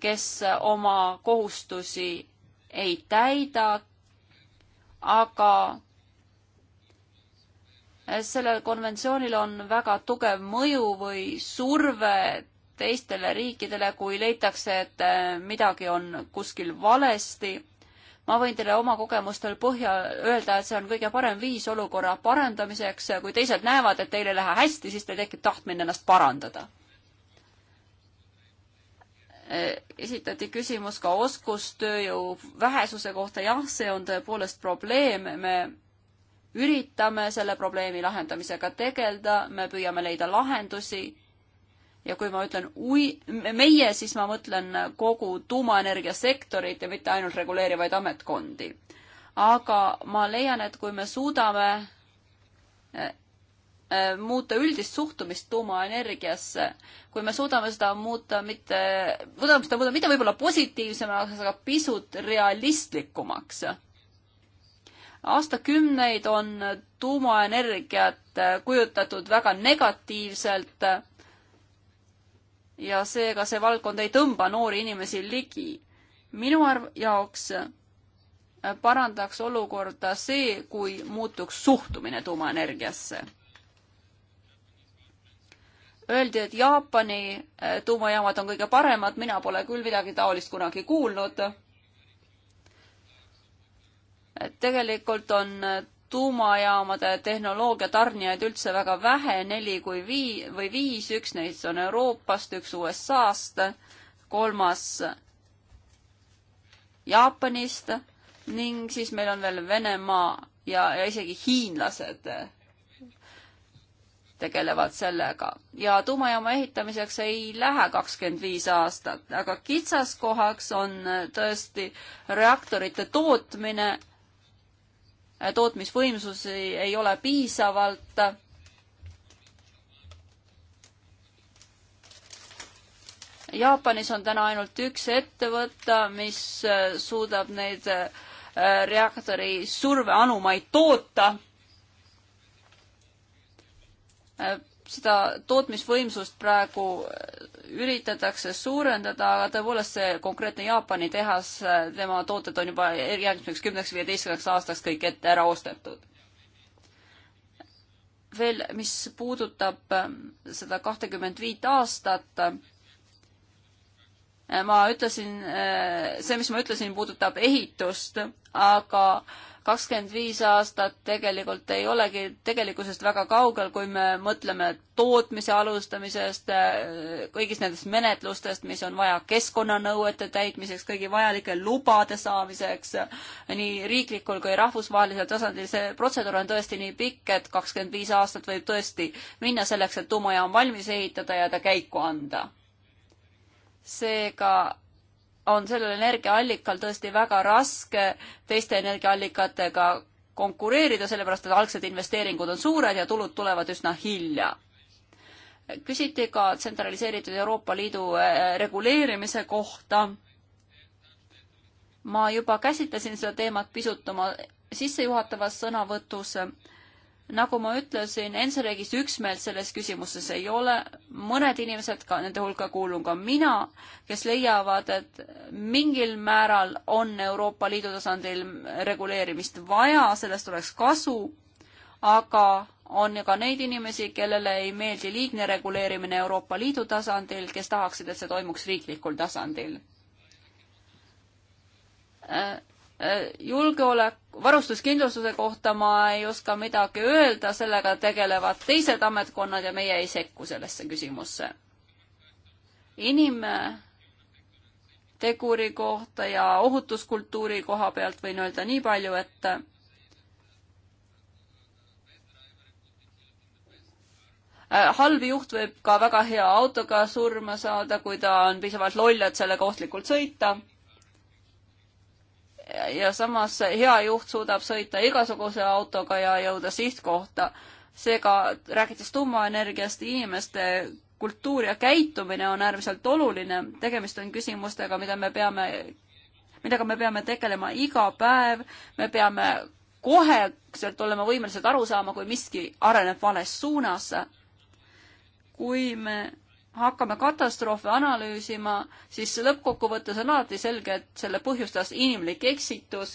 kes oma kohustusi ei täida, aga sellel konventsioonil on väga tugev mõju või surve teistele riikidele, kui leitakse, et äh, midagi on kuskil valesti. ma võin teile oma kogemustel põhja öelda, et see on kõige parem viis olukorra parandamiseks, kui teised näevad, et teil ei lähe hästi, siis teil tekib tahtmine ennast parandada. Äh, esitati küsimus ka oskustööjõu vähesuse kohta, jah, see on tõepoolest probleem, me üritame selle probleemi lahendamisega tegeleda, me püüame leida lahendusi ja kui ma ütlen ui-, meie, siis ma mõtlen kogu tuumaenergiasektorit ja mitte ainult reguleerivaid ametkondi. aga ma leian, et kui me suudame eh, eh, muuta üldist suhtumist tuumaenergiasse, kui me suudame seda muuta mitte, suudame seda muuta mitte võib-olla positiivsemaks, aga pisut realistlikumaks. aastakümneid on tuumaenergiat eh, kujutatud väga negatiivselt ja seega see valdkond ei tõmba noori inimesi ligi. minu arv-, jaoks äh, parandaks olukorda see, kui muutuks suhtumine tuumaenergiasse. Öeldi, et Jaapani äh, tuumajaamad on kõige paremad, mina pole küll midagi taolist kunagi kuulnud. et tegelikult on äh, tuumajaamade tehnoloogia tarnijaid üldse väga vähe, neli kui vii- või viis, üks neist on Euroopast, üks USA-st, kolmas Jaapanist ning siis meil on veel Venemaa ja, ja isegi hiinlased tegelevad sellega. ja tuumajaama ehitamiseks ei lähe kakskümmend viis aastat, aga kitsaskohaks on tõesti reaktorite tootmine tootmisvõimsusi ei ole piisavalt. Jaapanis on täna ainult üks ettevõte, mis suudab neid äh, reaktori surveanumaid toota äh, seda tootmisvõimsust praegu üritatakse suurendada, aga tõepoolest see konkreetne Jaapani tehas, tema tooted on juba järgmiseks kümneks-viieteistkümneks aastaks kõik ette ära ostetud. veel, mis puudutab ähm, seda kahtekümmet viit aastat, äh, ma ütlesin, äh, see, mis ma ütlesin, puudutab ehitust, aga äh, kakskümmend viis aastat tegelikult ei olegi tegelikkusest väga kaugel, kui me mõtleme tootmise alustamisest, kõigist nendest menetlustest, mis on vaja keskkonnanõuete täitmiseks, kõigi vajalike lubade saamiseks, nii riiklikul kui rahvusvahelisel tasandil. see protseduur on tõesti nii pikk, et kakskümmend viis aastat võib tõesti minna selleks, et tuumajaam valmis ehitada ja ta käiku anda. seega on sellel energiaallikal tõesti väga raske teiste energiaallikatega konkureerida, sellepärast et algsed investeeringud on suured ja tulud tulevad üsna hilja. küsiti ka tsentraliseeritud Euroopa Liidu äh, reguleerimise kohta. ma juba käsitlesin seda teemat pisut oma sissejuhatavas sõnavõtus nagu ma ütlesin, Enseregis üksmeelt selles küsimuses ei ole, mõned inimesed, ka nende hulka kuulun ka mina, kes leiavad, et mingil määral on Euroopa Liidu tasandil reguleerimist vaja, sellest oleks kasu, aga on ka neid inimesi, kellele ei meeldi liigne reguleerimine Euroopa Liidu tasandil, kes tahaksid, et see toimuks riiklikul tasandil äh Äh, julgeolek, varustuskindlustuse kohta ma ei oska midagi öelda, sellega tegelevad teised ametkonnad ja meie ei sekku sellesse küsimusse. inimteguri kohta ja ohutuskultuuri koha pealt võin öelda nii palju, et äh, halb juht võib ka väga hea autoga surma saada, kui ta on piisavalt loll, et sellega ohtlikult sõita ja samas hea juht suudab sõita igasuguse autoga ja jõuda sihtkohta. seega rääkides tuumaenergiast, inimeste kultuur ja käitumine on äärmiselt oluline, tegemist on küsimustega, mida me peame, millega me peame tegelema iga päev, me peame koheselt olema võimelised aru saama, kui miski areneb vales suunas. kui me hakkame katastroofe analüüsima, siis lõppkokkuvõttes on alati selge, et selle põhjustas inimlik eksitus.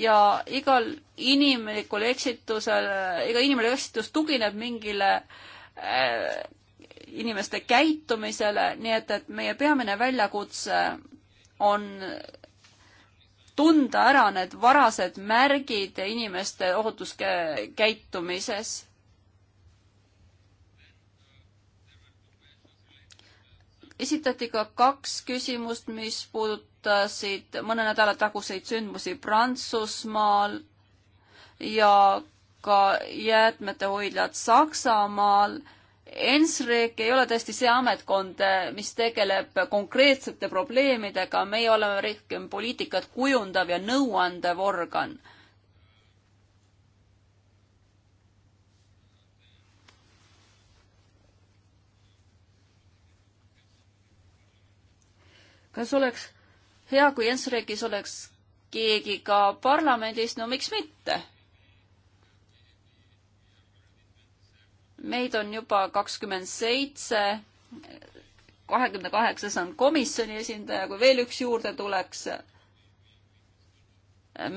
ja igal inimlikul eksitusel, iga inimlik eksitus tugineb mingile äh, inimeste käitumisele, nii et, et meie peamine väljakutse on tunda ära need varased märgid inimeste ohutuskäitumises esitati ka kaks küsimust, mis puudutasid mõne nädala taguseid sündmusi Prantsusmaal ja ka jäätmete hoidlad Saksamaal. Ensrek ei ole tõesti see ametkond, mis tegeleb konkreetsete probleemidega, meie oleme rohkem poliitikat kujundav ja nõuandev organ kas oleks hea, kui Jensrekis oleks keegi ka parlamendist, no miks mitte? meid on juba kakskümmend seitse, kahekümne kaheksas on komisjoni esindaja, kui veel üks juurde tuleks,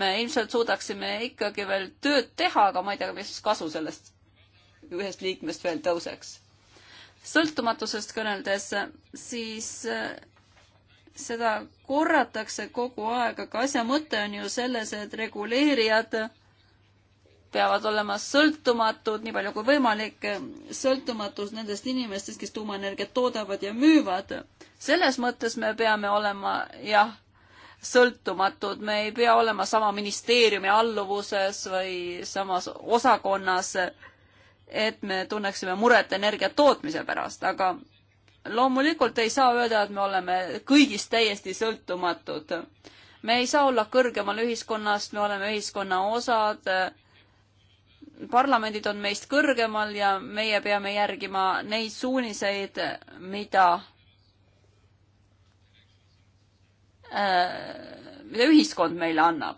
me ilmselt suudaksime ikkagi veel tööd teha, aga ma ei tea, mis kasu sellest ühest liikmest veel tõuseks. sõltumatusest kõneldes, siis seda korratakse kogu aeg, aga asja mõte on ju selles, et reguleerijad peavad olema sõltumatud, nii palju kui võimalik, sõltumatus nendest inimestest, kes tuumaenergiat toodavad ja müüvad. selles mõttes me peame olema jah, sõltumatud, me ei pea olema sama ministeeriumi alluvuses või samas osakonnas, et me tunneksime muret energia tootmise pärast, aga loomulikult ei saa öelda, et me oleme kõigist täiesti sõltumatud. me ei saa olla kõrgemal ühiskonnast, me oleme ühiskonna osad. parlamendid on meist kõrgemal ja meie peame järgima neid suuniseid, mida, äh, mida ühiskond meile annab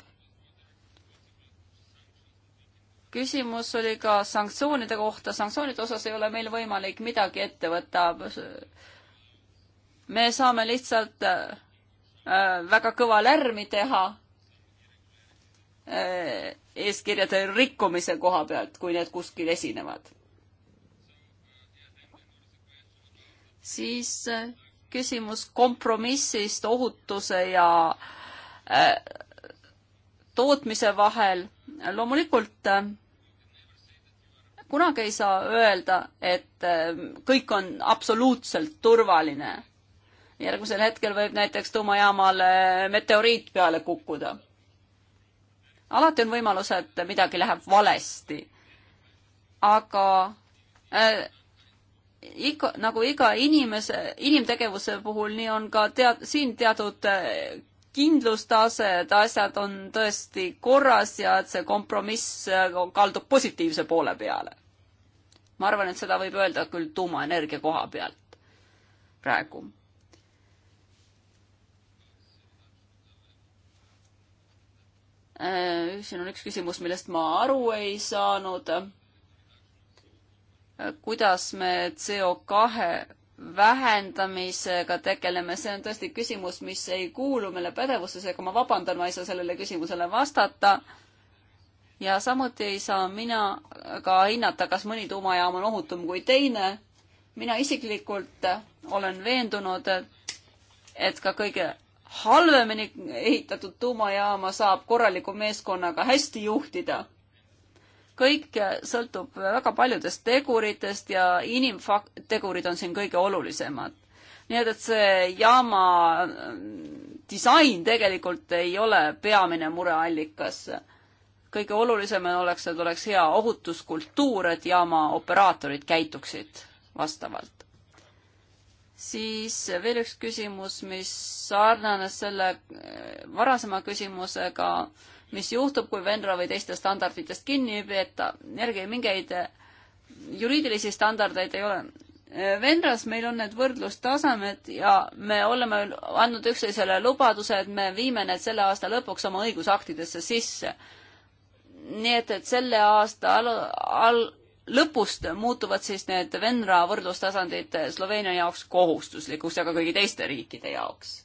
küsimus oli ka sanktsioonide kohta. sanktsioonide osas ei ole meil võimalik midagi ette võtta. me saame lihtsalt äh, väga kõva lärmi teha äh, eeskirjade rikkumise koha pealt, kui need kuskil esinevad. siis äh, küsimus kompromissist ohutuse ja tootmise vahel. loomulikult kunagi ei saa öelda, et äh, kõik on absoluutselt turvaline. järgmisel hetkel võib näiteks tuumajaamale meteoriit peale kukkuda. alati on võimalus, et midagi läheb valesti. aga äh, iga, nagu iga inimese, inimtegevuse puhul, nii on ka tead-, siin teatud äh, kindlustase, et asjad on tõesti korras ja et see kompromiss äh, kaldub positiivse poole peale ma arvan, et seda võib öelda küll tuumaenergia koha pealt praegu. Äh, siin on üks küsimus, millest ma aru ei saanud. Äh, kuidas me CO kahe vähendamisega tegeleme, see on tõesti küsimus, mis ei kuulu meile pädevusse, seega ma vabandan, ma ei saa sellele küsimusele vastata ja samuti ei saa mina ka hinnata, kas mõni tuumajaam on ohutum kui teine. mina isiklikult olen veendunud, et, et ka kõige halvemini ehitatud tuumajaama saab korraliku meeskonnaga hästi juhtida. kõik sõltub väga paljudest teguritest ja inimtegurid on siin kõige olulisemad. nii et, et see jaama disain tegelikult ei ole peamine mureallikas kõige olulisem oleks, et oleks hea ohutuskultuur, et jaama operaatorid käituksid vastavalt. siis veel üks küsimus, mis sarnanes selle eh, varasema küsimusega, mis juhtub, kui Venra või teistest standarditest kinni ei peeta, järgi mingeid eh, juriidilisi standardeid ei ole. Eh, Venras meil on need võrdlustasemed ja me oleme andnud üksteisele lubaduse, et me viime need selle aasta lõpuks oma õigusaktidesse sisse nii et, et selle aasta al-, al-, lõpust muutuvad siis need Venra võrdlustasandid Sloveenia jaoks kohustuslikuks ja ka kõigi teiste riikide jaoks.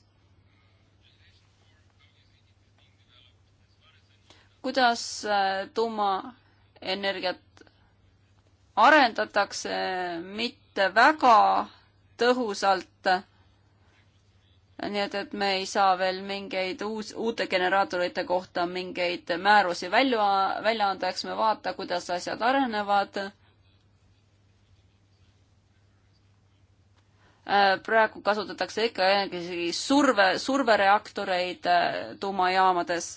kuidas äh, tuumaenergiat arendatakse, mitte väga tõhusalt nii et, et me ei saa veel mingeid uus, uute generaatorite kohta mingeid määrusi välja, välja anda, eks me vaata, kuidas asjad arenevad. Äh, praegu kasutatakse ikka jällegi surve, survereaktoreid äh, tuumajaamades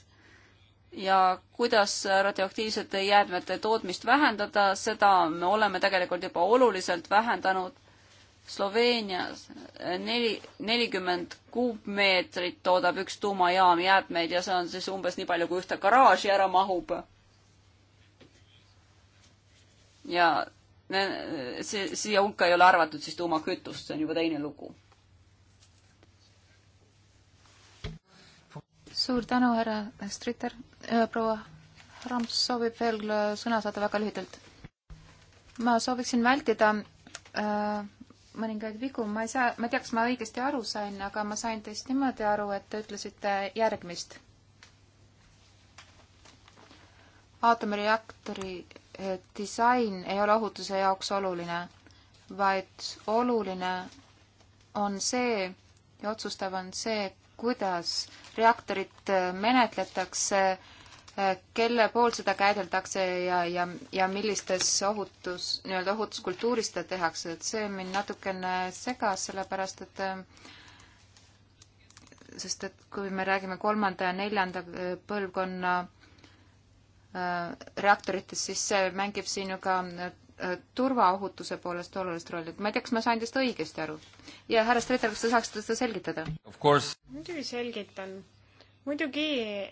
ja kuidas radioaktiivsete jäätmete tootmist vähendada, seda me oleme tegelikult juba oluliselt vähendanud. Sloveenias neli, nelikümmend kuupmeetrit toodab üks tuumajaam jäätmeid ja see on siis umbes nii palju, kui ühte garaaži ära mahub. ja see, siia hulka ei ole arvatud siis tuumakütust, see on juba teine lugu. suur tänu, härra Stritter. Äh, proua Rams soovib veel äh, sõna saada väga lühidalt. ma sooviksin vältida äh, mõningaid vigu, ma ei saa, ma ei tea, kas ma õigesti aru sain, aga ma sain teist niimoodi aru, et te ütlesite järgmist. aatomireaktori eh, disain ei ole ohutuse jaoks oluline, vaid oluline on see ja otsustav on see, kuidas reaktorit eh, menetletakse äh, Äh, kelle poolt seda käideldakse ja, ja, ja millistes ohutus, nii-öelda ohutuskultuuris seda tehakse, et see mind natukene segas, sellepärast et äh, sest et kui me räägime kolmanda ja neljanda äh, põlvkonna reaktoritest, siis see mängib siin ju ka turvaohutuse poolest olulist rolli, et ma ei tea, kas ma sain teist õigesti aru. ja härra Streeter, kas te saaksite seda selgitada? muidugi selgitan muidugi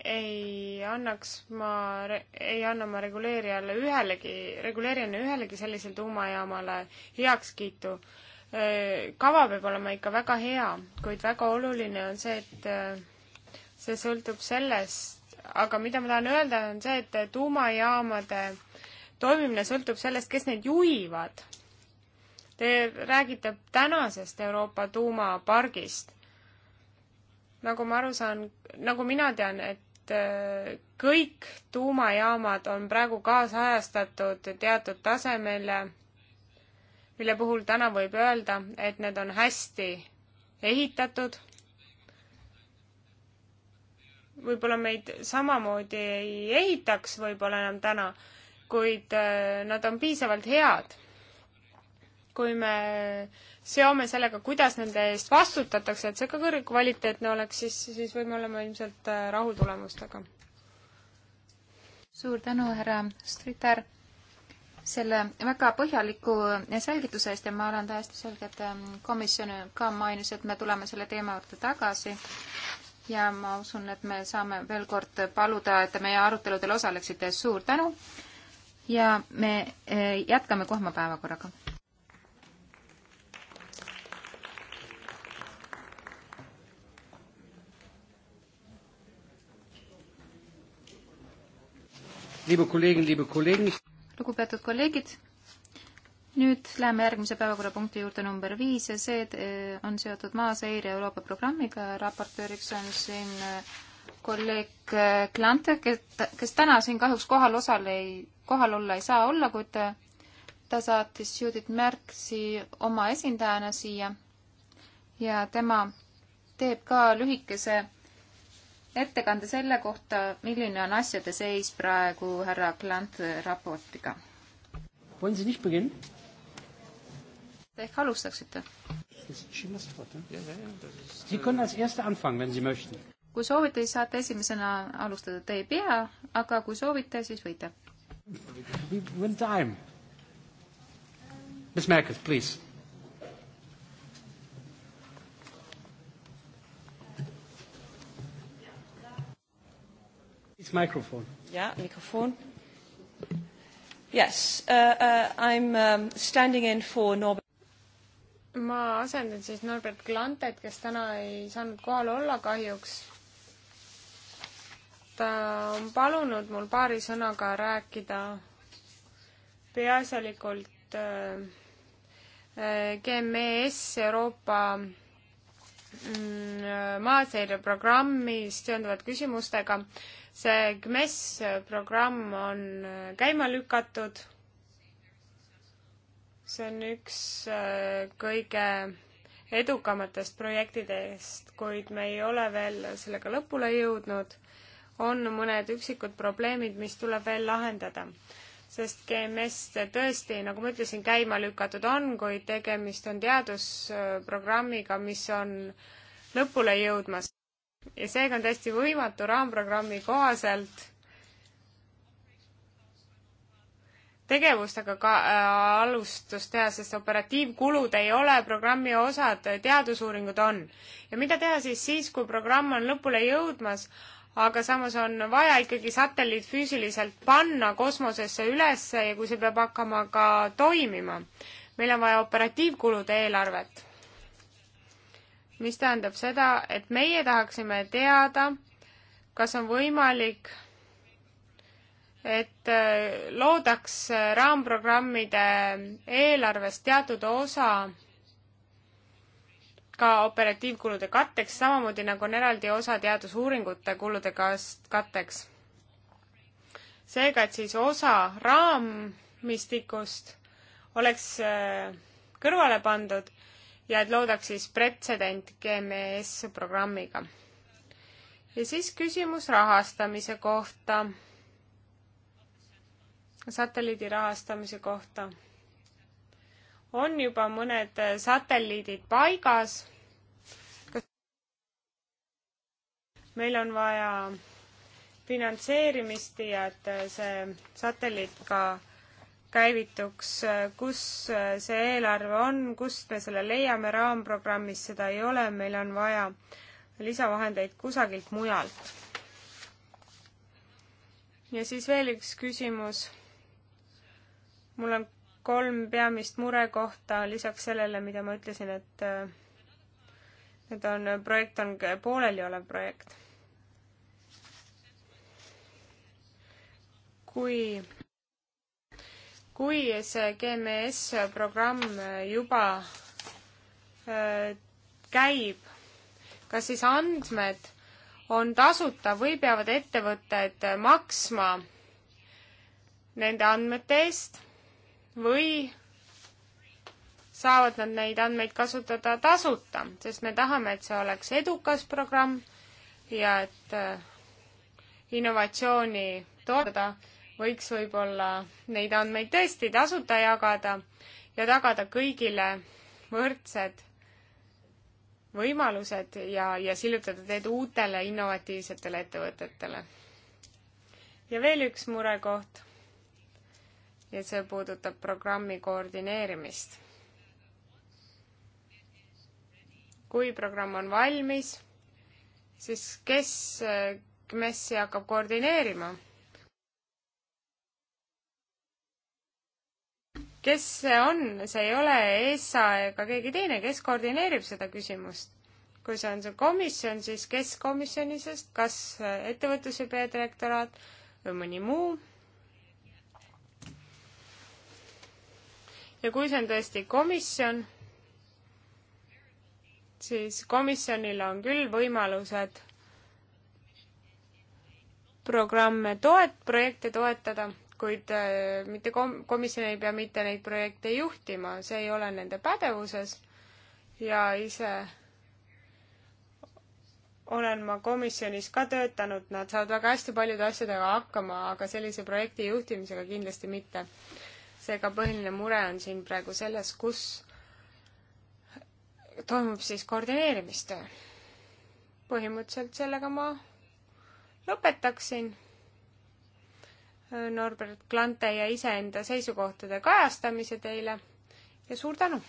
ei annaks ma, ei anna ma reguleerijale ühelegi, reguleerijana ühelegi sellisele tuumajaamale heakskiitu. kava peab olema ikka väga hea, kuid väga oluline on see, et see sõltub sellest, aga mida ma tahan öelda, on see, et tuumajaamade toimimine sõltub sellest, kes neid juhivad. Te räägite tänasest Euroopa tuumapargist nagu ma aru saan, nagu mina tean, et äh, kõik tuumajaamad on praegu kaasajastatud teatud tasemele, mille puhul täna võib öelda, et need on hästi ehitatud. võib-olla meid samamoodi ei ehitaks võib-olla enam täna, kuid äh, nad on piisavalt head kui me seome sellega, kuidas nende eest vastutatakse, et see ka kõrgkvaliteetne oleks, siis, siis võime olema ilmselt äh, rahul tulemustega. suur tänu, härra Stritar, selle väga põhjaliku selgituse eest ja ma olen täiesti selge, et ähm, komisjon ka mainis, et me tuleme selle teema juurde tagasi ja ma usun, et me saame veel kord paluda, et te meie aruteludel osaleksite, suur tänu ja me äh, jätkame kohma päevakorraga. lugupeetud kolleegid, nüüd läheme järgmise päevakorrapunkti juurde number viis ja see eh, on seotud maaseire Euroopa programmiga. raportööriks on siin eh, kolleeg eh, Klante, kes, kes täna siin kahjuks kohal osal ei, kohal olla ei saa olla, kuid ta, ta saatis Judith Märksi oma esindajana siia ja tema teeb ka lühikese ettekande selle kohta, milline on asjade seis praegu härra Klant raportiga. ehk alustaksite? kui soovite, siis saate esimesena alustada, te ei pea, aga kui soovite, siis võite. Miss Merkel, please Mikrofon. jah, mikrofon. Yes uh,, uh, I am um, standing in for Norbert. ma asendan siis Norbert Glantet, kes täna ei saanud kohal olla kahjuks. ta on palunud mul paari sõnaga rääkida peaasjalikult uh, äh, äh, GMES Euroopa mm, äh, maaseireprogrammis seonduvat küsimustega see GMES programm on äh, käima lükatud. see on üks äh, kõige edukamatest projektidest, kuid me ei ole veel sellega lõpule jõudnud. on mõned üksikud probleemid, mis tuleb veel lahendada sest GMS e tõesti, nagu ma ütlesin, käima lükatud on, kuid tegemist on teadusprogrammiga, mis on lõpule jõudmas ja seega on täiesti võimatu raamprogrammi kohaselt tegevustega ka äh, alustust teha, sest operatiivkulud ei ole programmi osad, teadusuuringud on. ja mida teha siis siis, kui programm on lõpule jõudmas, aga samas on vaja ikkagi satelliit füüsiliselt panna kosmosesse ülesse ja kui see peab hakkama ka toimima, meil on vaja operatiivkulude eelarvet mis tähendab seda, et meie tahaksime teada, kas on võimalik, et äh, loodaks äh, raamprogrammide eelarvest teatud osa ka operatiivkulude katteks, samamoodi nagu on eraldi osa teadusuuringute kulude katteks. seega, et siis osa raammistikust oleks äh, kõrvale pandud ja et loodaks siis pretsedent GMS e programmiga. ja siis küsimus rahastamise kohta, satelliidi rahastamise kohta. on juba mõned satelliidid paigas. meil on vaja finantseerimist ja et see satelliit ka käivituks, kus see eelarve on, kust me selle leiame, raamprogrammis seda ei ole, meil on vaja lisavahendeid kusagilt mujalt. ja siis veel üks küsimus. mul on kolm peamist murekohta lisaks sellele, mida ma ütlesin, et need on, projekt on pooleliolev projekt. kui kui see GMS programm juba äh, käib, kas siis andmed on tasuta või peavad ettevõtted maksma nende andmete eest või saavad nad neid andmeid kasutada tasuta, sest me tahame, et see oleks edukas programm ja et äh, innovatsiooni toodada võiks võib-olla neid andmeid tõesti tasuta jagada ja tagada kõigile võrdsed võimalused ja, ja sillutada teed uutele innovatiivsetele ettevõtetele. ja veel üks murekoht. ja see puudutab programmi koordineerimist. kui programm on valmis, siis kes, MES-i hakkab koordineerima kes see on, see ei ole ESA ega keegi teine, kes koordineerib seda küsimust? kui see on see komisjon, siis kes komisjoni, sest kas ettevõtluse peadirektoraat või mõni muu? ja kui see on tõesti komisjon, siis komisjonil on küll võimalused programme toet-, projekte toetada kuid äh, mitte kom-, komisjon ei pea mitte neid projekte juhtima, see ei ole nende pädevuses ja ise olen ma komisjonis ka töötanud, nad saavad väga hästi paljude asjadega hakkama, aga sellise projekti juhtimisega kindlasti mitte. seega põhiline mure on siin praegu selles, kus toimub siis koordineerimistöö. põhimõtteliselt sellega ma lõpetaksin Norbert Klante ja iseenda seisukohtade kajastamise teile ja suur tänu!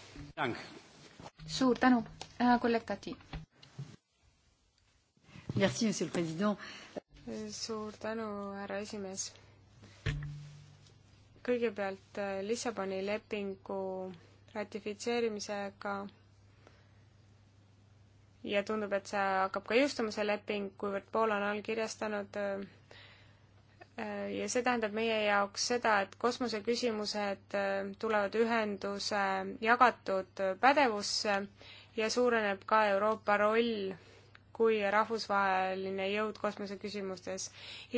suur tänu, kolleeg Tati! suur tänu, härra esimees! kõigepealt äh, Lissaboni lepingu ratifitseerimisega ja tundub, et see hakkab ka jõustuma, see leping, kuivõrd Poola on allkirjastanud äh, Äh, ja see tähendab meie jaoks seda, et kosmoseküsimused äh, tulevad ühenduse jagatud pädevusse ja suureneb ka Euroopa roll kui rahvusvaheline jõud kosmoseküsimustes.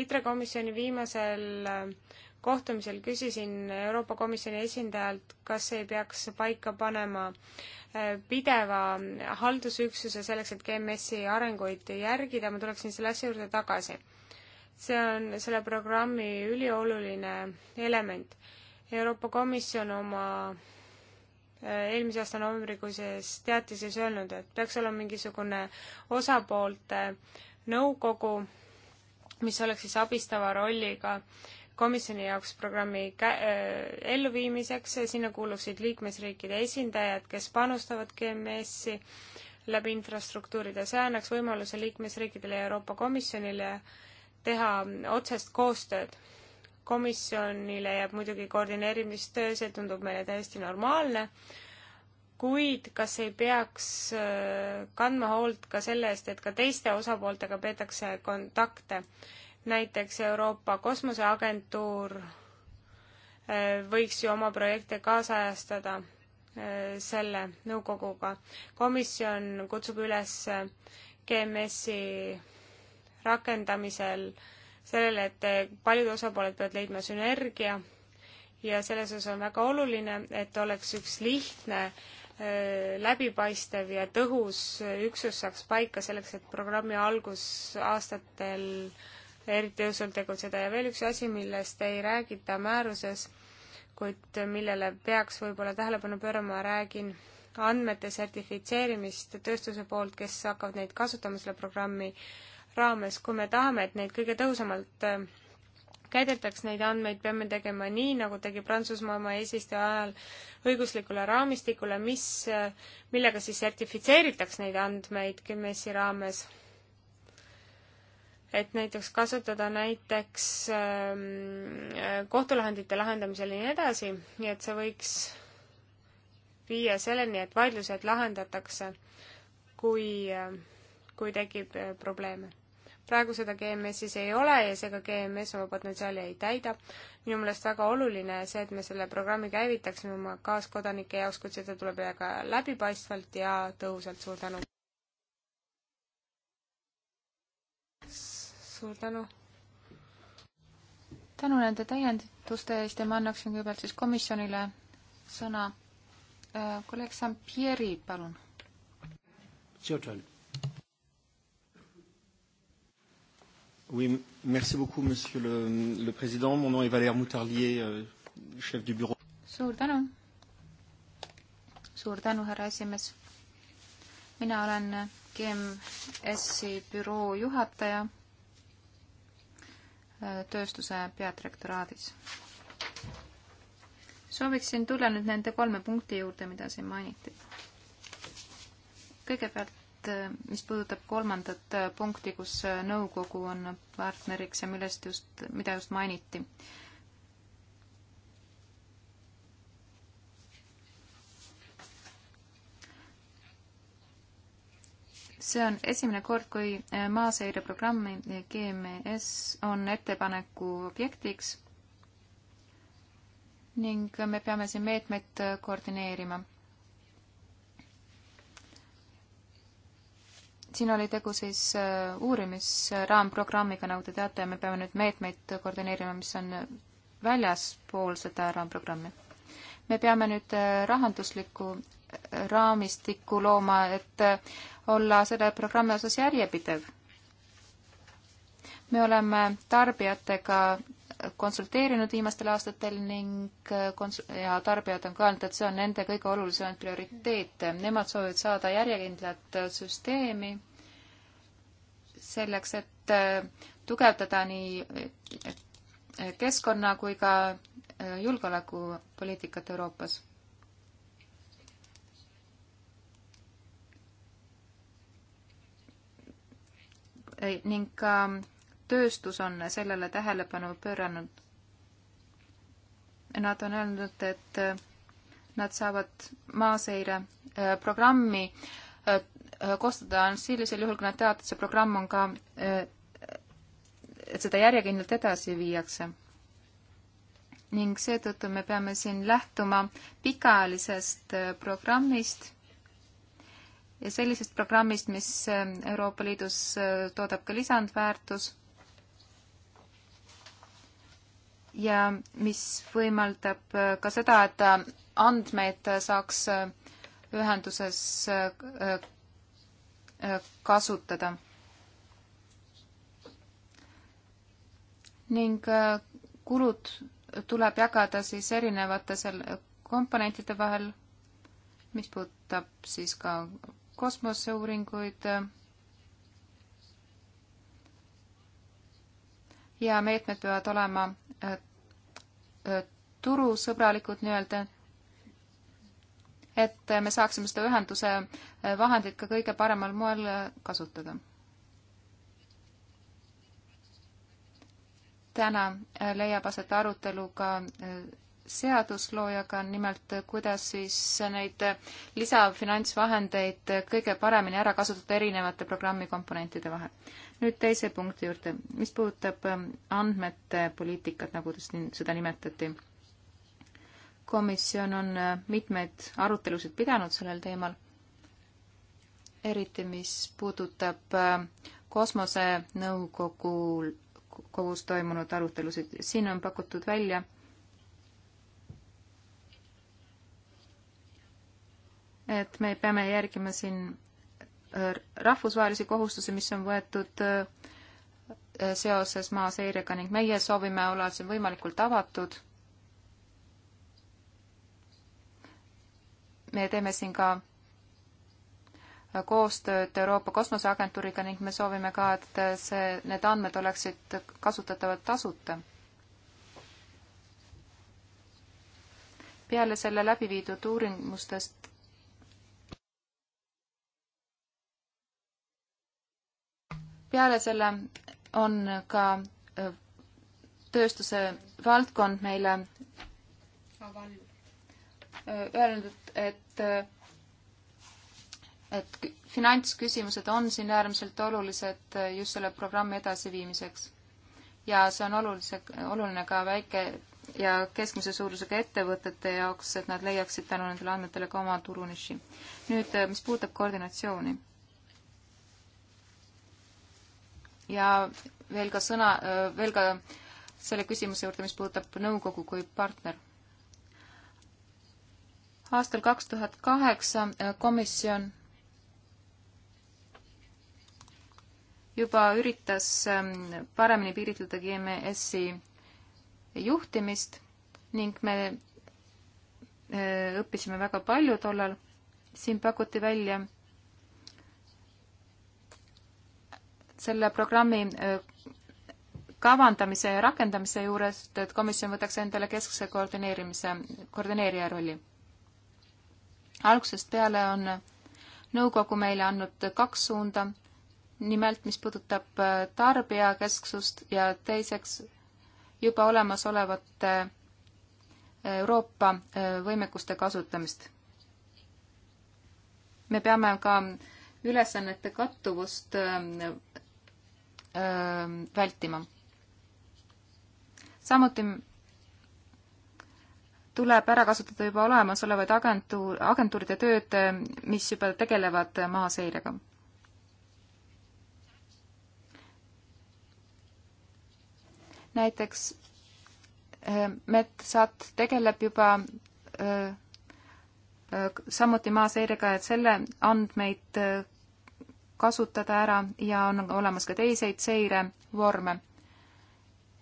ITRE komisjoni viimasel äh, kohtumisel küsisin Euroopa Komisjoni esindajalt, kas ei peaks paika panema pideva haldusüksuse selleks, et GMS-i arenguid järgida, ma tuleksin selle asja juurde tagasi see on selle programmi ülioluline element. Euroopa Komisjon oma äh, eelmise aasta novembrikuises teatises öelnud, et peaks olema mingisugune osapoolte nõukogu, mis oleks siis abistava rolliga komisjoni jaoks programmi kä- äh,, elluviimiseks, sinna kuuluksid liikmesriikide esindajad, kes panustavad GMS-i läbi infrastruktuuride, see annaks võimaluse liikmesriikidele ja Euroopa Komisjonile äh, teha otsest koostööd. komisjonile jääb muidugi koordineerimistöö, see tundub meile täiesti normaalne, kuid kas ei peaks äh, kandma hoolt ka selle eest, et ka teiste osapooltega peetakse kontakte, näiteks Euroopa Kosmoseagentuur äh, võiks ju oma projekte kaasajastada äh, selle nõukoguga. komisjon kutsub üles GMS-i rakendamisel, sellele, et paljud osapooled peavad leidma sünergia ja selles osas on väga oluline, et oleks üks lihtne, äh, läbipaistev ja tõhus üksus saaks paika selleks, et programmi algusaastatel eriti õudselt tegutseda ja veel üks asi, millest ei räägita määruses, kuid millele peaks võib-olla tähelepanu pöörama, räägin andmete sertifitseerimist tööstuse poolt, kes hakkavad neid kasutama, selle programmi raames, kui me tahame, et neid kõige tõhusamalt äh, käidetaks neid andmeid, peame tegema nii, nagu tegi Prantsusmaa oma eesistuja ajal õiguslikule raamistikule, mis, äh, millega siis sertifitseeritaks neid andmeid GMS-i raames. et näiteks kasutada näiteks ähm, äh, kohtulahendite lahendamisel ja nii edasi, nii et see võiks viia selleni, et vaidlused lahendatakse, kui, kui tekib probleeme praegu seda GMS-is ei ole ja seega GMS oma potentsiaali ei täida. minu meelest väga oluline see, et me selle programmi käivitaksime oma kaaskodanike jaoks, kuid seda tuleb jaga läbipaistvalt ja tõhusalt. suur tänu! suur tänu! tänu nende täienduste eest ja ma annaksin kõigepealt siis komisjonile sõna. Äh, kolleeg Sampieri, palun. It's your turn Oui, merci beaucoup, monsieur le, le président. Mon nom est Valère Moutarlier, euh, chef du bureau. suur tänu. suur tänu, härra esimees. mina olen GMS-i büroo juhataja äh, tööstuse peadirektoraadis. sooviksin tulla nüüd nende kolme punkti juurde, mida siin mainiti. kõigepealt et äh, mis puudutab kolmandat äh, punkti, kus äh, nõukogu on partneriks ja millest just, mida just mainiti. see on esimene kord, kui maaseireprogrammi GMS on ettepaneku objektiks ning me peame siin meetmeid koordineerima siin oli tegu siis äh, uurimisraamprogrammiga, nagu te teate, me peame nüüd meetmeid koordineerima, mis on väljaspool seda raamprogrammi. me peame nüüd äh, rahanduslikku äh, raamistikku looma, et olla selle programmi osas järjepidev. me oleme tarbijatega konsulteerinud viimastel aastatel ning äh, kons- ja tarbijad on ka öelnud, et see on nende kõige olulisemaid prioriteete. Nemad soovivad saada järjekindlat äh, süsteemi selleks, et äh, tugevdada nii keskkonna kui ka julgeolekupoliitikat Euroopas ning ka tööstus on sellele tähelepanu pööranud. Nad on öelnud, et äh, nad saavad maaseire äh, programmi äh, koostada ainult sellisel juhul, kui nad teavad, et see programm on ka, et seda järjekindlalt edasi viiakse. ning seetõttu me peame siin lähtuma pikaajalisest programmist ja sellisest programmist, mis Euroopa Liidus toodab ka lisandväärtus ja mis võimaldab äh, ka seda, et äh, andmeid äh, saaks ühenduses kasutada. ning kulud tuleb jagada siis erinevate selle komponentide vahel, mis puudutab siis ka kosmoseuuringuid ja meetmed peavad olema äh, äh, turusõbralikud nii-öelda, et me saaksime seda ühenduse äh, vahendit ka kõige paremal moel kasutada. täna leiab aset arutelu ka seadusloojaga, nimelt kuidas siis neid lisafinantsvahendeid kõige paremini ära kasutada erinevate programmi komponentide vahel nüüd teise punkti juurde, mis puudutab ähm, andmete poliitikat, nagu seda nimetati. komisjon on äh, mitmeid arutelusid pidanud sellel teemal, eriti mis puudutab äh, kosmosenõukogul, kogus toimunud arutelusid, siin on pakutud välja et me peame järgima siin Äh, rahvusvahelisi kohustusi, mis on võetud äh, seoses maaseirega ning meie soovime olla siin võimalikult avatud. me teeme siin ka äh, koostööd Euroopa Kosmoseagentuuriga ning me soovime ka, et see, need andmed oleksid kasutatavad tasuta. peale selle läbi viidud uurimustest peale selle on ka äh, tööstuse valdkond meile äh, öelnud, et, äh, et finantsküsimused on siin äärmiselt olulised just selle programmi edasiviimiseks. ja see on olulise, oluline ka väike ja keskmise suurusega ettevõtete jaoks, et nad leiaksid tänu nendele andmetele ka oma turuniši. nüüd, mis puudutab koordinatsiooni ja veel ka sõna, äh, veel ka selle küsimuse juurde, mis puudutab nõukogu kui partner. aastal kaks tuhat kaheksa äh, komisjon juba üritas ähm, paremini piiritleda GMS-i juhtimist ning me äh, õppisime väga palju tollal. siin pakuti välja selle programmi äh, kavandamise ja rakendamise juures, et komisjon võtaks endale keskse koordineerimise, koordineerija rolli. algusest peale on nõukogu meile andnud kaks suunda, nimelt mis puudutab äh, tarbijakesksust ja teiseks juba olemasolevate äh, Euroopa võimekuste kasutamist. me peame ka ülesannete kattuvust Ähm, vältima. samuti tuleb ära kasutada juba olemasolevaid agentuur, agentuuride tööd, mis juba tegelevad maaseirega. näiteks äh, Metsat tegeleb juba äh, äh, samuti maaseirega, et selle andmeid kasutada ära ja on olemas ka teiseid seirevorme.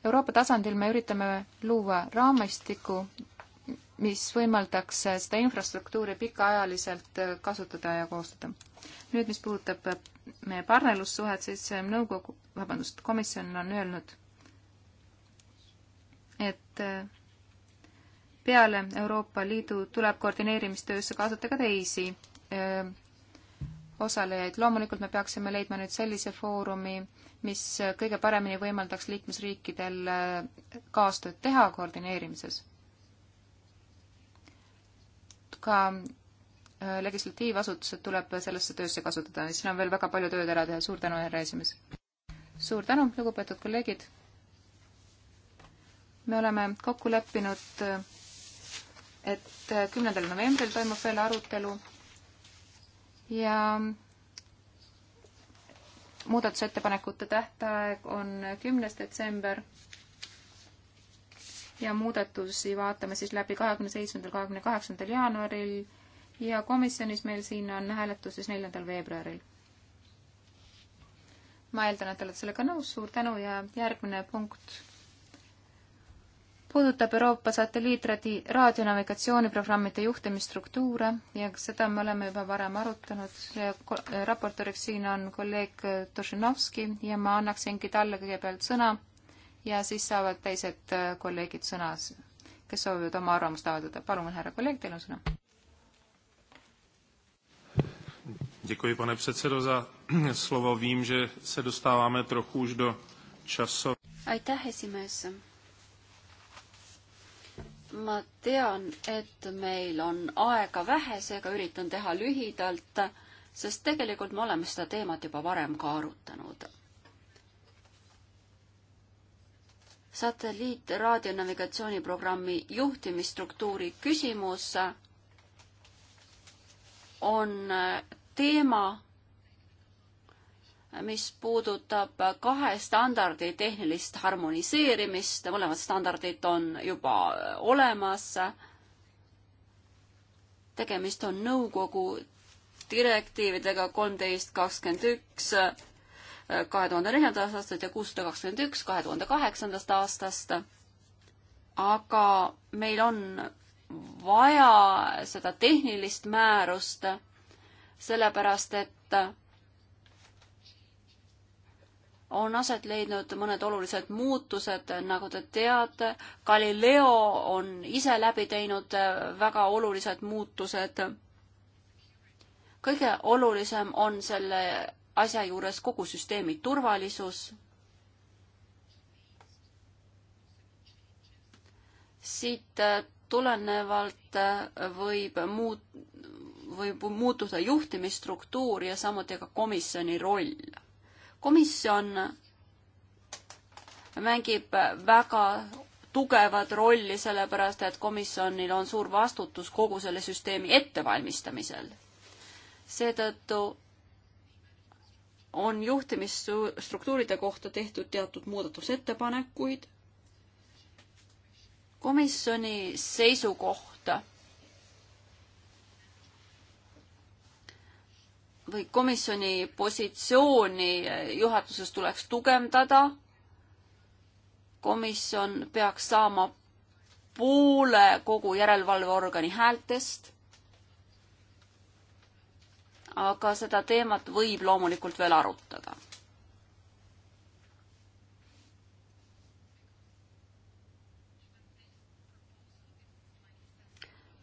Euroopa tasandil me üritame luua raamistiku, mis võimaldaks seda infrastruktuuri pikaajaliselt kasutada ja koostada. nüüd, mis puudutab meie partnerlussuhet, siis nõukogu, vabandust, komisjon on öelnud, et peale Euroopa Liidu tuleb koordineerimistöösse kaasata ka teisi osalejaid. loomulikult me peaksime leidma nüüd sellise foorumi, mis kõige paremini võimaldaks liikmesriikidel äh, kaastööd teha koordineerimises. ka äh, legislatiivasutused tuleb sellesse töösse kasutada, siin on veel väga palju tööd ära teha, suur tänu, härra esimees! suur tänu, lugupeetud kolleegid! me oleme kokku leppinud, äh, et kümnendal novembril toimub veel arutelu ja muudatusettepanekute tähtaeg on kümnes detsember ja muudatusi vaatame siis läbi kahekümne seitsmendal, kahekümne kaheksandal jaanuaril ja komisjonis meil siin on hääletus siis neljandal veebruaril. ma eeldan, et olete sellega nõus, suur tänu ja järgmine punkt puudutab Euroopa satelliitradi raadionavigatsiooniprogrammide juhtimisstruktuure ja seda me oleme juba varem arutanud. raportööriks siin on kolleeg Tošinovski ja ma annaksingi talle kõigepealt sõna ja siis saavad teised äh, kolleegid sõna, kes soovivad oma arvamust avaldada. palun, härra kolleeg, teil on sõna. Děkuji, pane předsedo, za slovo. Vím, že se dostáváme trochu už do času. Aitäh, esimees ma tean, et meil on aega vähe, seega üritan teha lühidalt, sest tegelikult me oleme seda teemat juba varem ka arutanud. satelliitraadionavigatsiooniprogrammi juhtimisstruktuuri küsimus on teema, mis puudutab kahe standardi tehnilist harmoniseerimist, mõlemad standardid on juba olemas. tegemist on nõukogu direktiividega kolmteist kakskümmend üks kahe tuhande neljandast aastast ja kuussada kakskümmend üks kahe tuhande kaheksandast aastast. aga meil on vaja seda tehnilist määrust, sellepärast et on aset leidnud mõned olulised muutused, nagu te teate. Galileo on ise läbi teinud äh, väga olulised muutused. kõige olulisem on selle asja juures kogu süsteemi turvalisus. siit äh, tulenevalt äh, võib muut-, võib muutuda juhtimisstruktuur ja samuti ka komisjoni roll komisjon mängib väga tugevat rolli, sellepärast et komisjonil on suur vastutus kogu selle süsteemi ettevalmistamisel. seetõttu on juhtimisstruktuuride kohta tehtud teatud muudatusettepanekuid. komisjoni seisukohta või komisjoni positsiooni juhatuses tuleks tugevdada. komisjon peaks saama poole kogu järelevalveorgani häältest. aga seda teemat võib loomulikult veel arutada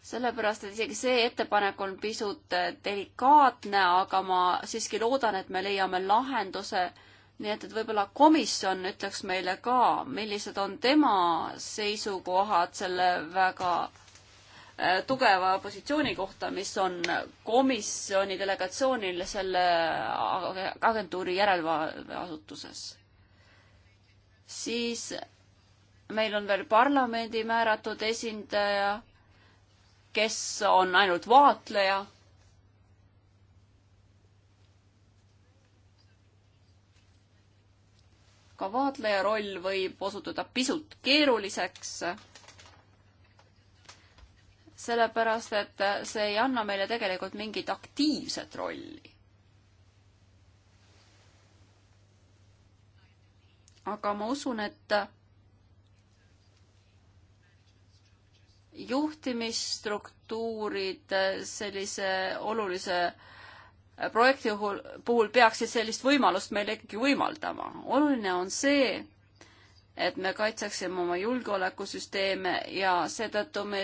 sellepärast, et isegi see ettepanek on pisut äh, delikaatne, aga ma siiski loodan, et me leiame lahenduse. nii et, et võib-olla komisjon ütleks meile ka, millised on tema seisukohad selle väga äh, tugeva positsiooni kohta, mis on komisjoni delegatsioonil selle agentuuri järelevalveasutuses. siis meil on veel parlamendi määratud esindaja kes on ainult vaatleja. ka vaatleja roll võib osutuda pisut keeruliseks sellepärast et see ei anna meile tegelikult mingit aktiivset rolli. aga ma usun, et juhtimisstruktuurid sellise olulise projekti puhul peaksid sellist võimalust meile ikkagi võimaldama. oluline on see, et me kaitseksime oma julgeolekusüsteeme ja seetõttu me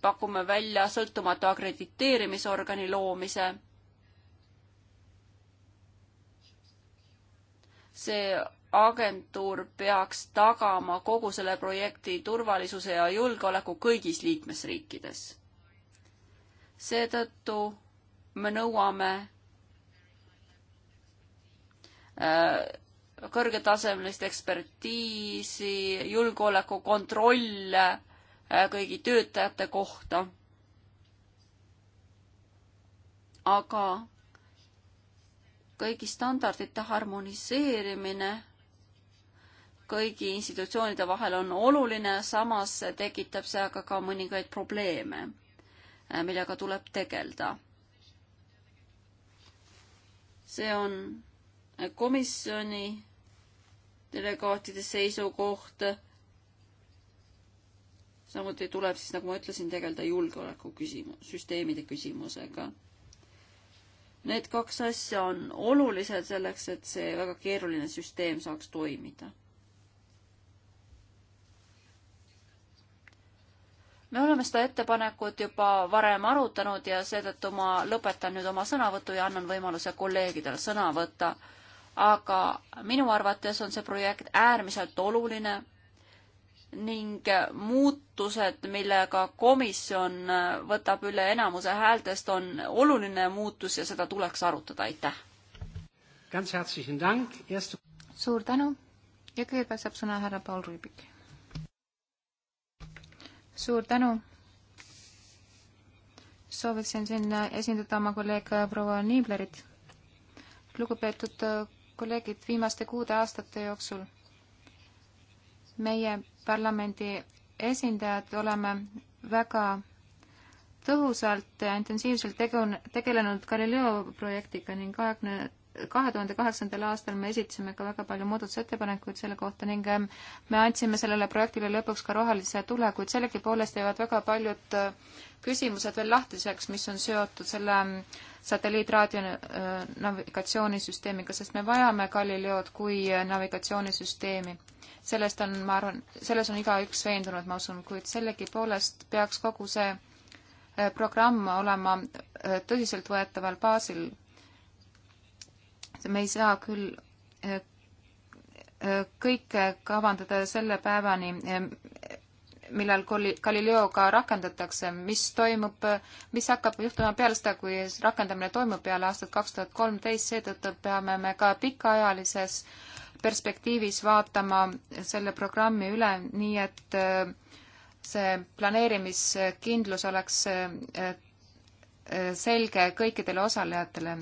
pakume välja sõltumatu akrediteerimisorgani loomise. see agentuur peaks tagama kogu selle projekti turvalisuse ja julgeoleku kõigis liikmesriikides. seetõttu me nõuame äh, kõrgetasemelist ekspertiisi, julgeolekukontrolle äh, kõigi töötajate kohta. aga kõigi standardite harmoniseerimine kõigi institutsioonide vahel on oluline, samas tekitab see aga ka mõningaid probleeme, äh, millega tuleb tegeleda. see on äh, komisjoni delegaatide seisukoht. samuti tuleb siis, nagu ma ütlesin, tegeleda julgeoleku küsimus, süsteemide küsimusega. Need kaks asja on olulised selleks, et see väga keeruline süsteem saaks toimida me oleme seda ettepanekut juba varem arutanud ja seetõttu ma lõpetan nüüd oma sõnavõtu ja annan võimaluse kolleegidel sõna võtta. aga minu arvates on see projekt äärmiselt oluline ning muutused, millega komisjon võtab üle enamuse häältest, on oluline muutus ja seda tuleks arutada, aitäh! suur tänu ja kõigepealt saab sõna härra Paul Rüübik suur tänu. sooviksin siin esindada oma kolleeg proua Niiblerit. lugupeetud äh, kolleegid, viimaste kuude aastate jooksul meie parlamendi esindajad oleme väga tõhusalt ja intensiivselt tegu-, tegelenud Galileo projektiga ning aegne kahe tuhande kaheksandal aastal me esitasime ka väga palju muudatusettepanekuid selle kohta ning ähm, me andsime sellele projektile lõpuks ka rohelise tule, kuid sellegipoolest jäävad väga paljud äh, küsimused veel lahtiseks, mis on seotud selle ähm, satelliitraadio äh, navigatsioonisüsteemiga, sest me vajame Galileod kui äh, navigatsioonisüsteemi. sellest on, ma arvan, selles on igaüks veendunud, ma usun, kuid sellegipoolest peaks kogu see programm olema tõsiseltvõetaval baasil me ei saa küll äh, äh, kõike kavandada selle päevani, äh, millal Galileo ka rakendatakse, mis toimub, mis hakkab juhtuma peale seda, kui rakendamine toimub peale aastat kaks tuhat kolmteist, seetõttu peame me ka pikaajalises perspektiivis vaatama selle programmi üle, nii et see planeerimiskindlus oleks selge kõikidele osalejatele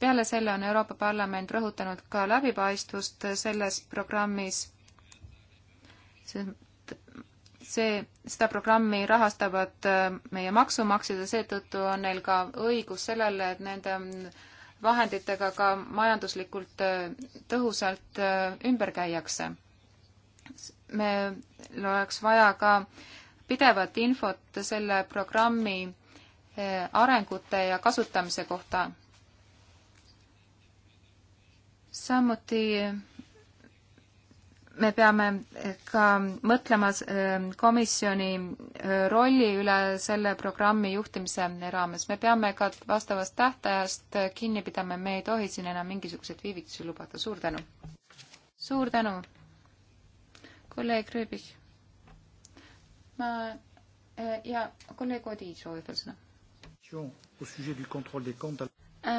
peale selle on Euroopa Parlament rõhutanud ka läbipaistvust selles programmis. see, seda programmi rahastavad äh, meie maksumaksjad ja seetõttu on neil ka õigus sellele, et nende vahenditega ka majanduslikult äh, tõhusalt äh, ümber käiakse. meil oleks vaja ka pidevat infot selle programmi arengute ja kasutamise kohta samuti me peame ka mõtlema äh, komisjoni äh, rolli üle selle programmi juhtimise raames. me peame ka vastavast tähtajast äh, kinni pidama, me ei tohi siin enam mingisuguseid viivitusi lubada. suur tänu! suur tänu, kolleeg Rüübik! ma ja kolleeg Odi soovib veel sõna.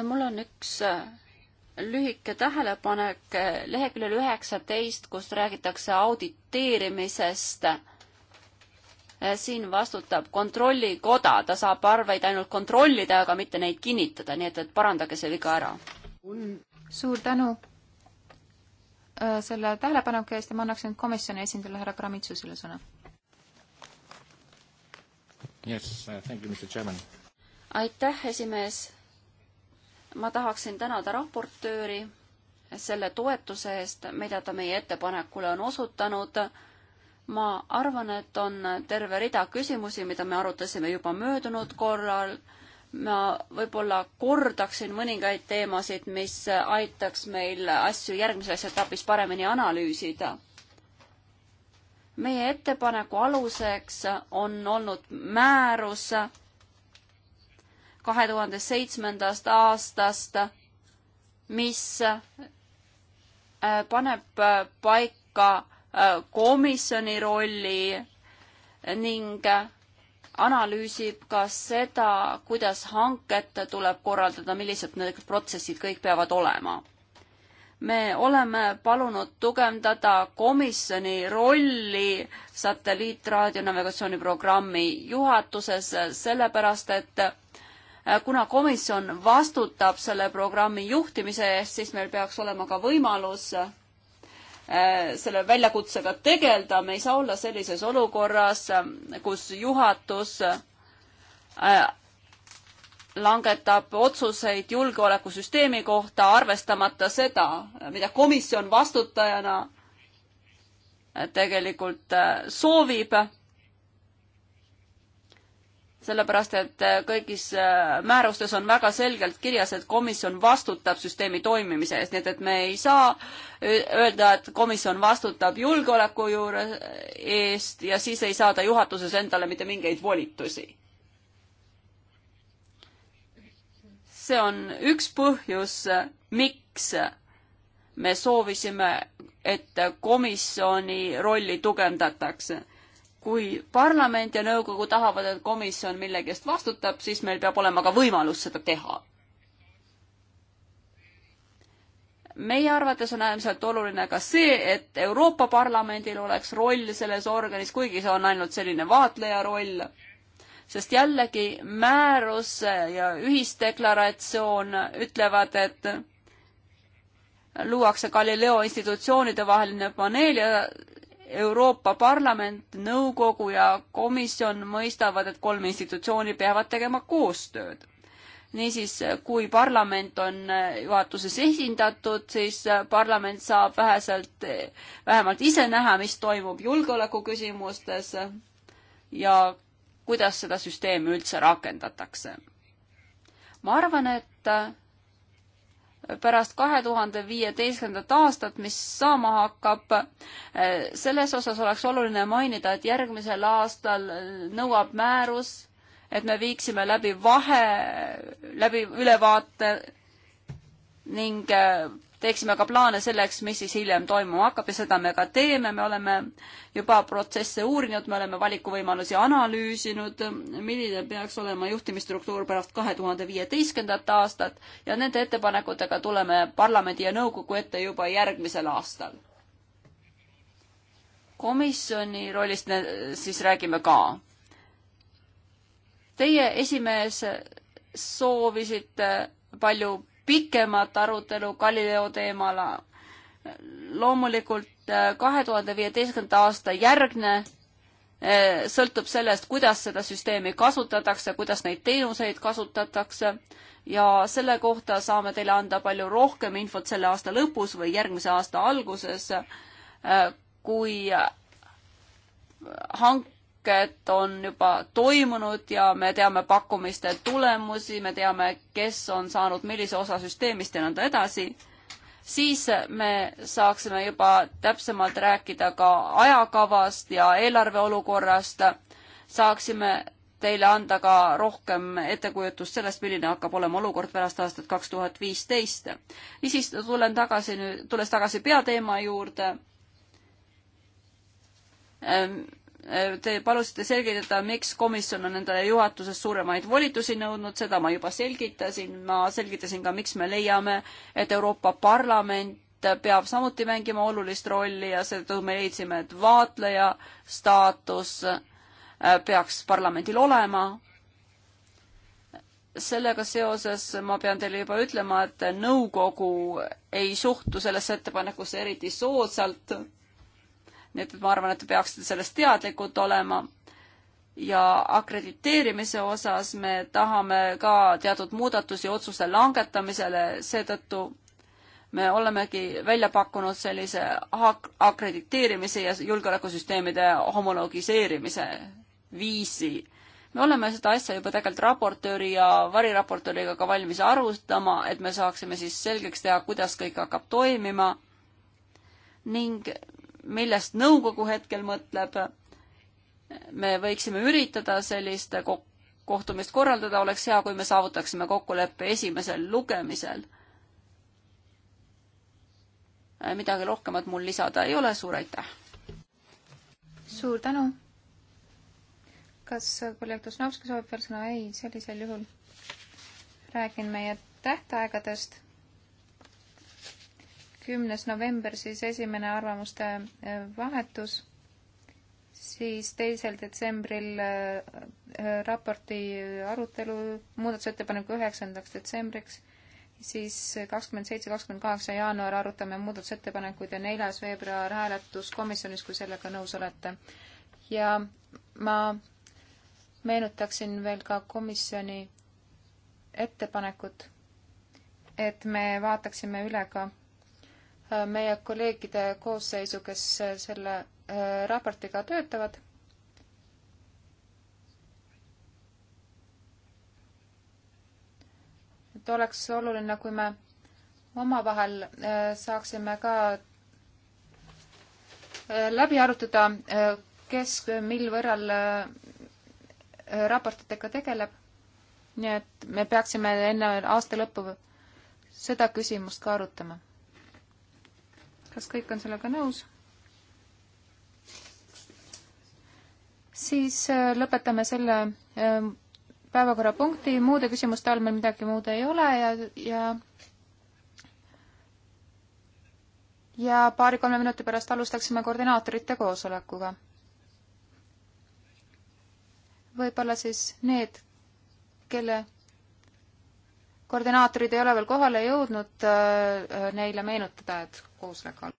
mul on üks lühike tähelepanek leheküljel üheksateist, kus räägitakse auditeerimisest. siin vastutab Kontrollikoda, ta saab arveid ainult kontrollida, aga mitte neid kinnitada, nii et, et parandage see viga ära. suur tänu äh, selle tähelepaneku eest ja ma annaksin komisjoni esindajale härra Kramitsusele sõna. Yes, uh, thank you, Mr Chairman. aitäh, esimees ma tahaksin tänada raportööri selle toetuse eest, mida ta meie ettepanekule on osutanud. ma arvan, et on terve rida küsimusi, mida me arutasime juba möödunud korral. ma võib-olla kordaksin mõningaid teemasid, mis aitaks meil asju järgmises etapis paremini analüüsida. meie ettepaneku aluseks on olnud määrus kahe tuhande seitsmendast aastast, mis äh, paneb äh, paika äh, komisjoni rolli ning analüüsib ka seda, kuidas hanket tuleb korraldada, millised need protsessid kõik peavad olema. me oleme palunud tugevdada komisjoni rolli satelliitraadionavigatsiooniprogrammi juhatuses, sellepärast et Äh, kuna komisjon vastutab selle programmi juhtimise eest, siis meil peaks olema ka võimalus äh, selle väljakutsega tegeleda, me ei saa olla sellises olukorras, äh, kus juhatus langetab otsuseid julgeolekusüsteemi kohta, arvestamata seda, mida komisjon vastutajana tegelikult soovib sellepärast et äh, kõigis äh, määrustes on väga selgelt kirjas, et komisjon vastutab süsteemi toimimise eest, nii et, et me ei saa öelda, et komisjon vastutab julgeoleku juure eest ja siis ei saa ta juhatuses endale mitte mingeid volitusi. see on üks põhjus, miks me soovisime, et komisjoni rolli tugevdatakse kui parlament ja nõukogu tahavad, et komisjon millegi eest vastutab, siis meil peab olema ka võimalus seda teha. meie arvates on äärmiselt oluline ka see, et Euroopa Parlamendil oleks roll selles organis, kuigi see on ainult selline vaatleja roll, sest jällegi määrus ja ühisdeklaratsioon ütlevad, et luuakse Galileo institutsioonide vaheline paneel ja Euroopa Parlament, nõukogu ja komisjon mõistavad, et kolm institutsiooni peavad tegema koostööd. niisiis, kui parlament on juhatuses esindatud, siis parlament saab väheselt, vähemalt ise näha, mis toimub julgeolekuküsimustes ja kuidas seda süsteemi üldse rakendatakse. ma arvan, et pärast kahe tuhande viieteistkümnendat aastat, mis saama hakkab. selles osas oleks oluline mainida, et järgmisel aastal nõuab määrus, et me viiksime läbi vahe, läbi ülevaate ning teeksime ka plaane selleks, mis siis hiljem toimuma hakkab ja seda me ka teeme, me oleme juba protsesse uurinud, me oleme valikuvõimalusi analüüsinud, milline peaks olema juhtimisstruktuur pärast kahe tuhande viieteistkümnendat aastat ja nende ettepanekutega tuleme parlamendi ja nõukogu ette juba järgmisel aastal. komisjoni rollist siis räägime ka. Teie esimees soovisite palju pikemat arutelu Galileo teemal. loomulikult äh, kahe tuhande viieteistkümnenda aasta järgne äh, sõltub sellest, kuidas seda süsteemi kasutatakse, kuidas neid teenuseid kasutatakse ja selle kohta saame teile anda palju rohkem infot selle aasta lõpus või järgmise aasta alguses, äh, kui hank-, hanket on juba toimunud ja me teame pakkumiste tulemusi, me teame, kes on saanud millise osa süsteemist ja nõnda edasi, siis me saaksime juba täpsemalt rääkida ka ajakavast ja eelarve olukorrast, saaksime teile anda ka rohkem ettekujutust sellest, milline hakkab olema olukord pärast aastat kaks tuhat viisteist. niisiis tulen tagasi nüüd, tulles tagasi peateema juurde, ehm, Äh, te palusite selgitada, miks komisjon on endale juhatuses suuremaid volitusi nõudnud, seda ma juba selgitasin, ma selgitasin ka, miks me leiame, et Euroopa Parlament peab samuti mängima olulist rolli ja seetõttu me leidsime, et vaatleja staatus äh, peaks parlamendil olema. sellega seoses ma pean teile juba ütlema, et nõukogu ei suhtu sellesse ettepanekusse eriti soodsalt nii et ma arvan, et te peaksite sellest teadlikud olema. ja akrediteerimise osas me tahame ka teatud muudatusi otsuse langetamisele, seetõttu me olemegi välja pakkunud sellise akrediteerimise ja julgeolekusüsteemide homologiseerimise viisi me oleme seda asja juba tegelikult raportööri ja variraportööriga ka valmis arutama, et me saaksime siis selgeks teha, kuidas kõik hakkab toimima. ning millest nõukogu hetkel mõtleb. me võiksime üritada sellist kohtumist korraldada, oleks hea, kui me saavutaksime kokkuleppe esimesel lugemisel. Äh, midagi rohkemat mul lisada ei ole, suur aitäh! suur tänu! kas kolleeg Dusnovski soovib veel sõna? ei, sellisel juhul räägin meie tähtaegadest kümnes november siis esimene arvamuste äh, vahetus, siis teisel detsembril äh, äh, raporti arutelu muudatusettepaneku üheksandaks detsembriks, siis kakskümmend seitse, kakskümmend kaheksa jaanuar arutame muudatusettepanekuid ja neljas veebruar hääletus komisjonis, kui sellega nõus olete. ja ma meenutaksin veel ka komisjoni ettepanekut, et me vaataksime üle ka meie kolleegide koosseisu, kes selle äh, raportiga töötavad. et oleks oluline, kui me omavahel äh, saaksime ka äh, läbi arutada, kes mil võrral raportitega tegeleb. nii et me peaksime enne aasta lõppu seda küsimust ka arutama kas kõik on sellega nõus? siis äh, lõpetame selle äh, päevakorrapunkti, muude küsimuste all meil midagi muud ei ole ja, ja ja paari-kolme minuti pärast alustaksime koordinaatorite koosolekuga. võib-olla siis need, kelle koordinaatorid ei ole veel kohale jõudnud, äh, äh, neile meenutada, et koosolek on.